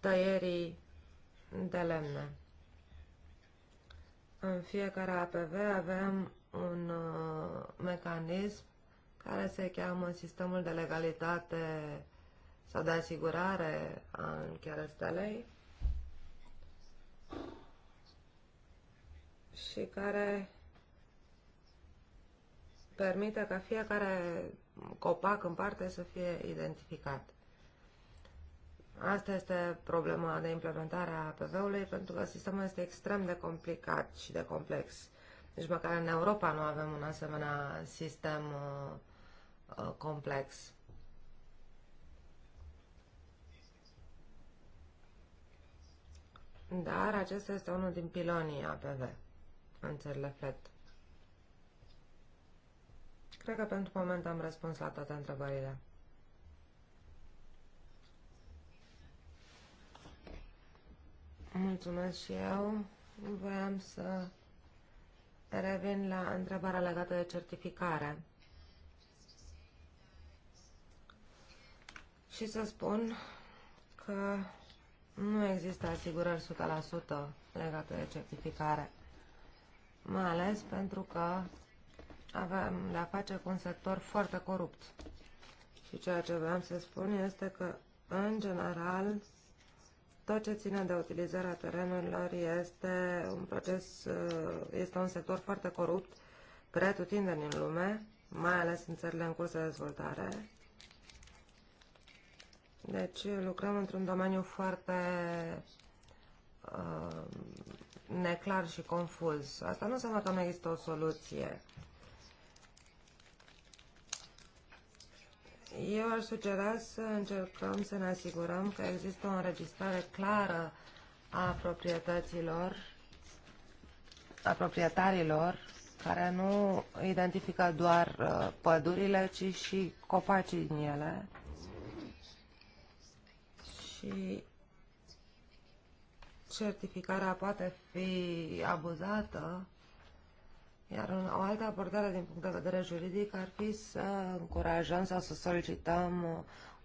tăierii de lemne. În fiecare APV avem un uh, mecanism care se cheamă sistemul de legalitate sau de asigurare a încheierea și care permite ca fiecare copac în parte să fie identificat. Asta este problema de implementare a APV-ului, pentru că sistemul este extrem de complicat și de complex. Deci măcar în Europa nu avem un asemenea sistem uh, uh complex. Dar acesta este unul din pilonii APV în țările FED. Cred că pentru moment am răspuns la toate întrebările. Mulțumesc și eu. Voiam să revin la întrebarea legată de certificare. Și să spun că nu există asigurări 100% legate de certificare, mai ales pentru că avem de-a face cu un sector foarte corupt. Și ceea ce vreau să spun este că, în general, tot ce ține de utilizarea terenurilor este un proces, uh, este un sector foarte corupt, pretutindeni în lume, mai ales în țările în curs de dezvoltare. Deci lucrăm într-un domeniu foarte uh, neclar și confuz. Asta nu înseamnă că nu există o soluție. Eu aș sugera să încercăm să ne asigurăm că există o înregistrare clară a proprietăților, a proprietarilor, care nu identifică doar uh, pădurile, ci și copacii din ele. Și certificarea poate fi abuzată iar o altă abordare din punct de vedere juridic ar fi să încurajăm sau să solicităm uh,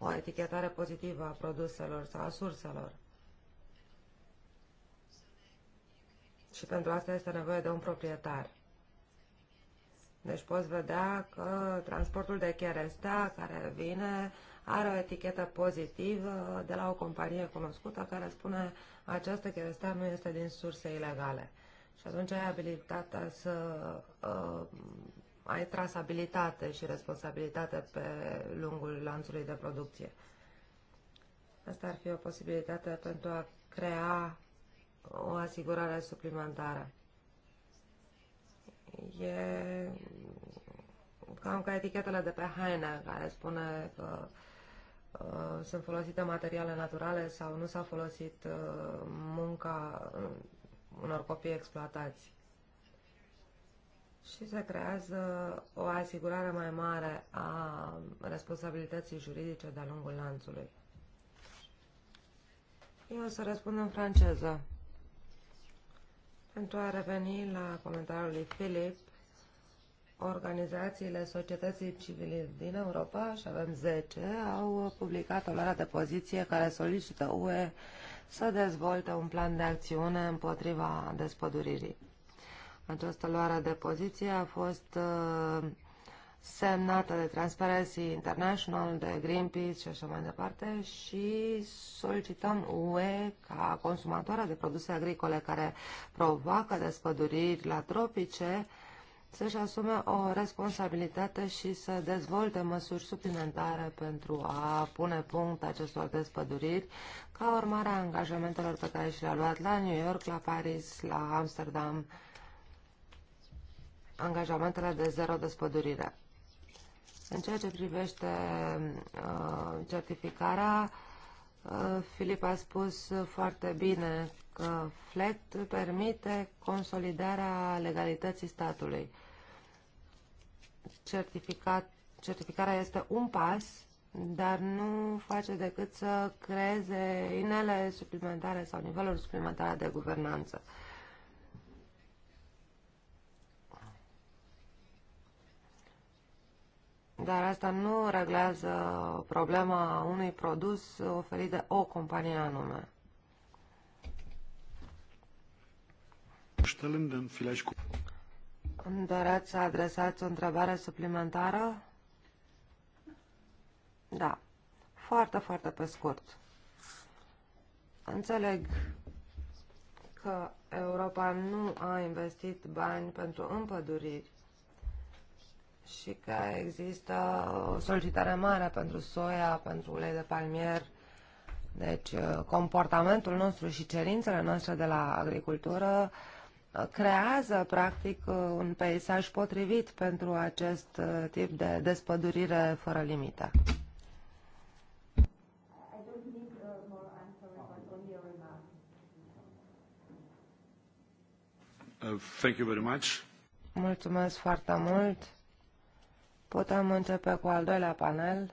o etichetare pozitivă a produselor sau a surselor. Și pentru asta este nevoie de un proprietar. Deci poți vedea că transportul de cherestea care vine are o etichetă pozitivă de la o companie cunoscută care spune această cherestea nu este din surse ilegale. Și atunci ai abilitatea să uh, ai trasabilitate și responsabilitate pe lungul lanțului de producție. Asta ar fi o posibilitate pentru a crea o asigurare suplimentară. E cam ca etichetele de pe haine care spune că uh, sunt folosite materiale naturale sau nu s-a folosit uh, munca, uh, unor copii exploatați. Și se creează o asigurare mai mare a responsabilității juridice de-a lungul lanțului. Eu o să răspund în franceză. Pentru a reveni la comentariul lui Filip, organizațiile societății civile din Europa, și avem 10, au publicat o luare de poziție care solicită UE să dezvolte un plan de acțiune împotriva despăduririi. Această luare de poziție a fost uh, semnată de Transparency International, de Greenpeace și așa mai departe și solicităm UE ca consumatoare de produse agricole care provoacă despăduriri la tropice să-și asume o responsabilitate și să dezvolte măsuri suplimentare pentru a pune punct acestor despăduriri, ca urmare a angajamentelor pe care și le-a luat la New York, la Paris, la Amsterdam, angajamentele de zero despădurire. În ceea ce privește uh, certificarea, uh, Filip a spus foarte bine că FLET permite consolidarea legalității statului. Certificat, certificarea este un pas, dar nu face decât să creeze inele suplimentare sau niveluri suplimentare de guvernanță. Dar asta nu reglează problema unui produs oferit de o companie anume. Îmi doreați să adresați o întrebare suplimentară? Da. Foarte, foarte pe scurt. Înțeleg că Europa nu a investit bani pentru împăduriri și că există o solicitare mare pentru soia, pentru ulei de palmier. Deci comportamentul nostru și cerințele noastre de la agricultură uh, creează practic un peisaj potrivit pentru acest uh, tip de despădurire fără limită. Uh, thank you very much. Mulțumesc foarte mult. Putem începe cu al doilea panel.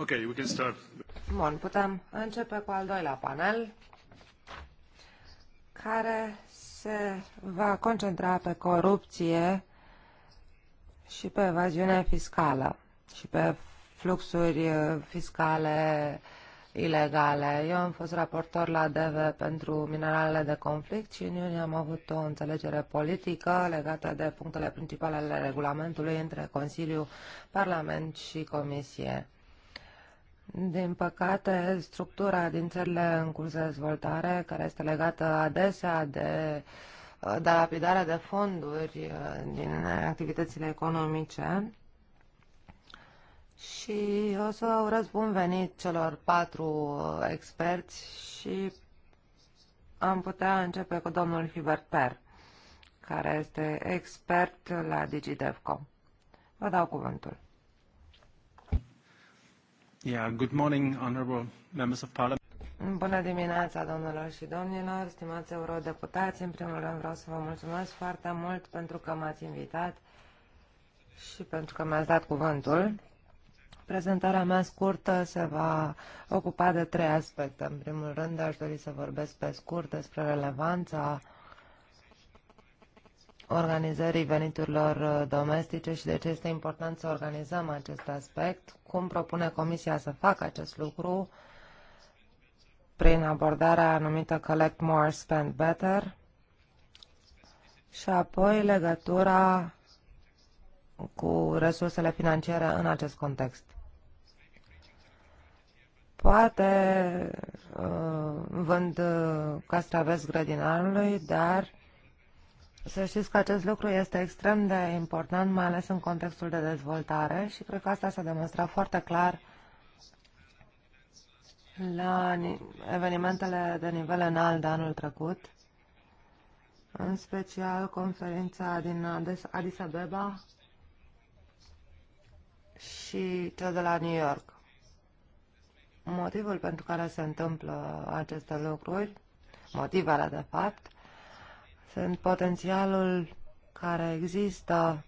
Ok, we can start. Bun, putem începe cu al doilea panel, care se va concentra pe corupție și pe evaziune fiscală și pe fluxuri uh, fiscale ilegale. Eu am fost raportor la DV pentru mineralele de conflict și în iunie am avut o înțelegere politică legată de punctele principale ale regulamentului între Consiliu, Parlament și Comisie. Din păcate, structura din țările în curs de dezvoltare, care este legată adesea de de lapidarea de fonduri uh, din activitățile economice, și o să urez bun venit celor patru uh, experți și am putea începe cu domnul Hubert Per, care este expert la DigiDevCom. Vă dau cuvântul. Yeah, good morning, honorable members of parliament. Bună dimineața, domnilor și domnilor, stimați eurodeputați. În primul rând vreau să vă mulțumesc foarte mult pentru că m-ați invitat și pentru că mi-ați dat cuvântul. Prezentarea mea scurtă se va ocupa de trei aspecte. În primul rând, aș dori să vorbesc pe scurt despre relevanța uh, organizării veniturilor uh, domestice și de deci ce este important să organizăm acest aspect, cum propune Comisia să facă acest lucru prin abordarea anumită Collect More, Spend Better și apoi legătura cu resursele financiare în acest context. Poate uh, vând uh, castraveți grădinarului, dar să știți că acest lucru este extrem de important, mai ales în contextul de dezvoltare și cred că asta s-a demonstrat foarte clar la evenimentele de nivel înalt de anul trecut, în special conferința din Addis Abeba și cea de la New York. Motivul pentru care se întâmplă aceste lucruri, motivele de fapt, sunt potențialul care există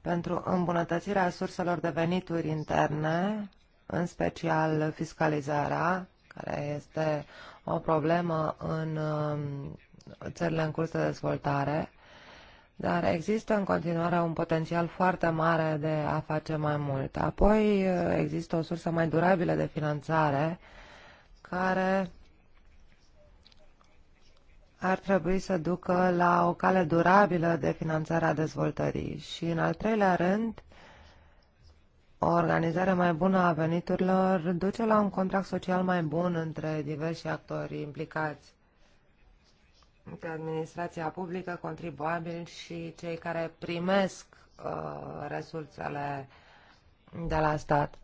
pentru îmbunătățirea surselor de venituri interne, în special fiscalizarea, care este o problemă în um, țările în curs de dezvoltare, dar există în continuare un potențial foarte mare de a face mai mult. Apoi uh, există o sursă mai durabilă de finanțare care ar trebui să ducă la o cale durabilă de finanțare a dezvoltării și, în al treilea rând, o organizare mai bună a veniturilor duce la un contract social mai bun între diversi actori implicați, între administrația publică, contribuabili și cei care primesc uh, resursele de la stat.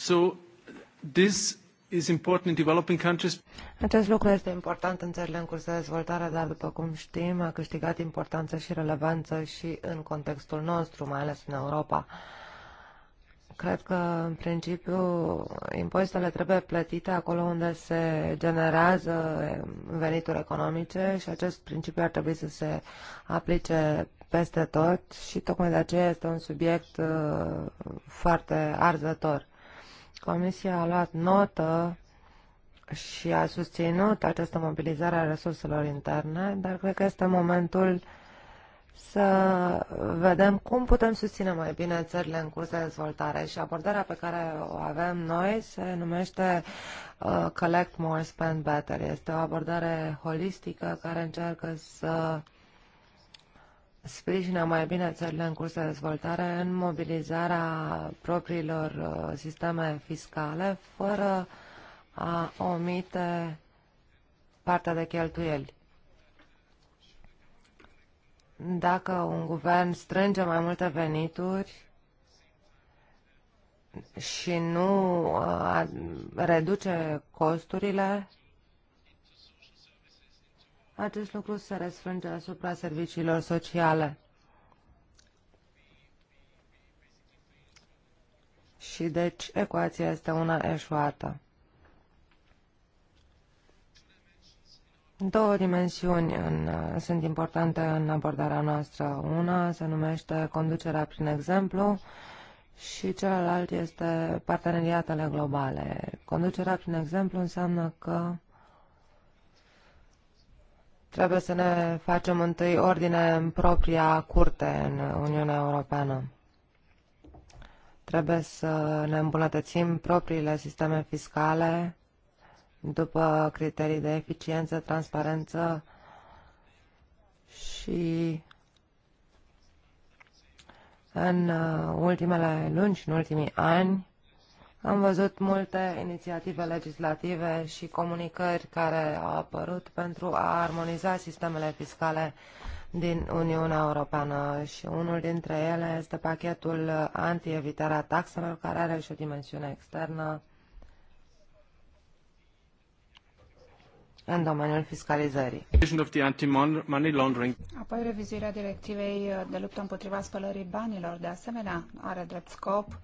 So this acest lucru este important în țările în curs de dezvoltare, dar după cum știm, a câștigat importanță și relevanță și în contextul nostru, mai ales în Europa. Cred că, în principiu, impozitele trebuie plătite acolo unde se generează venituri economice și acest principiu ar trebui să se aplice peste tot și tocmai de aceea este un subiect uh, foarte arzător. Comisia a luat notă și a susținut această mobilizare a resurselor interne, dar cred că este momentul să vedem cum putem susține mai bine țările în curs de dezvoltare și abordarea pe care o avem noi se numește uh, Collect More, Spend Better. Este o abordare holistică care încearcă să sprijină mai bine țările în curs de dezvoltare în mobilizarea propriilor uh, sisteme fiscale, fără a omite partea de cheltuieli. Dacă un guvern strânge mai multe venituri, și nu uh, reduce costurile, acest lucru se răsfrânge asupra serviciilor sociale. Și deci ecuația este una eșuată. Două dimensiuni în, sunt importante în abordarea noastră. Una se numește conducerea prin exemplu și celălalt este parteneriatele globale. Conducerea prin exemplu înseamnă că Trebuie să ne facem întâi ordine în propria curte în Uniunea Europeană. Trebuie să ne îmbunătățim propriile sisteme fiscale după criterii de eficiență, transparență și în ultimele luni și în ultimii ani am văzut multe inițiative legislative și comunicări care au apărut pentru a armoniza sistemele fiscale din Uniunea Europeană și unul dintre ele este pachetul anti-evitarea taxelor, care are și o dimensiune externă în domeniul fiscalizării. Apoi revizuirea directivei de luptă împotriva spălării banilor, de asemenea, are drept scop uh,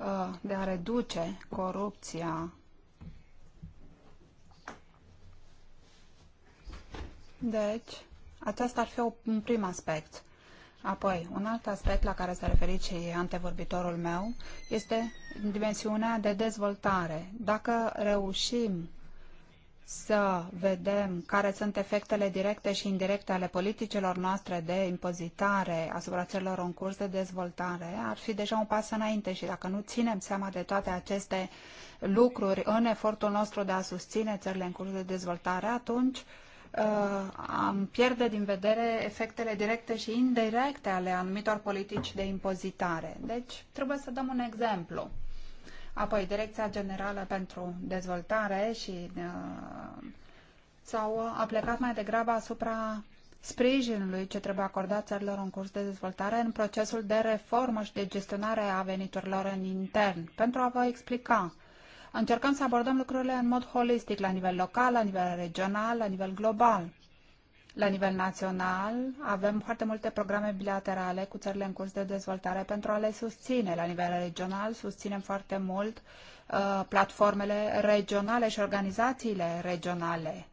Uh, de a reduce corupția Deci, acesta ar fi un prim aspect. Apoi, un alt aspect la care s-a referit și antevorbitorul meu este dimensiunea de dezvoltare. Dacă reușim să vedem care sunt efectele directe și indirecte ale politicilor noastre de impozitare asupra celor în curs de dezvoltare, ar fi deja un pas înainte și dacă nu ținem seama de toate aceste lucruri în efortul nostru de a susține țările în curs de dezvoltare, atunci uh, am pierde din vedere efectele directe și indirecte ale anumitor politici de impozitare. Deci trebuie să dăm un exemplu apoi Direcția Generală pentru Dezvoltare și uh, s-au aplicat mai degrabă asupra sprijinului ce trebuie acordat țărilor în curs de dezvoltare în procesul de reformă și de gestionare a veniturilor în intern. Pentru a vă explica, încercăm să abordăm lucrurile în mod holistic, la nivel local, la nivel regional, la nivel global. La nivel național avem foarte multe programe bilaterale cu țările în curs de dezvoltare pentru a le susține. La nivel regional susținem foarte mult uh, platformele regionale și organizațiile regionale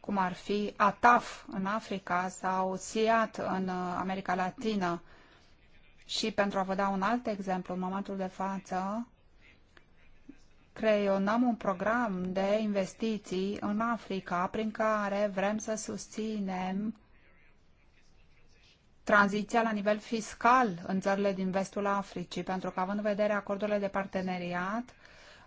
cum ar fi ATAF în Africa sau SIAT în uh, America Latină. Și pentru a vă da un alt exemplu, în momentul de față, creionăm un program de investiții în Africa prin care vrem să susținem tranziția la nivel fiscal în țările din vestul Africii, pentru că având în vedere acordurile de parteneriat,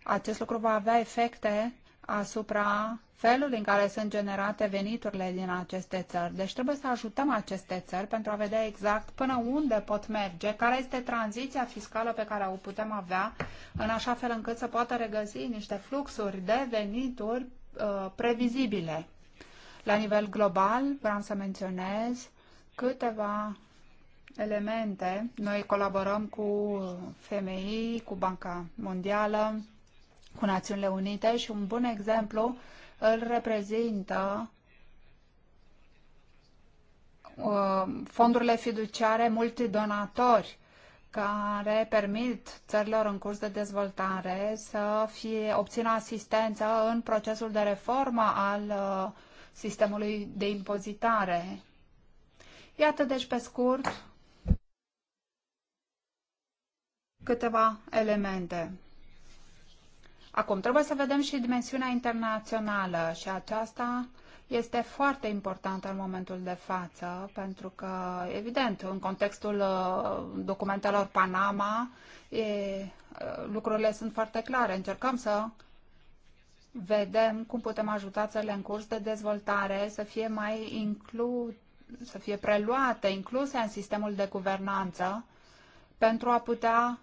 acest lucru va avea efecte asupra felului în care sunt generate veniturile din aceste țări. Deci trebuie să ajutăm aceste țări pentru a vedea exact până unde pot merge, care este tranziția fiscală pe care o putem avea, în așa fel încât să poată regăsi niște fluxuri de venituri uh, previzibile. La nivel global, vreau să menționez câteva elemente. Noi colaborăm cu FMI, cu Banca Mondială, cu Națiunile Unite și un bun exemplu îl reprezintă uh, fondurile fiduciare multidonatori care permit țărilor în curs de dezvoltare să fie, obțină asistență în procesul de reformă al uh, sistemului de impozitare. Iată deci pe scurt câteva elemente. Acum, trebuie să vedem și dimensiunea internațională și aceasta este foarte importantă în momentul de față, pentru că, evident, în contextul uh, documentelor Panama, e, uh, lucrurile sunt foarte clare. Încercăm să vedem cum putem ajuta țările în curs de dezvoltare să fie mai inclu, să fie preluate, incluse în sistemul de guvernanță, pentru a putea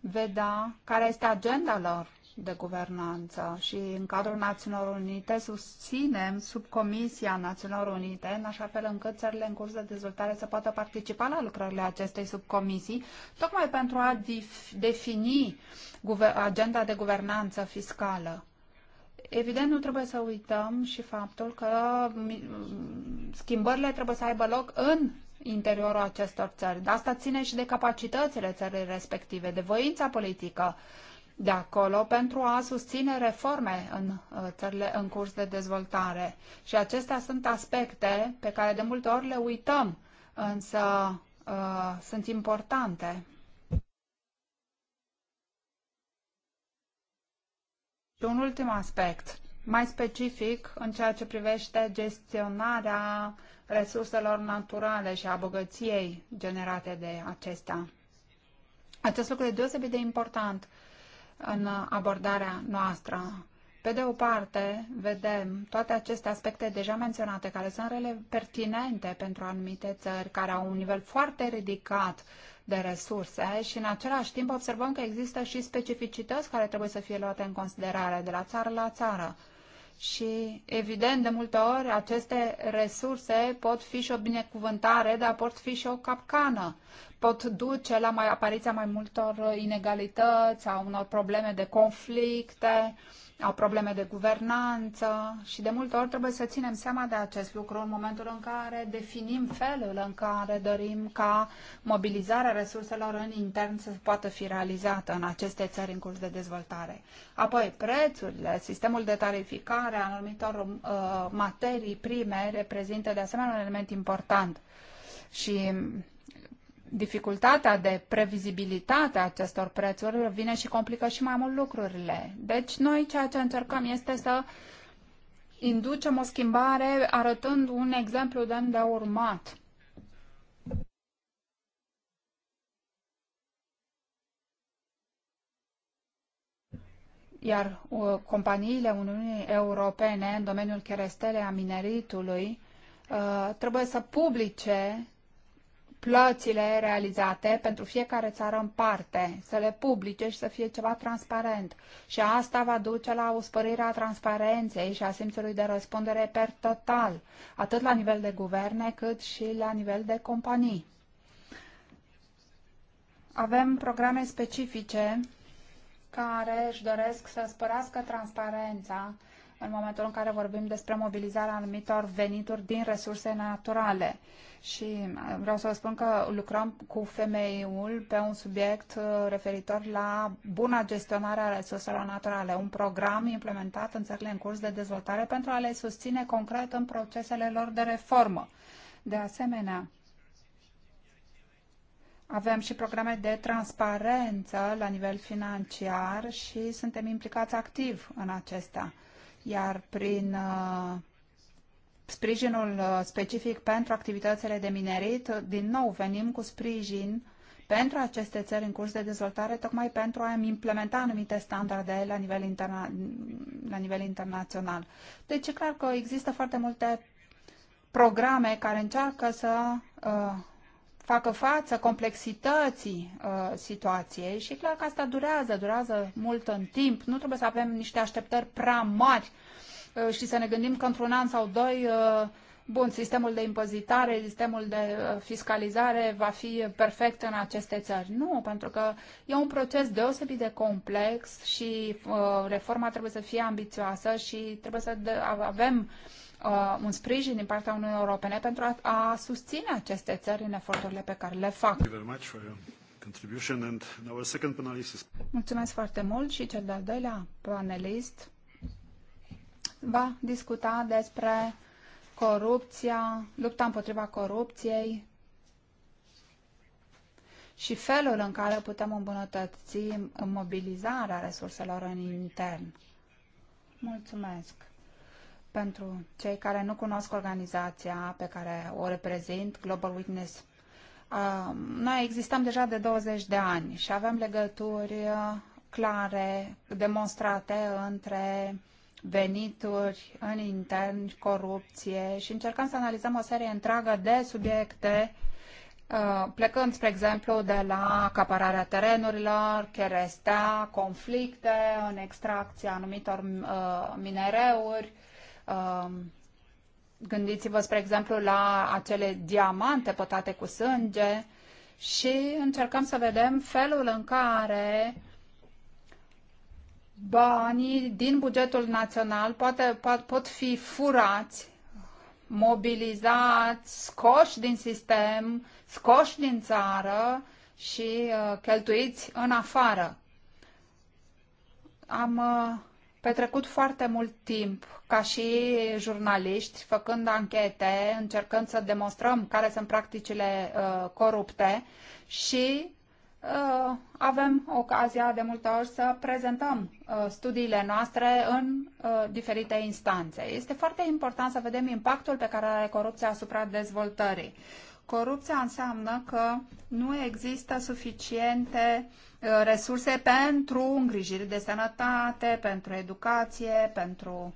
vedea care este agenda lor de guvernanță și în cadrul Națiunilor Unite susținem subcomisia Națiunilor Unite în așa fel încât țările în curs de dezvoltare să poată participa la lucrările acestei subcomisii, tocmai pentru a defini agenda de guvernanță fiscală. Evident, nu trebuie să uităm și faptul că schimbările trebuie să aibă loc în interiorul acestor țări. De asta ține și de capacitățile țării respective, de voința politică de acolo pentru a susține reforme în uh, țările în curs de dezvoltare. Și acestea sunt aspecte pe care de multe ori le uităm, însă uh, sunt importante. Și un ultim aspect, mai specific în ceea ce privește gestionarea resurselor naturale și a bogăției generate de acestea. Acest lucru e deosebit de important în abordarea noastră. Pe de o parte, vedem toate aceste aspecte deja menționate, care sunt rele pertinente pentru anumite țări, care au un nivel foarte ridicat de resurse și în același timp observăm că există și specificități care trebuie să fie luate în considerare de la țară la țară. Și, evident, de multe ori, aceste resurse pot fi și o binecuvântare, dar pot fi și o capcană pot duce la mai, apariția mai multor uh, inegalități, a unor probleme de conflicte, a probleme de guvernanță și de multe ori trebuie să ținem seama de acest lucru în momentul în care definim felul în care dorim ca mobilizarea resurselor în intern să poată fi realizată în aceste țări în curs de dezvoltare. Apoi, prețurile, sistemul de tarificare a anumitor uh, materii prime reprezintă de asemenea un element important și dificultatea de previzibilitate a acestor prețuri vine și complică și mai mult lucrurile. Deci noi ceea ce încercăm este să inducem o schimbare arătând un exemplu de de urmat. Iar uh, companiile Uniunii Europene în domeniul cherestelei a mineritului uh, trebuie să publice plățile realizate pentru fiecare țară în parte, să le publice și să fie ceva transparent. Și asta va duce la o spărire a transparenței și a simțului de răspundere per total, atât la nivel de guverne cât și la nivel de companii. Avem programe specifice care își doresc să spărească transparența în momentul în care vorbim despre mobilizarea anumitor venituri din resurse naturale. Și uh, vreau să vă spun că lucrăm cu femeiul pe un subiect uh, referitor la buna gestionare a resurselor naturale, un program implementat în țările în curs de dezvoltare pentru a le susține concret în procesele lor de reformă. De asemenea, avem și programe de transparență la nivel financiar și suntem implicați activ în acestea iar prin uh, sprijinul uh, specific pentru activitățile de minerit, din nou venim cu sprijin pentru aceste țări în curs de dezvoltare, tocmai pentru a implementa anumite standarde la nivel, interna- la nivel internațional. Deci e clar că există foarte multe programe care încearcă să uh, facă față complexității uh, situației și clar că asta durează, durează mult în timp. Nu trebuie să avem niște așteptări prea mari uh, și să ne gândim că într-un an sau doi, uh, bun, sistemul de impozitare, sistemul de uh, fiscalizare va fi perfect în aceste țări. Nu, pentru că e un proces deosebit de complex și uh, reforma trebuie să fie ambițioasă și trebuie să avem uh, un sprijin din partea Uniunii Europene pentru a, a susține aceste țări în eforturile pe care le fac. Mulțumesc foarte mult și cel de-al doilea panelist va discuta despre corupția, lupta împotriva corupției și felul în care putem îmbunătăți mobilizarea resurselor în intern. Mulțumesc! Pentru cei care nu cunosc organizația pe care o reprezint, Global Witness, um, noi existăm deja de 20 de ani și avem legături uh, clare, demonstrate între venituri în intern, corupție și încercăm să analizăm o serie întreagă de subiecte uh, plecând, spre exemplu, de la acapararea terenurilor, cherestea, conflicte în extracția anumitor uh, minereuri, Um, gândiți-vă, spre exemplu, la acele diamante pătate cu sânge și încercăm să vedem felul în care banii din bugetul național poate, pot fi furați, mobilizați, scoși din sistem, scoși din țară și uh, cheltuiți în afară. Am uh, petrecut foarte mult timp ca și jurnaliști făcând anchete, încercând să demonstrăm care sunt practicile uh, corupte și uh, avem ocazia de multe ori să prezentăm uh, studiile noastre în uh, diferite instanțe. Este foarte important să vedem impactul pe care are corupția asupra dezvoltării. Corupția înseamnă că nu există suficiente uh, Uh, resurse pentru îngrijiri de sănătate, pentru educație, pentru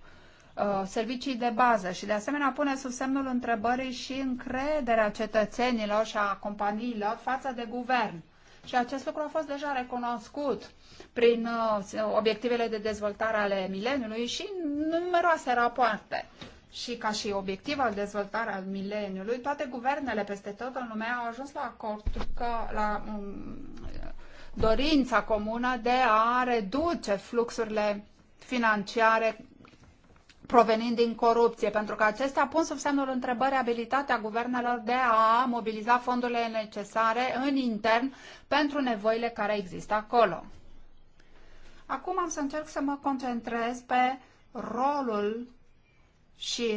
uh, servicii de bază și de asemenea pune sub semnul întrebării și încrederea cetățenilor și a companiilor față de guvern. Și acest lucru a fost deja recunoscut prin uh, obiectivele de dezvoltare ale mileniului și numeroase rapoarte. Și ca și obiectiv al dezvoltării al mileniului, toate guvernele peste tot în lume au ajuns la acord că la um, dorința comună de a reduce fluxurile financiare provenind din corupție, pentru că acestea pun sub semnul întrebării abilitatea guvernelor de a mobiliza fondurile necesare în intern pentru nevoile care există acolo. Acum am să încerc să mă concentrez pe rolul și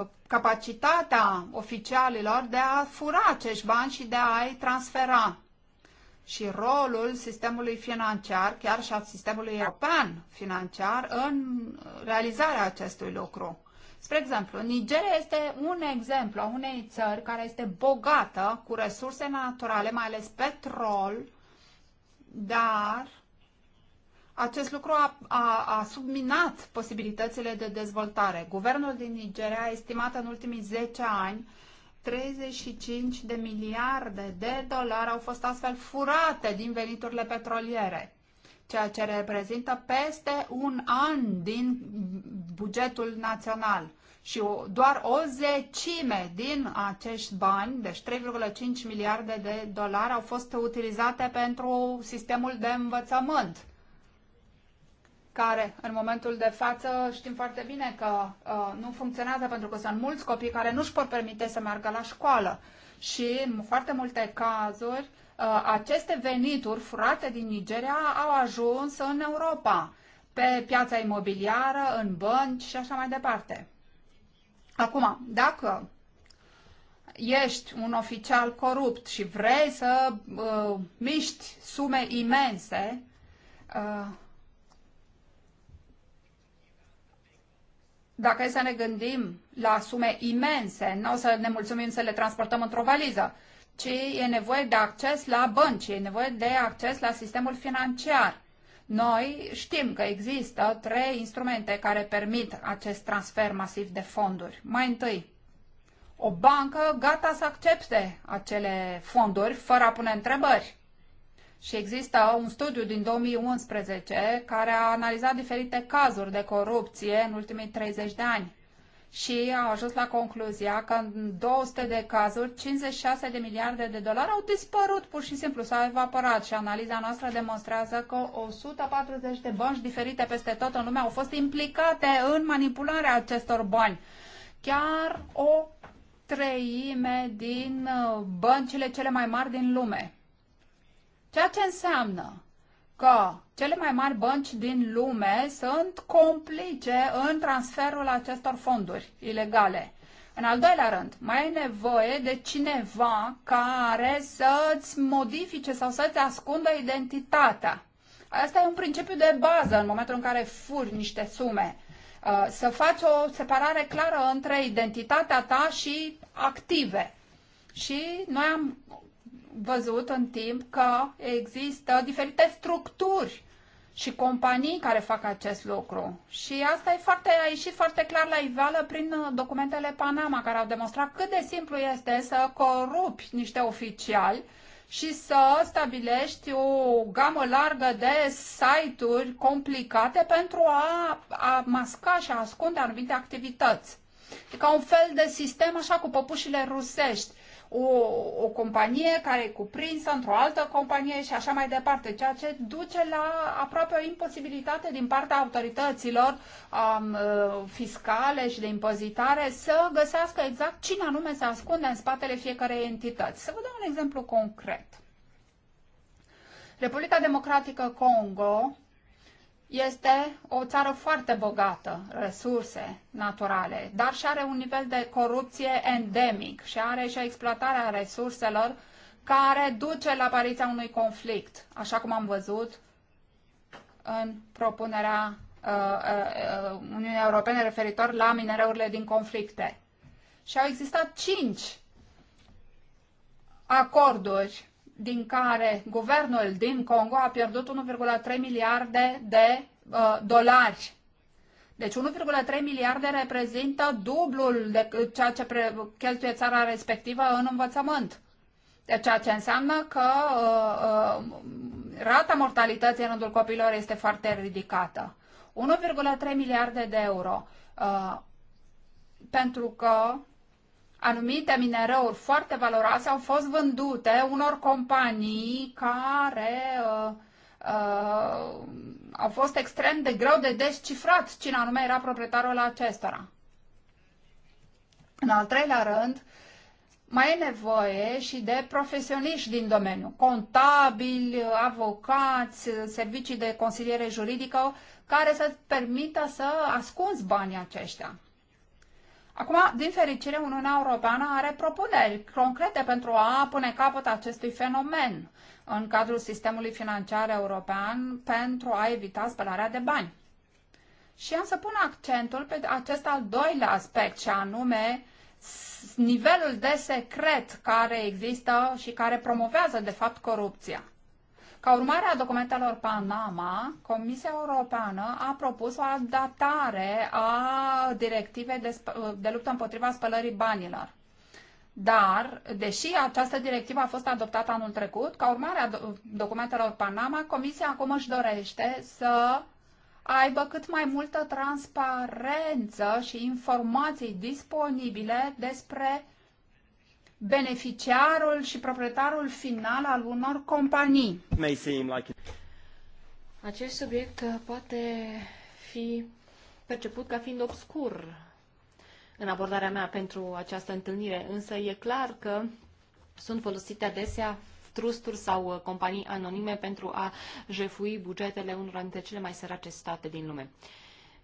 uh, capacitatea oficialilor de a fura acești bani și de a-i transfera și rolul sistemului financiar, chiar și al sistemului european financiar, în realizarea acestui lucru. Spre exemplu, Nigeria este un exemplu a unei țări care este bogată cu resurse naturale, mai ales petrol, dar acest lucru a, a, a subminat posibilitățile de dezvoltare. Guvernul din Nigeria a estimat în ultimii 10 ani 35 de miliarde de dolari au fost astfel furate din veniturile petroliere, ceea ce reprezintă peste un an din bugetul național. Și doar o zecime din acești bani, deci 3,5 miliarde de dolari, au fost utilizate pentru sistemul de învățământ care în momentul de față știm foarte bine că uh, nu funcționează pentru că sunt mulți copii care nu își pot permite să meargă la școală și în foarte multe cazuri uh, aceste venituri furate din Nigeria au ajuns în Europa, pe piața imobiliară, în bănci și așa mai departe. Acum, dacă ești un oficial corupt și vrei să uh, miști sume imense, uh, Dacă e să ne gândim la sume imense, nu o să ne mulțumim să le transportăm într-o valiză, ci e nevoie de acces la bănci, e nevoie de acces la sistemul financiar. Noi știm că există trei instrumente care permit acest transfer masiv de fonduri. Mai întâi, o bancă gata să accepte acele fonduri fără a pune întrebări. Și există un studiu din 2011 care a analizat diferite cazuri de corupție în ultimii 30 de ani și a ajuns la concluzia că în 200 de cazuri, 56 de miliarde de dolari au dispărut, pur și simplu s-au evaporat și analiza noastră demonstrează că 140 de bănci diferite peste tot în lume au fost implicate în manipularea acestor bani. Chiar o treime din uh, băncile cele mai mari din lume. Ceea ce înseamnă că cele mai mari bănci din lume sunt complice în transferul acestor fonduri ilegale. În al doilea rând, mai e nevoie de cineva care să-ți modifice sau să-ți ascundă identitatea. Asta e un principiu de bază în momentul în care furi niște sume. Uh, să faci o separare clară între identitatea ta și active. Și noi am văzut în timp că există diferite structuri și companii care fac acest lucru. Și asta e foarte, a ieșit foarte clar la iveală prin uh, documentele Panama, care au demonstrat cât de simplu este să corupi niște oficiali și să stabilești o gamă largă de site-uri complicate pentru a, a masca și a ascunde anumite activități. E ca un fel de sistem așa cu păpușile rusești o, o companie care e cuprinsă într-o altă companie și așa mai departe, ceea ce duce la aproape o imposibilitate din partea autorităților um, fiscale și de impozitare să găsească exact cine anume se ascunde în spatele fiecarei entități. Să vă dau un exemplu concret. Republica Democratică Congo este o țară foarte bogată, resurse naturale, dar și are un nivel de corupție endemic și are și exploatarea resurselor care duce la apariția unui conflict, așa cum am văzut în propunerea uh, uh, uh, Uniunii Europene referitor la minereurile din conflicte. Și au existat cinci acorduri din care guvernul din Congo a pierdut 1,3 miliarde de uh, dolari. Deci 1,3 miliarde reprezintă dublul de ceea ce pre- cheltuie țara respectivă în învățământ. Deci, ceea ce înseamnă că uh, uh, rata mortalității în rândul copiilor este foarte ridicată. 1,3 miliarde de euro. Uh, pentru că anumite minereuri foarte valoroase au fost vândute unor companii care uh, uh, au fost extrem de greu de descifrat cine anume era proprietarul acestora. În al treilea rând, mai e nevoie și de profesioniști din domeniu, contabili, avocați, servicii de consiliere juridică, care să permită să ascunzi banii aceștia. Acum, din fericire, Uniunea Europeană are propuneri concrete pentru a pune capăt acestui fenomen în cadrul sistemului financiar european pentru a evita spălarea de bani. Și am să pun accentul pe acest al doilea aspect, și anume nivelul de secret care există și care promovează, de fapt, corupția. Ca urmare a documentelor Panama, Comisia Europeană a propus o adaptare a directivei de, de luptă împotriva spălării banilor. Dar, deși această directivă a fost adoptată anul trecut, ca urmare a documentelor Panama, Comisia acum își dorește să aibă cât mai multă transparență și informații disponibile despre beneficiarul și proprietarul final al unor companii. Acest subiect uh, poate fi perceput ca fiind obscur în abordarea mea pentru această întâlnire, însă e clar că sunt folosite adesea trusturi sau uh, companii anonime pentru a jefui bugetele unor dintre cele mai sărace state din lume.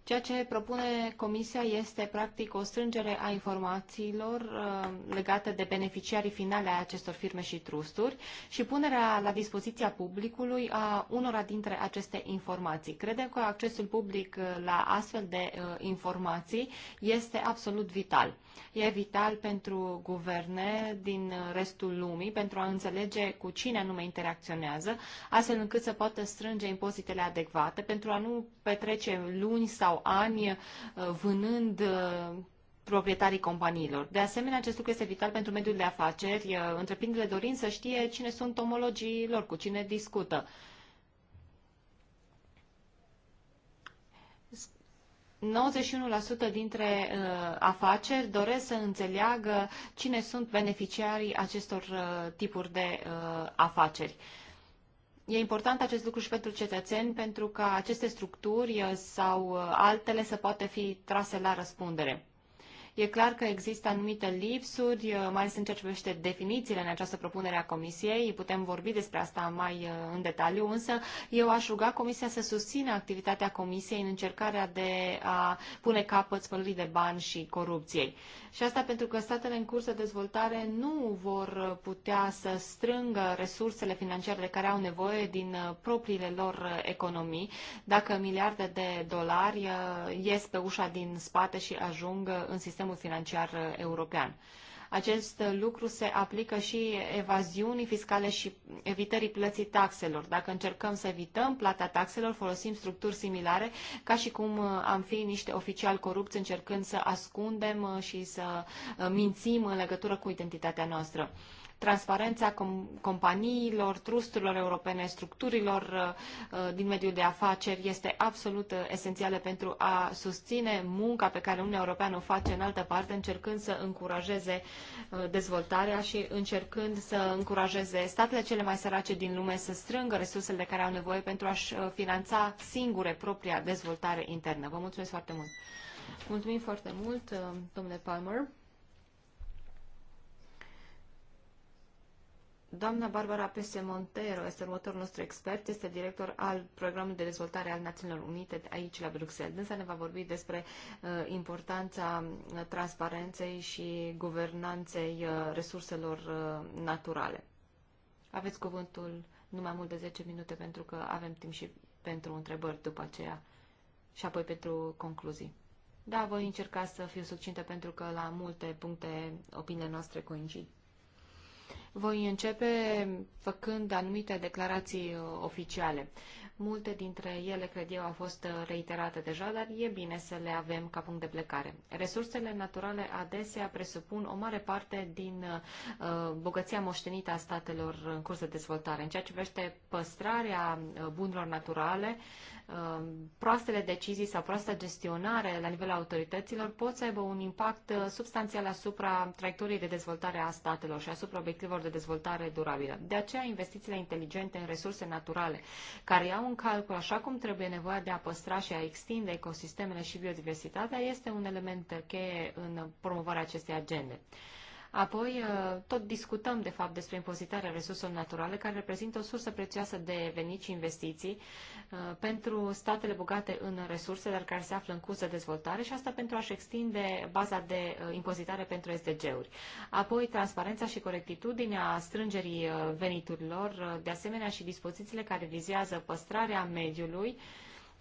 Ceea ce propune Comisia este practic o strângere a informațiilor uh, legate de beneficiarii finale a acestor firme și trusturi și punerea la dispoziția publicului a unora dintre aceste informații. Credem că accesul public uh, la astfel de uh, informații este absolut vital. E vital pentru guverne din restul lumii pentru a înțelege cu cine anume interacționează, astfel încât să poată strânge impozitele adecvate pentru a nu petrece luni sau ani uh, vânând uh, proprietarii companiilor. De asemenea, acest lucru este vital pentru mediul de afaceri, uh, întreprinderile dorind să știe cine sunt omologii lor, cu cine discută. 91% dintre uh, afaceri doresc să înțeleagă cine sunt beneficiarii acestor uh, tipuri de uh, afaceri. E important acest lucru și pentru cetățeni, pentru ca aceste structuri uh, sau uh, altele să poată fi trase la răspundere. E clar că există anumite lipsuri, uh, mai ales în ceea ce privește definițiile în această propunere a Comisiei. Putem vorbi despre asta mai uh, în detaliu, însă eu aș ruga Comisia să susțină activitatea Comisiei în încercarea de a pune capăt spălării de bani și corupției. Și asta pentru că statele în curs de dezvoltare nu vor uh, putea să strângă resursele financiare de care au nevoie din propriile lor economii, dacă miliarde de dolari ies pe ușa din spate și ajung în sistemul sistemul financiar uh, european. Acest uh, lucru se aplică și evaziunii fiscale și evitării plății taxelor. Dacă încercăm să evităm plata taxelor, folosim structuri similare, ca și cum uh, am fi niște oficiali corupți încercând să ascundem și să mințim în legătură cu identitatea noastră transparența com- companiilor, trusturilor europene, structurilor uh, din mediul de afaceri este absolut uh, esențială pentru a susține munca pe care Uniunea Europeană o face în altă parte, încercând să încurajeze uh, dezvoltarea și încercând să încurajeze statele cele mai sărace din lume să strângă resursele de care au nevoie pentru a-și finanța singure propria dezvoltare internă. Vă mulțumesc foarte mult! Mulțumim foarte mult, domnule Palmer. Doamna Barbara Pese Montero este următorul nostru expert, este director al Programului de Dezvoltare al Națiunilor Unite aici la Bruxelles. Însă ne va vorbi despre uh, importanța uh, transparenței și guvernanței uh, resurselor uh, naturale. Aveți cuvântul numai mult de 10 minute pentru că avem timp și pentru întrebări după aceea și apoi pentru concluzii. Da, voi încerca să fiu succintă pentru că la multe puncte opiniile noastre coincid. Voi începe făcând anumite declarații uh, oficiale. Multe dintre ele, cred eu, au fost uh, reiterate deja, dar e bine să le avem ca punct de plecare. Resursele naturale adesea presupun o mare parte din uh, bogăția moștenită a statelor în curs de dezvoltare. În ceea ce privește păstrarea bunurilor naturale, Um, proastele decizii sau proasta gestionare la nivelul autorităților pot să aibă un impact uh, substanțial asupra traiectoriei de dezvoltare a statelor și asupra obiectivelor de dezvoltare durabilă. De aceea, investițiile inteligente în resurse naturale, care iau în calcul așa cum trebuie nevoia de a păstra și a extinde ecosistemele și biodiversitatea, este un element cheie în promovarea acestei agende. Apoi, uh, tot discutăm, de fapt, despre impozitarea resurselor naturale, care reprezintă o sursă prețioasă de venit și investiții uh, pentru statele bogate în resurse, dar care se află în curs de dezvoltare și asta pentru a-și extinde baza de uh, impozitare pentru SDG-uri. Apoi, transparența și corectitudinea strângerii veniturilor, de asemenea și dispozițiile care vizează păstrarea mediului,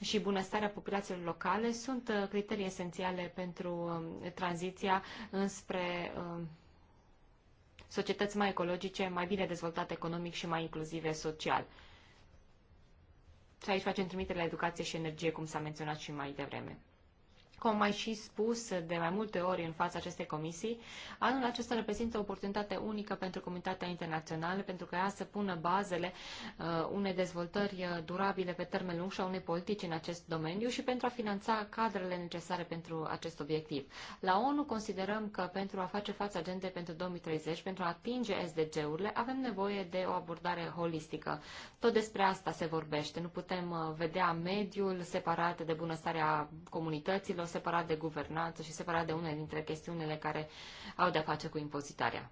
și bunăstarea populațiilor locale sunt criterii esențiale pentru um, tranziția înspre um, societăți mai ecologice, mai bine dezvoltate economic și mai inclusive social. Și aici facem trimitere la educație și energie, cum s-a menționat și mai devreme. Cum am mai și spus de mai multe ori în fața acestei comisii, anul acesta reprezintă o oportunitate unică pentru comunitatea internațională, pentru că ea să pună bazele uh, unei dezvoltări uh, durabile pe termen lung și a unei politici în acest domeniu și pentru a finanța cadrele necesare pentru acest obiectiv. La ONU considerăm că pentru a face față agendei pentru 2030, pentru a atinge SDG-urile, avem nevoie de o abordare holistică. Tot despre asta se vorbește. Nu putem uh, vedea mediul separat de bunăstarea comunităților separat de guvernanță și separat de unele dintre chestiunile care au de-a face cu impozitarea.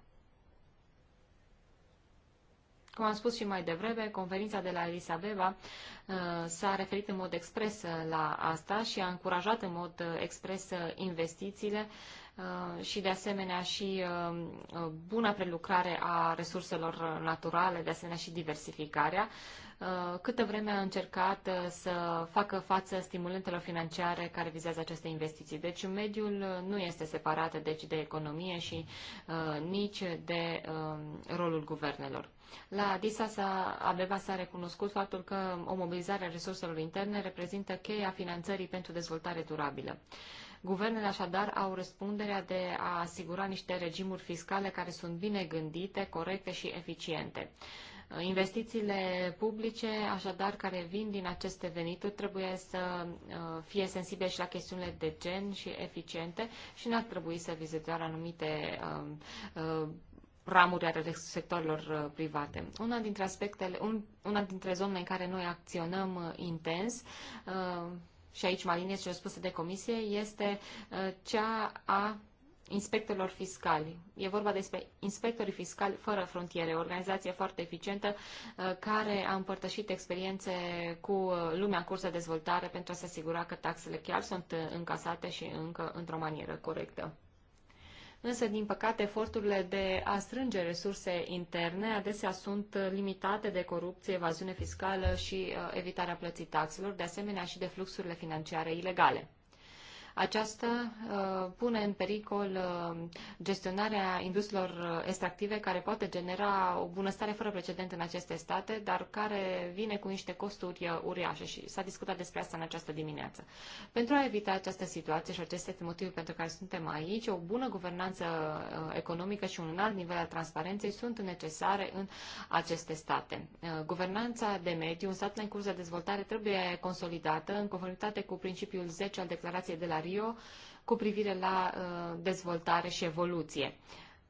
Cum am spus și mai devreme, conferința de la Addis uh, s-a referit în mod expres uh, la asta și a încurajat în mod uh, expres uh, investițiile și de asemenea și buna prelucrare a resurselor naturale, de asemenea și diversificarea. Uh, câtă vreme a încercat uh, să facă față stimulentelor financiare care vizează aceste investiții. Deci mediul uh, nu este separat deci, de economie și nici de um, rolul guvernelor. La Addis Abeba s-a recunoscut faptul că o mobilizare a resurselor interne reprezintă cheia finanțării pentru dezvoltare durabilă. Guvernele așadar au răspunderea de a asigura niște regimuri fiscale care sunt bine gândite, corecte și eficiente. Investițiile publice, așadar, care vin din aceste venituri, trebuie să uh, fie sensibile și la chestiunile de gen și eficiente și n-ar trebui să vizeze doar anumite um, uh, ramuri ale sectorilor uh, private. Una dintre aspectele, un, una dintre zonele în care noi acționăm intens și aici mă aliniez ce spus de comisie, este cea a inspectorilor fiscali. E vorba despre inspectorii fiscali fără frontiere, o organizație foarte eficientă uh, care a împărtășit experiențe cu uh, lumea în curs de dezvoltare pentru a se asigura că taxele chiar sunt uh, încasate și încă într-o manieră corectă. Însă, din păcate, eforturile de a strânge resurse interne adesea sunt limitate de corupție, evaziune fiscală și evitarea plății taxelor, de asemenea și de fluxurile financiare ilegale. Aceasta uh, pune în pericol uh, gestionarea industriilor extractive care poate genera o bunăstare fără precedent în aceste state, dar care vine cu niște costuri uh, uriașe și s-a discutat despre asta în această dimineață. Pentru a evita această situație și acest este motivul pentru care suntem aici, o bună guvernanță economică și un înalt nivel al transparenței sunt necesare în aceste state. Guvernanța de mediu în statele în curs de dezvoltare trebuie consolidată în conformitate cu principiul 10 al declarației de la Rio cu privire la uh, dezvoltare și evoluție.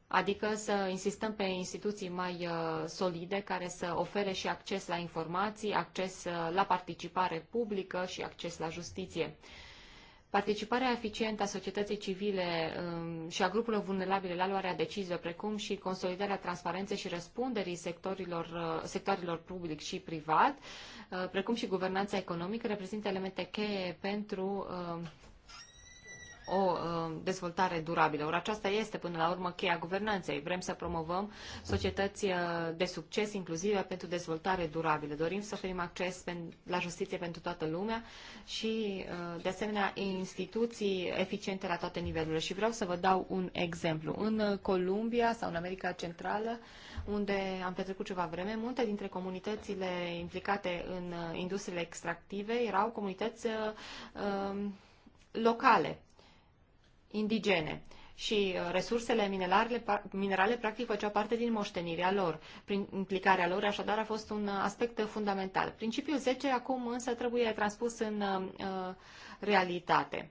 Adică să insistăm pe instituții mai uh, solide care să ofere și acces la informații, acces uh, la participare publică și acces la justiție. Participarea eficientă a societății civile um, și a grupurilor vulnerabile la luarea deciziilor, precum și consolidarea transparenței și răspunderii sectorilor, sectorilor public și privat, precum și guvernanța economică, reprezintă elemente cheie pentru um, o uh, dezvoltare durabilă. Ori aceasta este, până la urmă, cheia guvernanței. Vrem să promovăm societăți uh, de succes inclusive pentru dezvoltare durabilă. Dorim să oferim acces la justiție pentru toată lumea și, uh, de asemenea, instituții eficiente la toate nivelurile. Și vreau să vă dau un exemplu. În Columbia sau în America Centrală, unde am petrecut ceva vreme, multe dintre comunitățile implicate în industriile extractive erau comunități um, locale indigene și uh, resursele minerale, minerale practic făceau parte din moștenirea lor. Prin implicarea lor, așadar, a fost un uh, aspect uh, fundamental. Principiul 10 acum însă trebuie transpus în uh, realitate.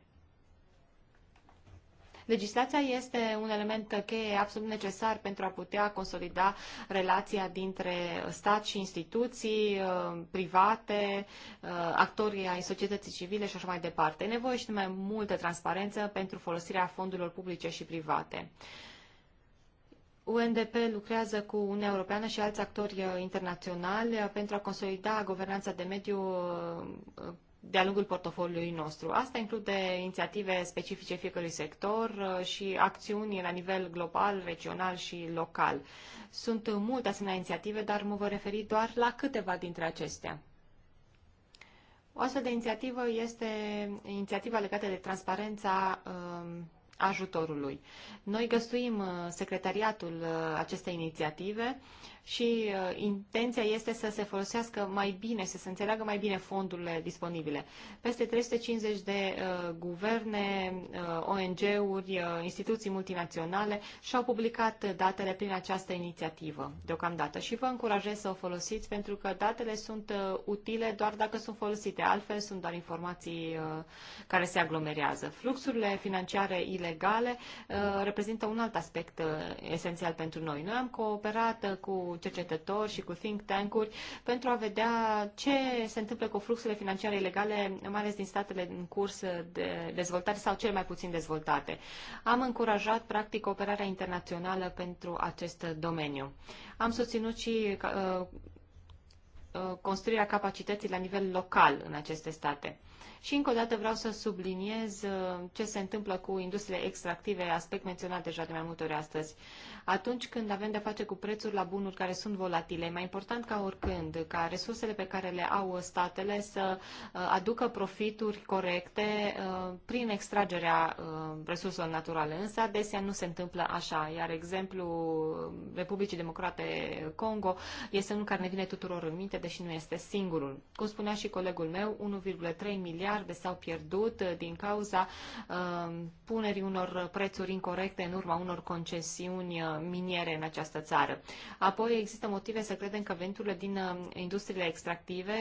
Legislația este un element cheie absolut necesar pentru a putea consolida relația dintre stat și instituții uh, private, uh, actorii ai societății civile și așa mai departe. E nevoie și de mai multă transparență pentru folosirea fondurilor publice și private. UNDP lucrează cu Uniunea Europeană și alți actori uh, internaționali pentru a consolida guvernanța de mediu de-a lungul portofoliului nostru. Asta include inițiative specifice fiecărui sector uh, și acțiuni la nivel global, regional și local. Sunt multe asemenea inițiative, dar mă voi referi doar la câteva dintre acestea. O astfel de inițiativă este inițiativa legată de transparența um, ajutorului. Noi găstuim uh, secretariatul uh, acestei inițiative și uh, intenția este să se folosească mai bine, să se înțeleagă mai bine fondurile disponibile. Peste 350 de uh, guverne, uh, ONG-uri, uh, instituții multinaționale și-au publicat datele prin această inițiativă deocamdată și vă încurajez să o folosiți pentru că datele sunt uh, utile doar dacă sunt folosite, altfel sunt doar informații uh, care se aglomerează. Fluxurile financiare ilegale uh, reprezintă un alt aspect uh, esențial pentru noi. Noi am cooperat uh, cu cu cercetători și cu think tank-uri pentru a vedea ce se întâmplă cu fluxurile financiare ilegale, mai ales din statele în curs de dezvoltare sau cel mai puțin dezvoltate. Am încurajat, practic, operarea internațională pentru acest domeniu. Am susținut și uh, uh, construirea capacității la nivel local în aceste state. Și încă o dată vreau să subliniez uh, ce se întâmplă cu industriile extractive, aspect menționat deja de mai multe ori astăzi atunci când avem de-a face cu prețuri la bunuri care sunt volatile. E mai important ca oricând ca resursele pe care le au statele să uh, aducă profituri corecte uh, prin extragerea uh, resurselor naturale. Însă adesea nu se întâmplă așa, iar exemplu Republicii Democrate Congo este unul care ne vine tuturor în minte, deși nu este singurul. Cum spunea și colegul meu, 1,3 miliarde s-au pierdut din cauza punerii unor prețuri incorrecte în urma unor concesiuni miniere în această țară. Apoi există motive să credem că veniturile din uh, industriile extractive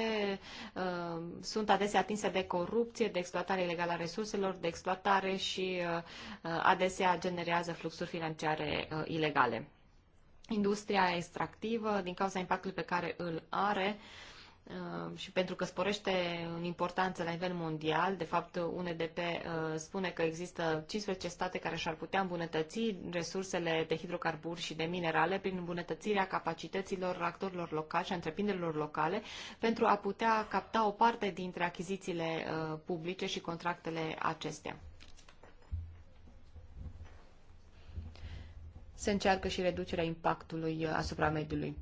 uh, sunt adesea atinse de corupție, de exploatare ilegală a resurselor, de exploatare și uh, adesea generează fluxuri financiare ilegale. Industria extractivă, din cauza impactului pe care îl are, Uh, și pentru că sporește în importanță la nivel mondial, de fapt UNDP uh, spune că există 15 state care și-ar putea îmbunătăți resursele de hidrocarburi și de minerale prin îmbunătățirea capacităților actorilor locali și a întreprinderilor locale pentru a putea capta o parte dintre achizițiile uh, publice și contractele acestea. Se încearcă și reducerea impactului asupra mediului.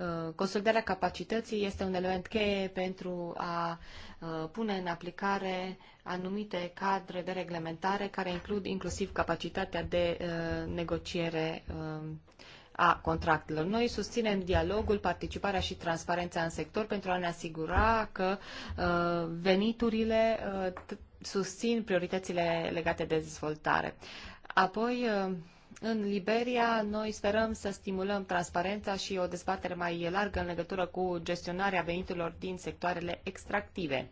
Uh, consolidarea capacității este un element cheie pentru a uh, pune în aplicare anumite cadre de reglementare care includ inclusiv capacitatea de uh, negociere um, a contractelor. Noi susținem dialogul, participarea și transparența în sector pentru a ne asigura că veniturile susțin prioritățile legate de dezvoltare. Apoi, în Liberia, noi sperăm să stimulăm transparența și o dezbatere mai largă în legătură cu gestionarea veniturilor din sectoarele extractive.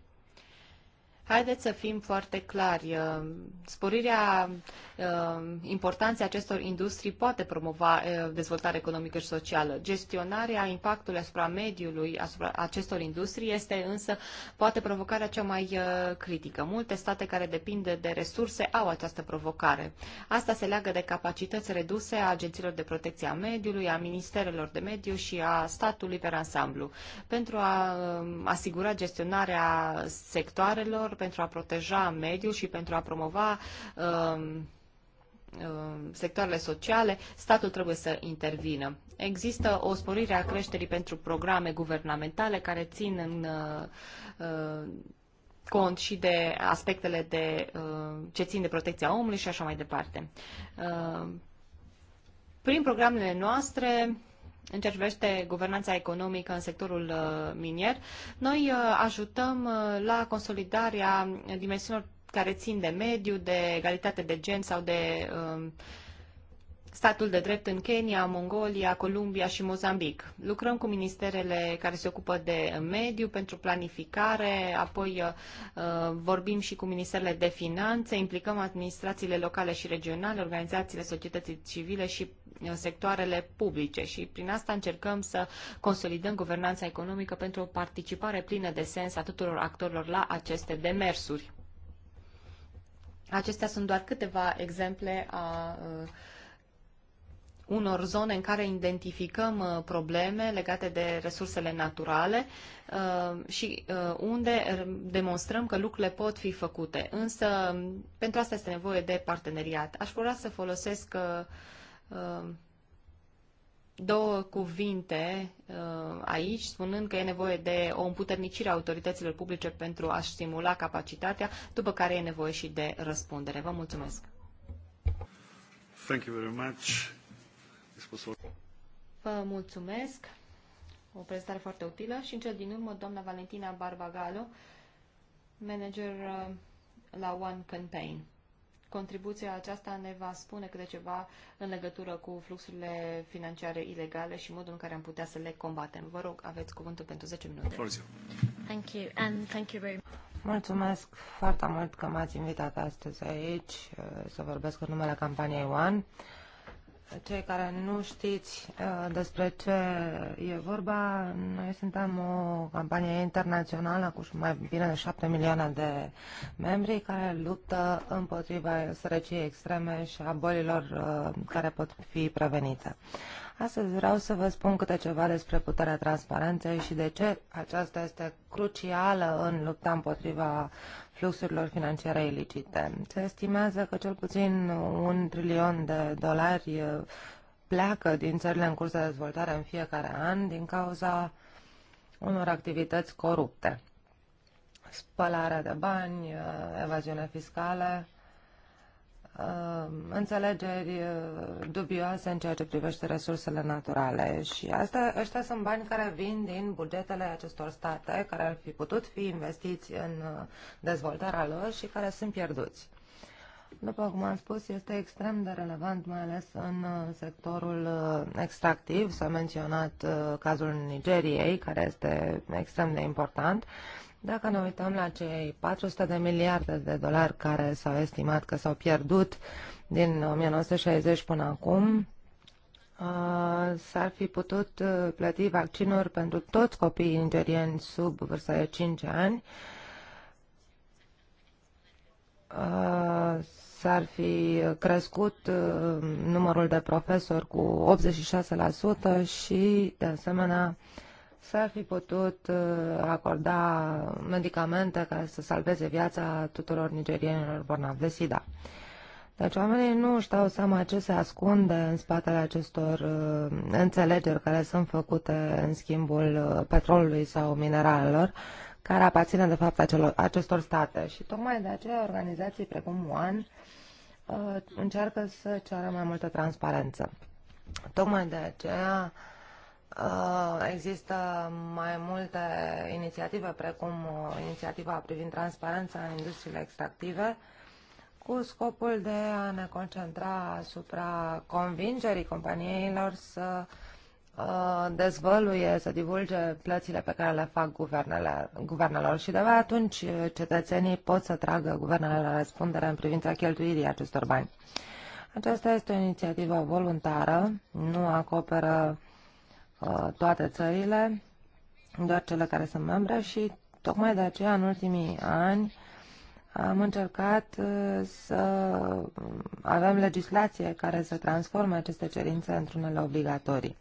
Haideți să fim foarte clari. Uh, sporirea uh, importanței acestor industrii poate promova uh, dezvoltarea economică și socială. Gestionarea impactului asupra mediului, asupra acestor industrii, este însă poate provocarea cea mai critică. Multe state care depind de resurse au această provocare. Asta se leagă de capacități reduse a agențiilor de protecție a mediului, a ministerelor de mediu și a statului pe ansamblu. Pentru a asigura gestionarea sectoarelor, pentru a proteja mediul și pentru a promova um, um, sectoarele sociale, statul trebuie să intervină. Există o sporire a creșterii pentru programe guvernamentale care țin în uh, uh, cont și de aspectele de, uh, ce țin de protecția omului și așa mai departe. prin programele noastre în ce privește guvernanța economică în sectorul uh, minier, noi uh, ajutăm uh, la consolidarea dimensiunilor care țin de mediu, de egalitate de gen sau de um, statul de drept în Kenya, Mongolia, Columbia și Mozambic. Lucrăm cu ministerele care se ocupă de mediu pentru planificare, apoi uh, vorbim și cu ministerele de finanțe, implicăm administrațiile locale și regionale, organizațiile societății civile și uh, sectoarele publice și prin asta încercăm să consolidăm guvernanța economică pentru o participare plină de sens a tuturor actorilor la aceste demersuri. Acestea sunt doar câteva exemple a uh, unor zone în care identificăm uh, probleme legate de resursele naturale uh, și uh, unde demonstrăm că lucrurile pot fi făcute. Însă, pentru asta este nevoie de parteneriat. Aș vrea să folosesc două cuvinte aici, spunând că e nevoie de o împuternicire a autorităților publice pentru a stimula capacitatea, după care e nevoie și de răspundere. Vă mulțumesc! Thank you very much. Vă mulțumesc. O prezentare foarte utilă. Și în cel din urmă, doamna Valentina Barbagalo, manager uh, la One Campaign. Contribuția aceasta ne va spune câte ceva în legătură cu fluxurile financiare ilegale și modul în care am putea să le combatem. Vă rog, aveți cuvântul pentru 10 minute. Thank you and thank you very much. Mulțumesc foarte mult că m-ați invitat astăzi aici uh, să vorbesc în numele campaniei One cei care nu știți uh, despre ce e vorba, noi suntem o campanie internațională cu mai bine de 7 milioane de membri care luptă împotriva sărăciei extreme și a bolilor uh, care pot fi prevenite. Astăzi vreau să vă spun câte ceva despre puterea transparenței și de ce aceasta este crucială în lupta împotriva fluxurilor financiare ilicite. Se estimează că cel puțin un trilion de dolari eh, pleacă din țările în curs de dezvoltare în fiecare an din cauza unor activități corupte. Spălarea de bani, eh, evaziune fiscală, Uh, înțelegeri uh, dubioase în ceea ce privește resursele naturale și asta, ăștia sunt bani care vin din bugetele acestor state care ar fi putut fi investiți în uh, dezvoltarea lor și care sunt pierduți. După cum am spus, este extrem de relevant, mai ales în sectorul extractiv. S-a menționat cazul Nigeriei, care este extrem de important, dacă ne uităm la cei 400 de miliarde de dolari care s-au estimat că s-au pierdut din 1960 până acum, s-ar fi putut uh, plăti vaccinuri pentru toți copiii nigerieni sub vârsta de 5 ani, s-ar fi crescut uh, numărul de profesori cu 86% și, de asemenea, S-ar fi putut uh, acorda medicamente care să salveze viața tuturor nigerienilor bolnavi de SIDA. Deci oamenii nu își dau seama ce se ascunde în spatele acestor uh, înțelegeri care sunt făcute în schimbul uh, petrolului sau mineralelor, care aparține de fapt acelor, acestor state. Și tocmai de aceea organizații precum OAN uh, încearcă să ceară mai multă transparență. Tocmai de aceea uh, Uh, există mai multe inițiative, precum uh, inițiativa privind transparența în industriile extractive, cu scopul de a ne concentra asupra convingerii companiilor să uh, dezvăluie, să divulge plățile pe care le fac guvernele, guvernelor și de atunci cetățenii pot să tragă guvernele la răspundere în privința cheltuirii acestor bani. Aceasta este o inițiativă voluntară, nu acoperă Uh, toate țările, doar cele care sunt membre și tocmai de aceea în ultimii ani am încercat uh, să avem legislație care să transforme aceste cerințe într-unele obligatorii.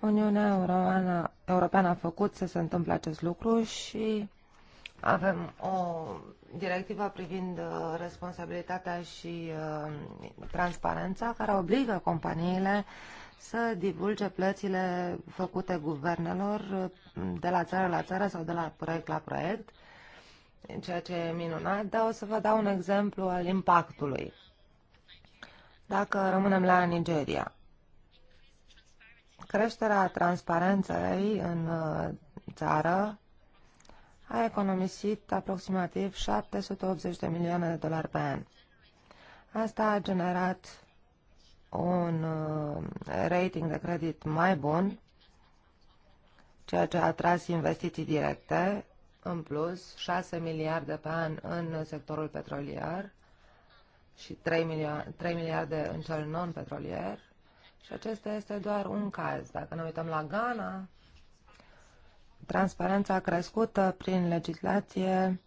Uniunea Europeană, Europeană a făcut să se întâmple acest lucru și avem o directivă privind uh, responsabilitatea și transparența care obligă companiile să divulge plățile făcute guvernelor de la țară la țară sau de la proiect la proiect, ceea ce e minunat, dar o să vă dau un exemplu al impactului. Dacă rămânem la Nigeria, creșterea transparenței în uh, țară a economisit aproximativ 780 de milioane de dolari pe an. Asta a generat un uh, rating de credit mai bun, ceea ce a atras investiții directe, în plus 6 miliarde pe an în sectorul petrolier și 3, milio- 3 miliarde în cel non-petrolier. Și acesta este doar un caz. Dacă ne uităm la Ghana, transparența crescută prin legislație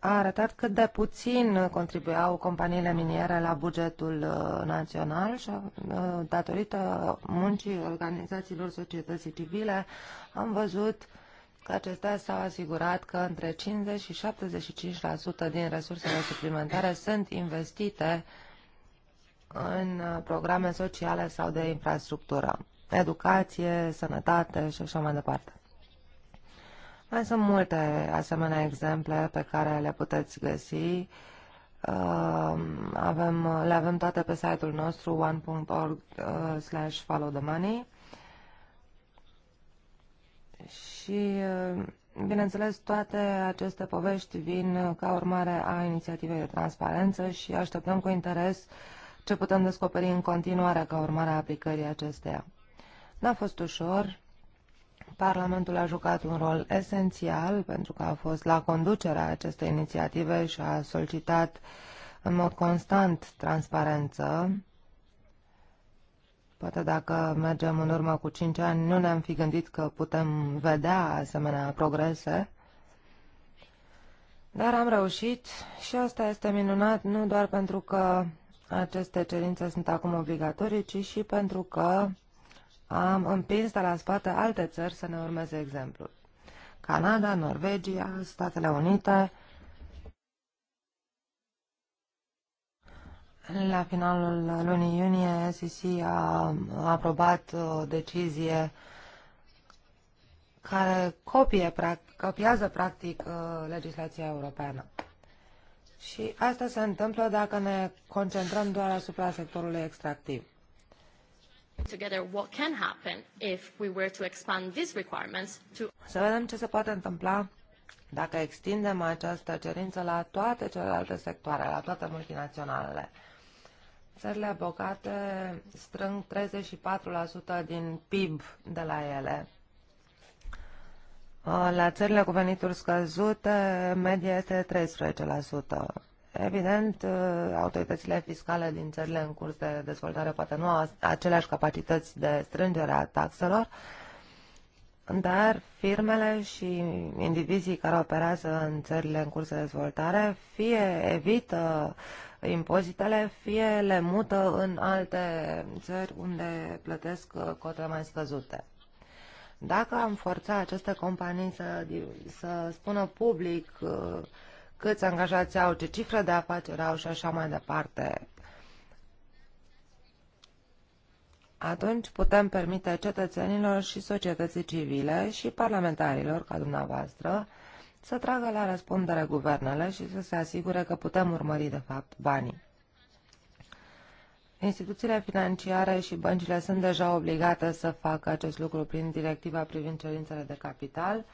a arătat cât de puțin contribuiau companiile miniere la bugetul uh, național și uh, datorită muncii organizațiilor societății civile am văzut că acestea s-au asigurat că între 50 și 75% din resursele suplimentare sunt investite în uh, programe sociale sau de infrastructură, educație, sănătate și așa mai departe. Mai sunt multe asemenea exemple pe care le puteți găsi. Um, avem, le avem toate pe site-ul nostru one.org uh, slash follow the money și uh, Bineînțeles, toate aceste povești vin ca urmare a inițiativei de transparență și așteptăm cu interes ce putem descoperi în continuare ca urmare a aplicării acesteia. N-a fost ușor, Parlamentul a jucat un rol esențial pentru că a fost la conducerea acestei inițiative și a solicitat în mod constant transparență. Poate dacă mergem în urmă cu 5 ani, nu ne-am fi gândit că putem vedea asemenea progrese. Dar am reușit și asta este minunat, nu doar pentru că aceste cerințe sunt acum obligatorii, ci și pentru că am împins de la spate alte țări să ne urmeze exemplul. Canada, Norvegia, Statele Unite. La finalul lunii iunie, SEC a aprobat uh, o decizie care copie, copiază practic uh, legislația europeană. Și asta se întâmplă dacă ne concentrăm doar asupra sectorului extractiv. Together, what can happen if we were to expand these requirements to... Să vedem ce se poate întâmpla dacă extindem această cerință la toate celelalte sectoare, la toate multinaționalele. Țările bogate strâng 34% din PIB de la ele. La țările cu venituri scăzute, media este 13%. Evident, uh, autoritățile fiscale din țările în curs de dezvoltare poate nu au aceleași capacități de strângere a taxelor, dar firmele și indivizii care operează în țările în curs de dezvoltare fie evită impozitele, fie le mută în alte țări unde plătesc uh, cote mai scăzute. Dacă am forța aceste companii să, să spună public uh, câți angajați au, ce cifră de afaceri au și așa mai departe. Atunci putem permite cetățenilor și societății civile și parlamentarilor ca dumneavoastră să tragă la răspundere guvernele și să se asigure că putem urmări de fapt banii. Instituțiile financiare și băncile sunt deja obligate să facă acest lucru prin directiva privind cerințele de capital,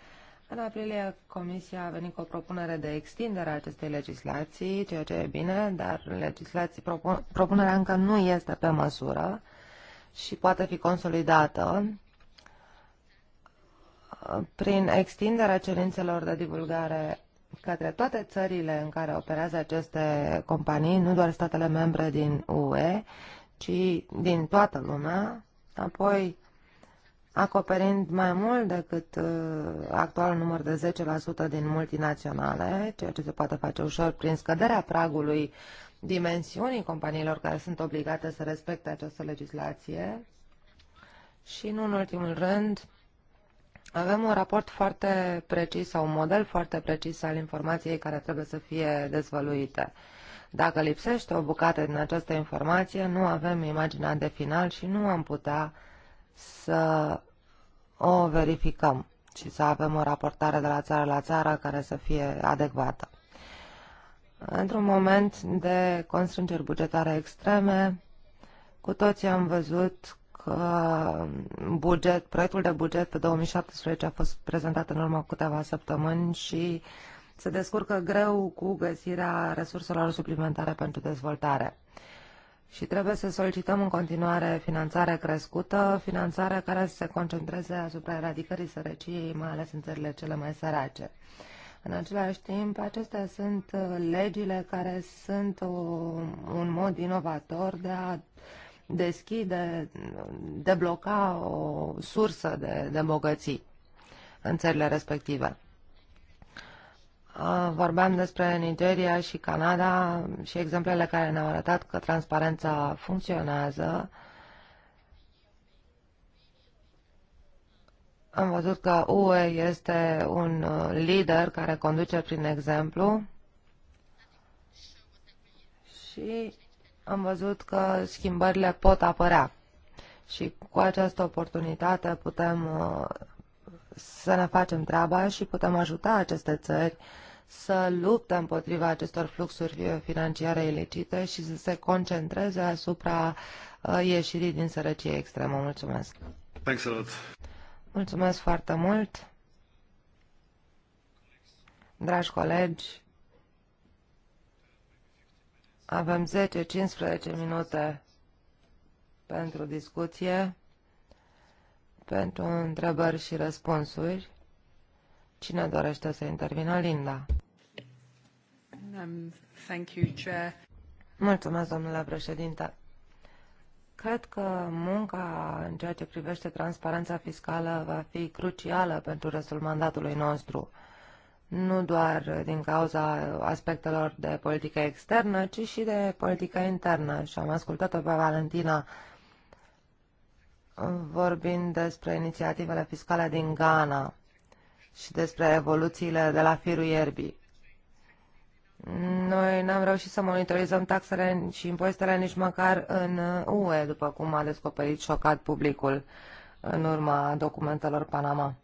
în aprilie, Comisia a venit cu o propunere de extindere a acestei legislații, ceea ce e bine, dar legislații, propunerea încă nu este pe măsură și poate fi consolidată uh, prin extinderea cerințelor de divulgare către toate țările în care operează aceste companii, nu doar statele membre din UE, ci din toată lumea, apoi acoperind mai mult decât uh, actualul număr de 10% din multinaționale, ceea ce se poate face ușor prin scăderea pragului dimensiunii companiilor care sunt obligate să respecte această legislație. Și, nu în ultimul rând, avem un raport foarte precis sau un model foarte precis al informației care trebuie să fie dezvăluite. Dacă lipsește o bucată din această informație, nu avem imaginea de final și nu am putea uh, să o verificăm și să avem o raportare de la țară la țară care să fie adecvată. Într-un moment de constrângeri bugetare extreme, cu toții am văzut că buget, proiectul de buget pe 2017 a fost prezentat în urmă câteva săptămâni și se descurcă greu cu găsirea resurselor suplimentare pentru dezvoltare și trebuie să solicităm în continuare finanțare crescută, finanțare care să se concentreze asupra eradicării sărăciei, mai ales în țările cele mai sărace. În același timp, acestea sunt uh, legile care sunt o, uh, un mod inovator de a deschide, debloca o sursă de, de bogății în țările respective vorbeam despre Nigeria și Canada și exemplele care ne-au arătat că transparența funcționează. Am văzut că UE este un uh, lider care conduce prin exemplu și am văzut că schimbările pot apărea. Și cu această oportunitate putem uh, să ne facem treaba și putem ajuta aceste țări uh, să lupte împotriva acestor fluxuri financiare ilicite și să se concentreze asupra uh, ieșirii din sărăcie extremă. Mulțumesc! Thanks a lot. Mulțumesc foarte mult! Dragi colegi, avem 10-15 minute pentru discuție, pentru întrebări și răspunsuri. Cine dorește să intervină? Linda. Um, domnule președinte. Cred că munca în ceea ce privește transparența fiscală va fi crucială pentru restul mandatului nostru, nu doar din cauza aspectelor de politică externă, ci și de politică internă. Și am ascultat-o pe Valentina vorbind despre inițiativele fiscale din Ghana și despre evoluțiile de la firul ierbii. Noi n-am reușit să monitorizăm taxele și impozitele nici măcar în UE, uh, după cum a descoperit șocat publicul în urma documentelor Panama.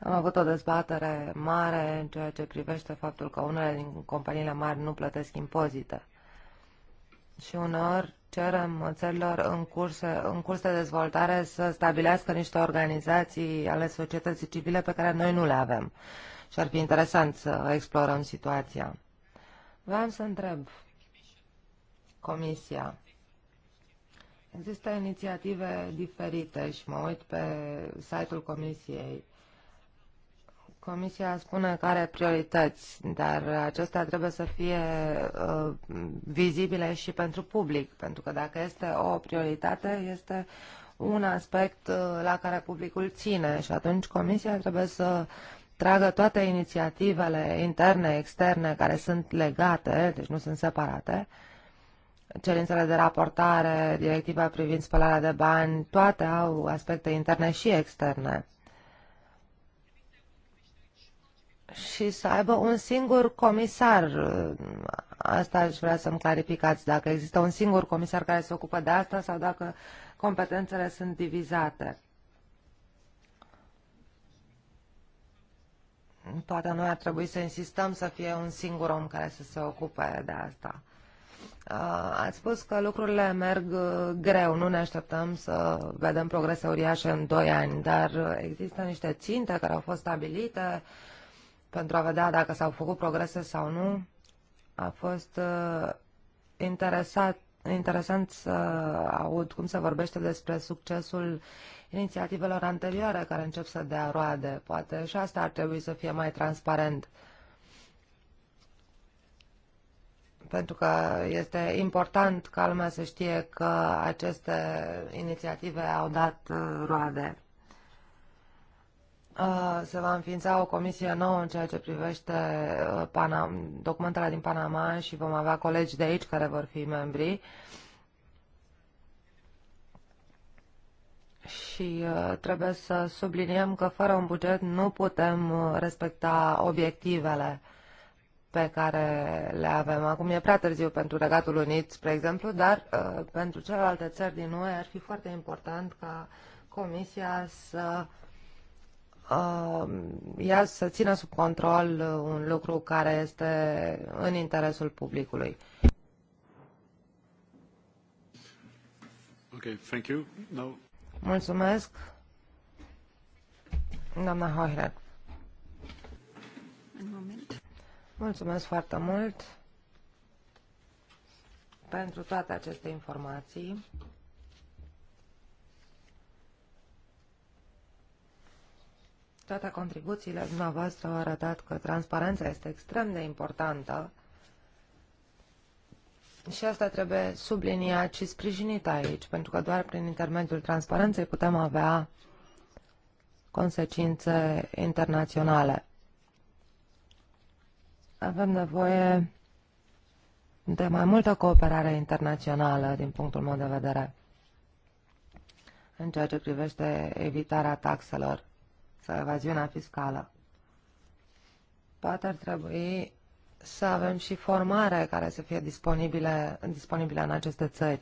Am avut o dezbatere mare în ceea ce privește faptul că unele din companiile mari nu plătesc impozite. Și uneori cerem țărilor în în curs de dezvoltare să stabilească niște organizații ale societății civile pe care noi nu le avem și ar fi interesant să explorăm situația. Vreau să întreb Comisia. Există inițiative diferite și mă uit pe site-ul Comisiei. Comisia spune că are priorități, dar acestea trebuie să fie uh, vizibile și pentru public, pentru că dacă este o prioritate, este un aspect uh, la care publicul ține și atunci Comisia trebuie să uh, tragă toate inițiativele interne, externe, care sunt legate, deci nu sunt separate, cerințele de raportare, directiva privind spălarea de bani, toate au aspecte interne și externe. Și să aibă un singur comisar. Asta aș vrea să-mi clarificați, dacă există un singur comisar care se ocupă de asta sau dacă competențele sunt divizate. Poate noi ar trebui să insistăm să fie un singur om care să se ocupe de asta. Uh, ați spus că lucrurile merg uh, greu, nu ne așteptăm să vedem progrese uriașe în 2 ani, dar există niște ținte care au fost stabilite pentru a vedea dacă s-au făcut progrese sau nu. A fost uh, interesat, interesant să aud cum se vorbește despre succesul inițiativelor anterioare care încep să dea roade. Poate și asta ar trebui să fie mai transparent. Pentru că este important ca lumea să știe că aceste inițiative au dat uh, roade. Uh, se va înființa o comisie nouă în ceea ce privește uh, documentele din Panama și vom avea colegi de aici care vor fi membri. și uh, trebuie să subliniem că fără un buget nu putem uh, respecta obiectivele pe care le avem. Acum e prea târziu pentru Regatul Unit, spre exemplu, dar uh, pentru celelalte țări din UE ar fi foarte important ca Comisia să ea ia să țină sub control un lucru care este în interesul publicului. Okay, thank you. Now Mulțumesc. Doamna Hohler. Un moment. Mulțumesc foarte mult pentru toate aceste informații. Toate contribuțiile dumneavoastră au arătat că transparența este extrem de importantă și asta trebuie subliniat și sprijinit aici, pentru că doar prin intermediul transparenței putem avea consecințe internaționale. Avem nevoie de mai multă cooperare internațională, din punctul meu de vedere, în ceea ce privește evitarea taxelor sau evaziunea fiscală. Poate ar trebui să avem și formare care să fie disponibile, disponibile în aceste țări.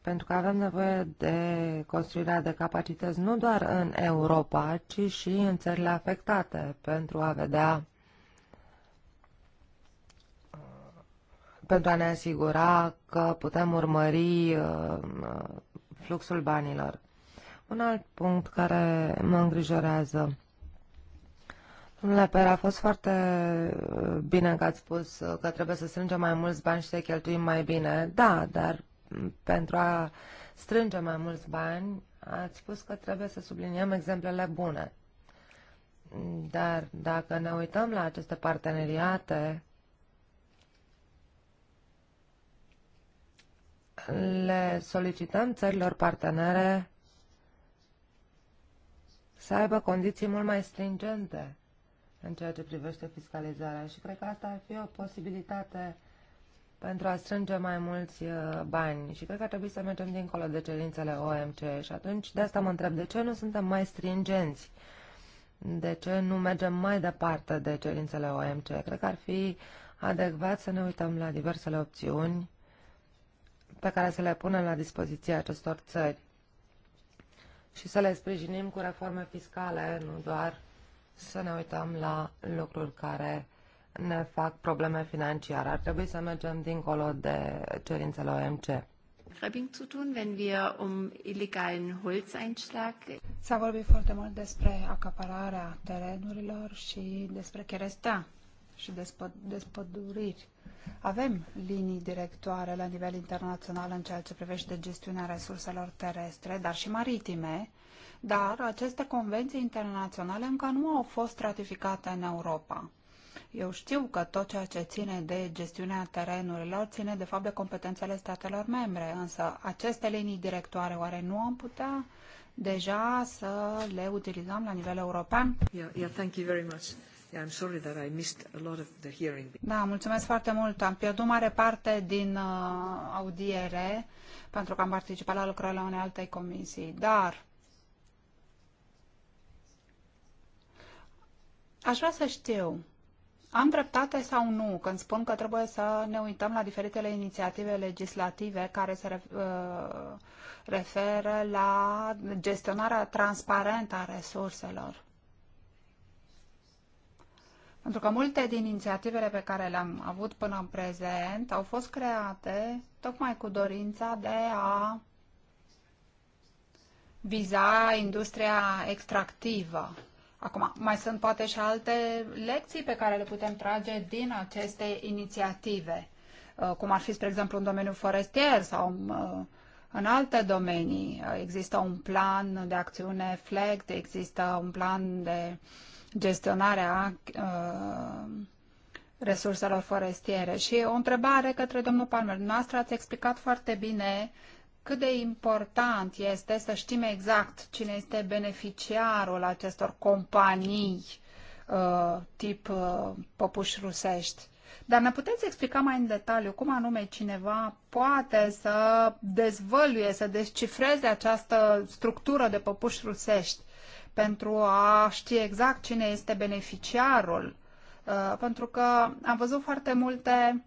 Pentru că avem nevoie de construirea de capacități nu doar în Europa, ci și în țările afectate, pentru a vedea, pentru a ne asigura că putem urmări fluxul banilor. Un alt punct care mă îngrijorează Domnule Per, a fost foarte uh, bine că ați spus uh, că trebuie să strângem mai mulți bani și să-i cheltuim mai bine. Da, dar mm, pentru a strânge mai mulți bani, ați spus că trebuie să subliniem exemplele bune. Dar dacă ne uităm la aceste parteneriate, le solicităm țărilor partenere să aibă condiții mult mai stringente în ceea ce privește fiscalizarea și cred că asta ar fi o posibilitate pentru a strânge mai mulți uh, bani și cred că ar trebui să mergem dincolo de cerințele OMC și atunci de asta mă întreb de ce nu suntem mai stringenți, de ce nu mergem mai departe de cerințele OMC. Cred că ar fi adecvat să ne uităm la diversele opțiuni pe care să le punem la dispoziția acestor țări și să le sprijinim cu reforme fiscale, nu doar să ne uităm la lucruri care ne fac probleme financiare. Ar trebui să mergem dincolo de cerințele OMC. Um S-a vorbit foarte mult despre acapararea terenurilor și despre cherestea și despăduriri. Avem linii directoare la nivel internațional în ceea ce privește gestiunea resurselor terestre, dar și maritime, dar aceste convenții internaționale încă nu au fost ratificate în Europa. Eu știu că tot ceea ce ține de gestiunea terenurilor ține de fapt de competențele statelor membre, însă aceste linii directoare oare nu am putea deja să le utilizăm la nivel european? Yeah, yeah, thank you very much. I'm sorry that I missed a lot of the hearing. Da, mulțumesc foarte mult. Am pierdut mare parte din uh, audiere pentru că am participat la lucrările unei alte comisii, dar Aș vrea să știu, am dreptate sau nu când spun că trebuie să ne uităm la diferitele inițiative legislative care se uh, referă la gestionarea transparentă a resurselor? Pentru că multe din inițiativele pe care le-am avut până în prezent au fost create tocmai cu dorința de a viza industria extractivă Acum, mai sunt poate și alte lecții pe care le putem trage din aceste inițiative, uh, cum ar fi, spre exemplu, în domeniul forestier sau în uh, alte domenii. Uh, există un plan de acțiune FLEG, există un plan de gestionare a resurselor forestiere. Și o întrebare către domnul Palmer. Noastră ați explicat foarte bine uh, cât de important este să știm exact cine este beneficiarul acestor companii uh, tip uh, păpuși rusești. Dar ne puteți explica mai în detaliu cum anume cineva poate să dezvăluie, să descifreze această structură de păpuși rusești pentru a ști exact cine este beneficiarul. Uh, pentru că am văzut foarte multe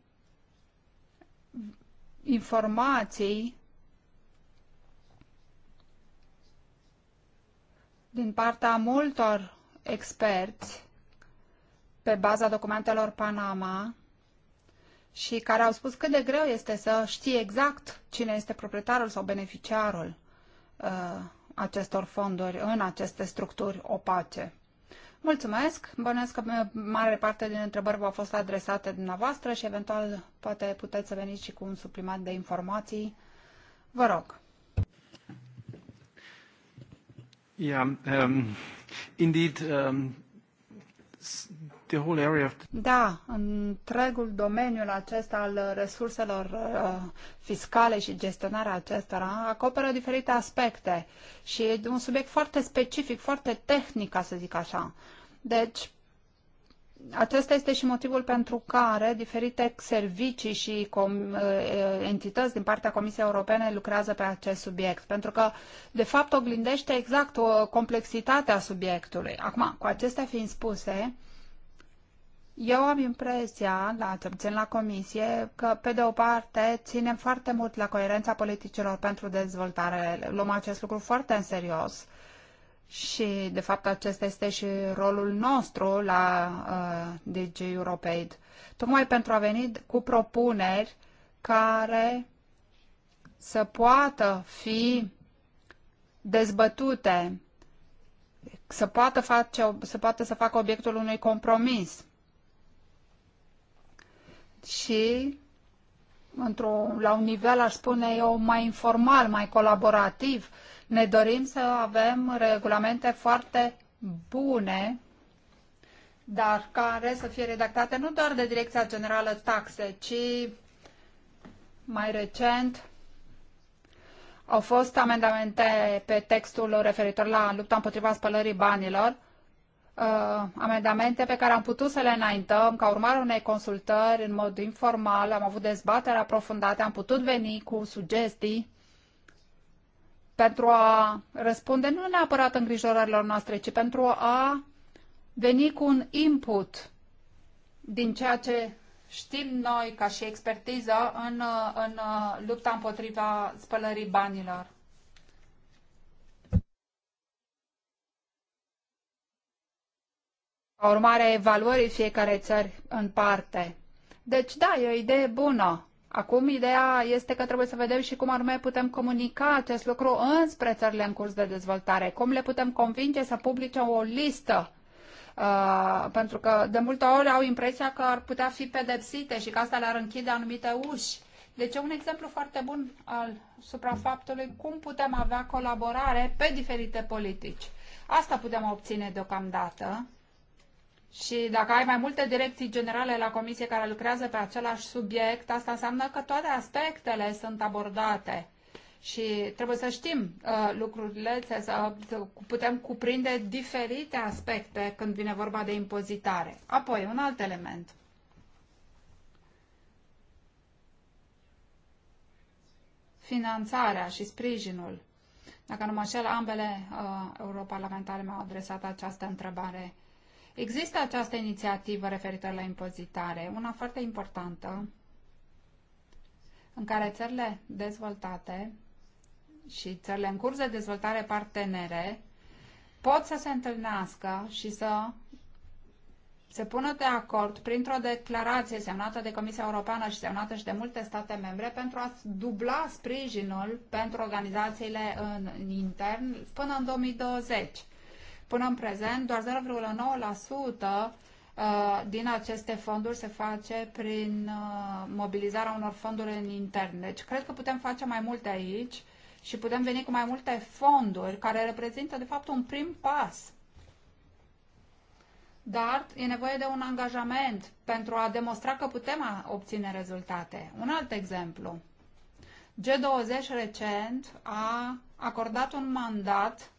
informații din partea multor experți pe baza documentelor Panama și care au spus cât de greu este să știi exact cine este proprietarul sau beneficiarul uh, acestor fonduri în aceste structuri opace. Mulțumesc! Bănuiesc că mare parte din întrebări v-au fost adresate dumneavoastră și eventual poate puteți să veniți și cu un supliment de informații. Vă rog! Da, întregul domeniul acesta al resurselor uh, fiscale și gestionarea acestora acoperă diferite aspecte și e un subiect foarte specific, foarte tehnic, ca să zic așa. Deci, acesta este și motivul pentru care diferite servicii și ă, entități din partea Comisiei Europene lucrează pe acest subiect, pentru că, de fapt, oglindește exact o complexitatea subiectului. Acum, cu acestea fiind spuse, eu am impresia, la ce țin la comisie, că, pe de o parte, ținem foarte mult la coerența politicilor pentru dezvoltare, luăm acest lucru foarte în serios, uh, și, de fapt, acesta este și rolul nostru la uh, DG Europeid. tocmai pentru a veni cu propuneri care să poată fi dezbătute, să poată, face, să poată să facă obiectul unui compromis. Și într-o, la un nivel, aș spune eu, mai informal, mai colaborativ, uh, ne dorim să avem regulamente foarte bune, dar care să fie redactate nu doar de Direcția Generală Taxe, ci mai recent au fost amendamente pe textul referitor la lupta împotriva spălării banilor, uh, amendamente pe care am putut să le înaintăm ca urmare unei consultări în mod informal, am avut dezbatere aprofundate, am putut veni cu sugestii pentru a răspunde nu neapărat îngrijorărilor noastre, ci pentru a veni cu un input din ceea ce știm noi ca și expertiză în, în lupta împotriva spălării banilor. Ca urmare a evaluării fiecare țări în parte. Deci, da, e o idee bună Acum, ideea este că trebuie să vedem și cum anume putem comunica acest lucru înspre țările în curs de dezvoltare, cum le putem convinge să publice o listă Uh, pentru că de multe ori au impresia că ar putea fi pedepsite și că asta le-ar închide anumite uși. Deci e un exemplu foarte bun al suprafaptului cum putem avea colaborare pe diferite politici. Asta putem obține deocamdată și dacă ai mai multe direcții generale la comisie care lucrează pe același subiect, asta înseamnă că toate aspectele sunt abordate. Și trebuie să știm uh, lucrurile, să, să putem cuprinde diferite aspecte când vine vorba de impozitare. Apoi, un alt element. Finanțarea și sprijinul. Dacă nu mă șel, ambele uh, europarlamentare mi-au adresat această întrebare. Uh, Există această inițiativă referitoare la impozitare, una foarte importantă, în care țările dezvoltate și țările în curs de dezvoltare partenere pot să se întâlnească și să se pună de acord printr-o declarație semnată de Comisia Europeană și semnată și de multe state membre pentru a dubla sprijinul pentru organizațiile în, în intern până în 2020. Până în prezent, doar 0,9% uh, din aceste fonduri se face prin uh, mobilizarea unor fonduri în intern. Deci cred că putem face mai multe aici și putem veni cu mai multe fonduri care reprezintă de fapt un prim pas. Dar e nevoie de un angajament pentru a demonstra că putem obține rezultate. Un alt exemplu. G20 recent a acordat un mandat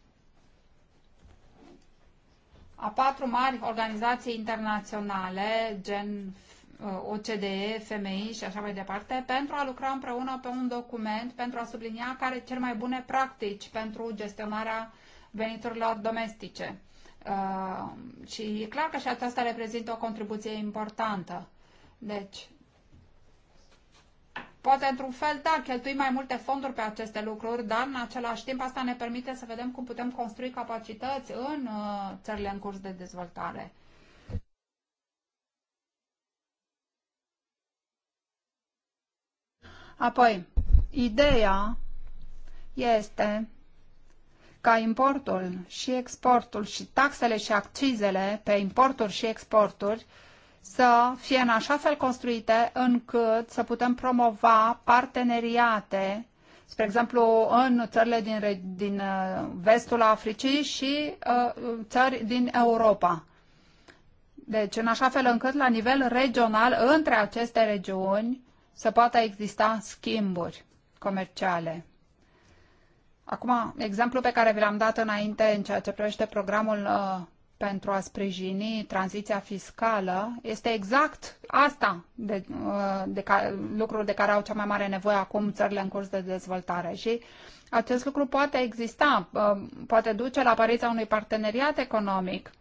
a patru mari organizații internaționale, gen uh, OCDE, FMI și așa mai departe, pentru a lucra împreună pe un document pentru a sublinia care cel mai bune practici pentru gestionarea veniturilor domestice. Uh, și e clar că și aceasta reprezintă o contribuție importantă. Deci, Poate într-un fel, da, cheltui mai multe fonduri pe aceste lucruri, dar în același timp asta ne permite să vedem cum putem construi capacități în uh, țările în curs de dezvoltare. Apoi, ideea este ca importul și exportul și taxele și accizele pe importuri și exporturi uh, să fie în așa fel construite încât să putem promova parteneriate, spre exemplu, în țările din, din uh, vestul Africii și uh, uh, țări din Europa. Deci, în așa fel încât, la nivel regional, între aceste regiuni, să poată exista schimburi comerciale. Acum, exemplul pe care vi l-am dat înainte în ceea ce privește programul uh, pentru a sprijini tranziția fiscală este exact asta de, uh, de ca, lucruri de care au cea mai mare nevoie acum țările în curs de dezvoltare și acest lucru poate exista, uh, poate duce la apariția unui parteneriat economic,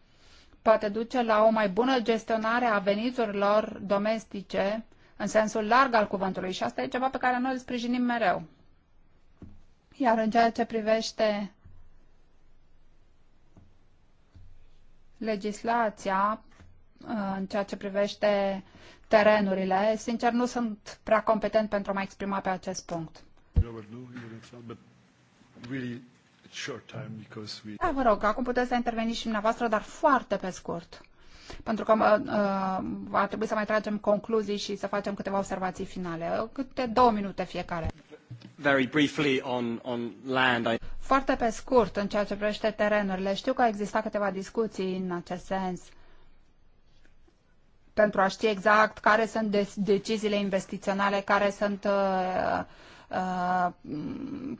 poate duce la o mai bună gestionare a veniturilor domestice în sensul larg al cuvântului și asta e ceva pe care noi îl sprijinim mereu. Iar în ceea ce privește legislația uh, în ceea ce privește terenurile. Sincer, nu sunt prea competent pentru a mai exprima pe acest punct. Da, vă rog, acum puteți să interveniți și dumneavoastră, dar foarte pe scurt. Pentru că uh, va trebui să mai tragem concluzii și să facem câteva observații finale. Câte două minute fiecare. Very briefly on, on land. I... Foarte pe scurt, în ceea ce privește terenurile, știu că au existat câteva discuții în acest sens pentru a ști exact care sunt deciziile investiționale, care sunt uh, Uh,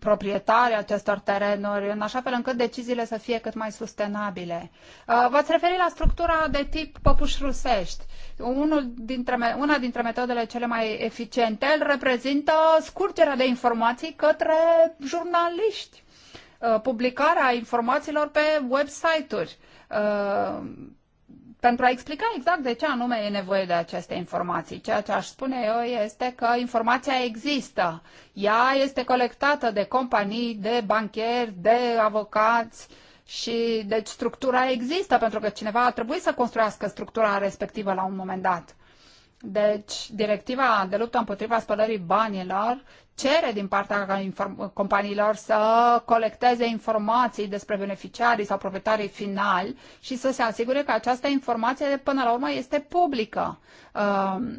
proprietarii acestor terenuri, în așa fel încât deciziile să fie cât mai sustenabile. Uh, v-ați referit la structura de tip păpuș rusești. Unul dintre, una dintre metodele cele mai eficiente îl reprezintă scurgerea de informații către jurnaliști, uh, publicarea informațiilor pe website-uri pentru a explica exact de ce anume e nevoie de aceste informații. Ceea ce aș spune eu este că informația există. Ea este colectată de companii, de banchieri, de avocați și deci structura există pentru că cineva a trebuit să construiască structura respectivă la un moment dat. Deci, directiva de luptă împotriva spălării banilor cere din partea companiilor să colecteze informații despre beneficiarii sau proprietarii finali și să se asigure că această informație până la urmă este publică. Um,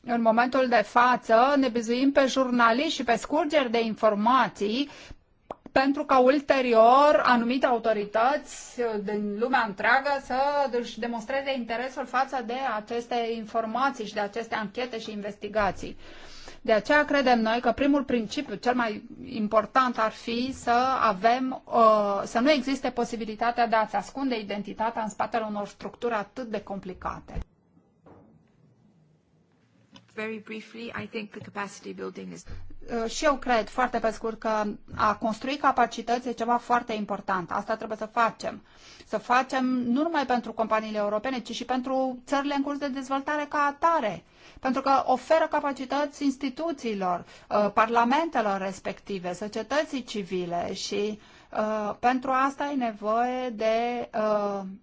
în momentul de față ne bizuim pe jurnaliști și pe scurgeri de informații pentru ca ulterior anumite autorități uh, din lumea întreagă să își demonstreze interesul față de aceste informații și de aceste anchete și investigații. De aceea credem noi că primul principiu, cel mai important, ar fi să avem, uh, să nu existe posibilitatea de a-ți ascunde identitatea în spatele unor structuri atât de complicate. Very briefly, I think the capacity building is... Uh, și eu cred foarte pe scurt că a construi capacități e ceva foarte important. Asta trebuie să facem. Să facem nu numai pentru companiile europene, ci și pentru țările în curs de dezvoltare ca atare. Pentru că oferă capacități instituțiilor, uh, parlamentelor respective, societății civile și uh, pentru asta e nevoie de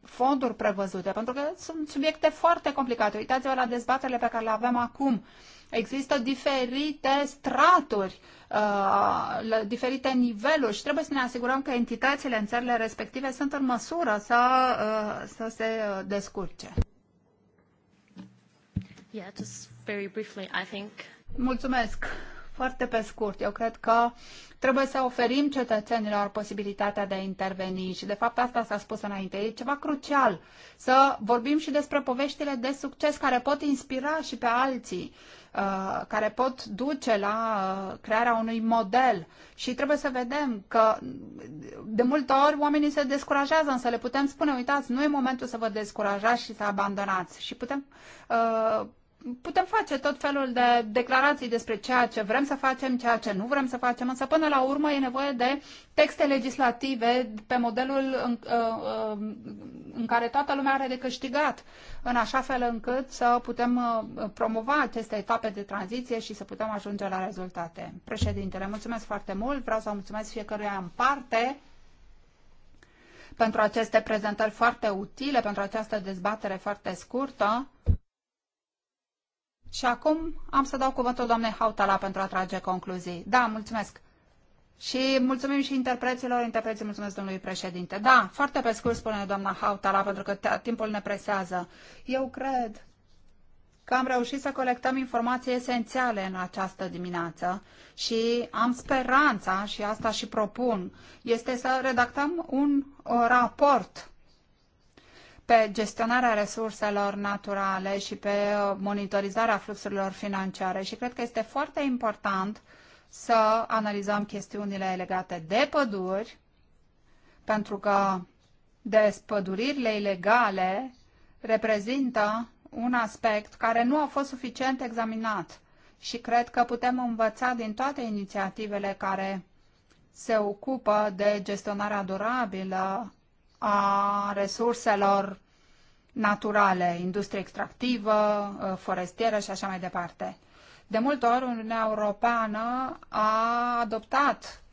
fonduri prevăzute, pentru că sunt subiecte foarte complicate. Uitați-vă la dezbaterile pe care le avem acum Există diferite straturi, uh, diferite niveluri și trebuie să ne asigurăm că entitățile în țările respective sunt în măsură să, uh, să se uh, descurce. Yeah, just very briefly, I think. Mulțumesc. Foarte pe scurt, eu cred că trebuie să oferim cetățenilor posibilitatea de a interveni și de fapt asta s-a spus înainte, e ceva crucial să vorbim și despre poveștile de succes care pot inspira și pe alții Uh, care pot duce la uh, crearea unui model. Și trebuie să vedem că de multe ori oamenii se descurajează, însă le putem spune, uitați, nu e momentul să vă descurajați și să abandonați. Și putem uh, putem face tot felul de declarații despre ceea ce vrem să facem, ceea ce nu vrem să facem, însă până la urmă e nevoie de texte legislative pe modelul în, uh, uh, în care toată lumea are de câștigat, în așa fel încât să putem uh, promova aceste etape de tranziție și să putem ajunge la rezultate. Președintele, mulțumesc foarte mult, vreau să mulțumesc fiecăruia în parte pentru aceste prezentări foarte utile, pentru această dezbatere foarte scurtă. Și acum am să dau cuvântul doamnei Hautala pentru a trage concluzii. Da, mulțumesc. Și mulțumim și interpreților. Interpreții mulțumesc domnului președinte. Da, foarte pe scurt spune doamna Hautala, pentru că timpul ne presează. Eu cred că am reușit să colectăm informații esențiale în această dimineață și am speranța, și asta și propun, este să redactăm un uh, raport pe gestionarea resurselor naturale și pe uh, monitorizarea fluxurilor financiare și cred că este foarte important să analizăm chestiunile legate de păduri, pentru că despăduririle ilegale reprezintă un aspect care nu a fost suficient examinat și cred că putem învăța din toate inițiativele care se ocupă de gestionarea durabilă a resurselor naturale, industrie extractivă, ă, forestieră și așa mai departe. De multe ori, Uniunea Europeană a adoptat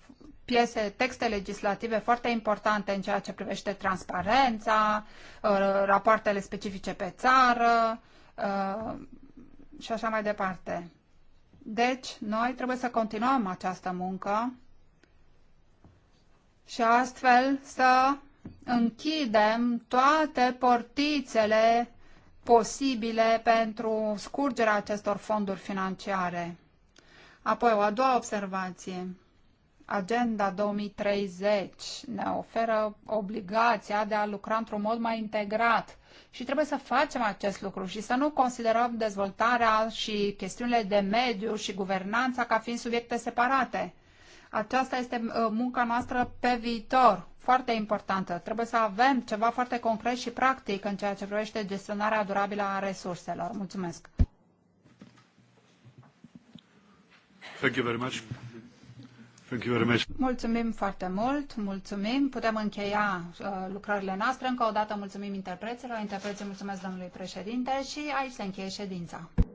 piese, texte legislative foarte importante în ceea ce privește transparența, ă, rapoartele specifice pe țară ă, și așa mai departe. Deci, noi trebuie să continuăm această muncă și astfel să închidem toate portițele posibile pentru scurgerea acestor fonduri financiare. Apoi, o a doua observație. Agenda 2030 ne oferă obligația de a lucra într-un mod mai integrat și trebuie să facem acest lucru și să nu considerăm dezvoltarea și chestiunile de mediu și guvernanța ca fiind subiecte separate. Aceasta este uh, munca noastră pe viitor foarte importantă. Trebuie să avem ceva foarte concret și practic în ceea ce privește gestionarea durabilă a resurselor. Mulțumesc! Thank you very much. Thank you very much. Mulțumim foarte mult, mulțumim. Putem încheia uh, lucrările noastre. Încă o dată mulțumim interpreților. Interpreții mulțumesc domnului președinte și aici se încheie ședința.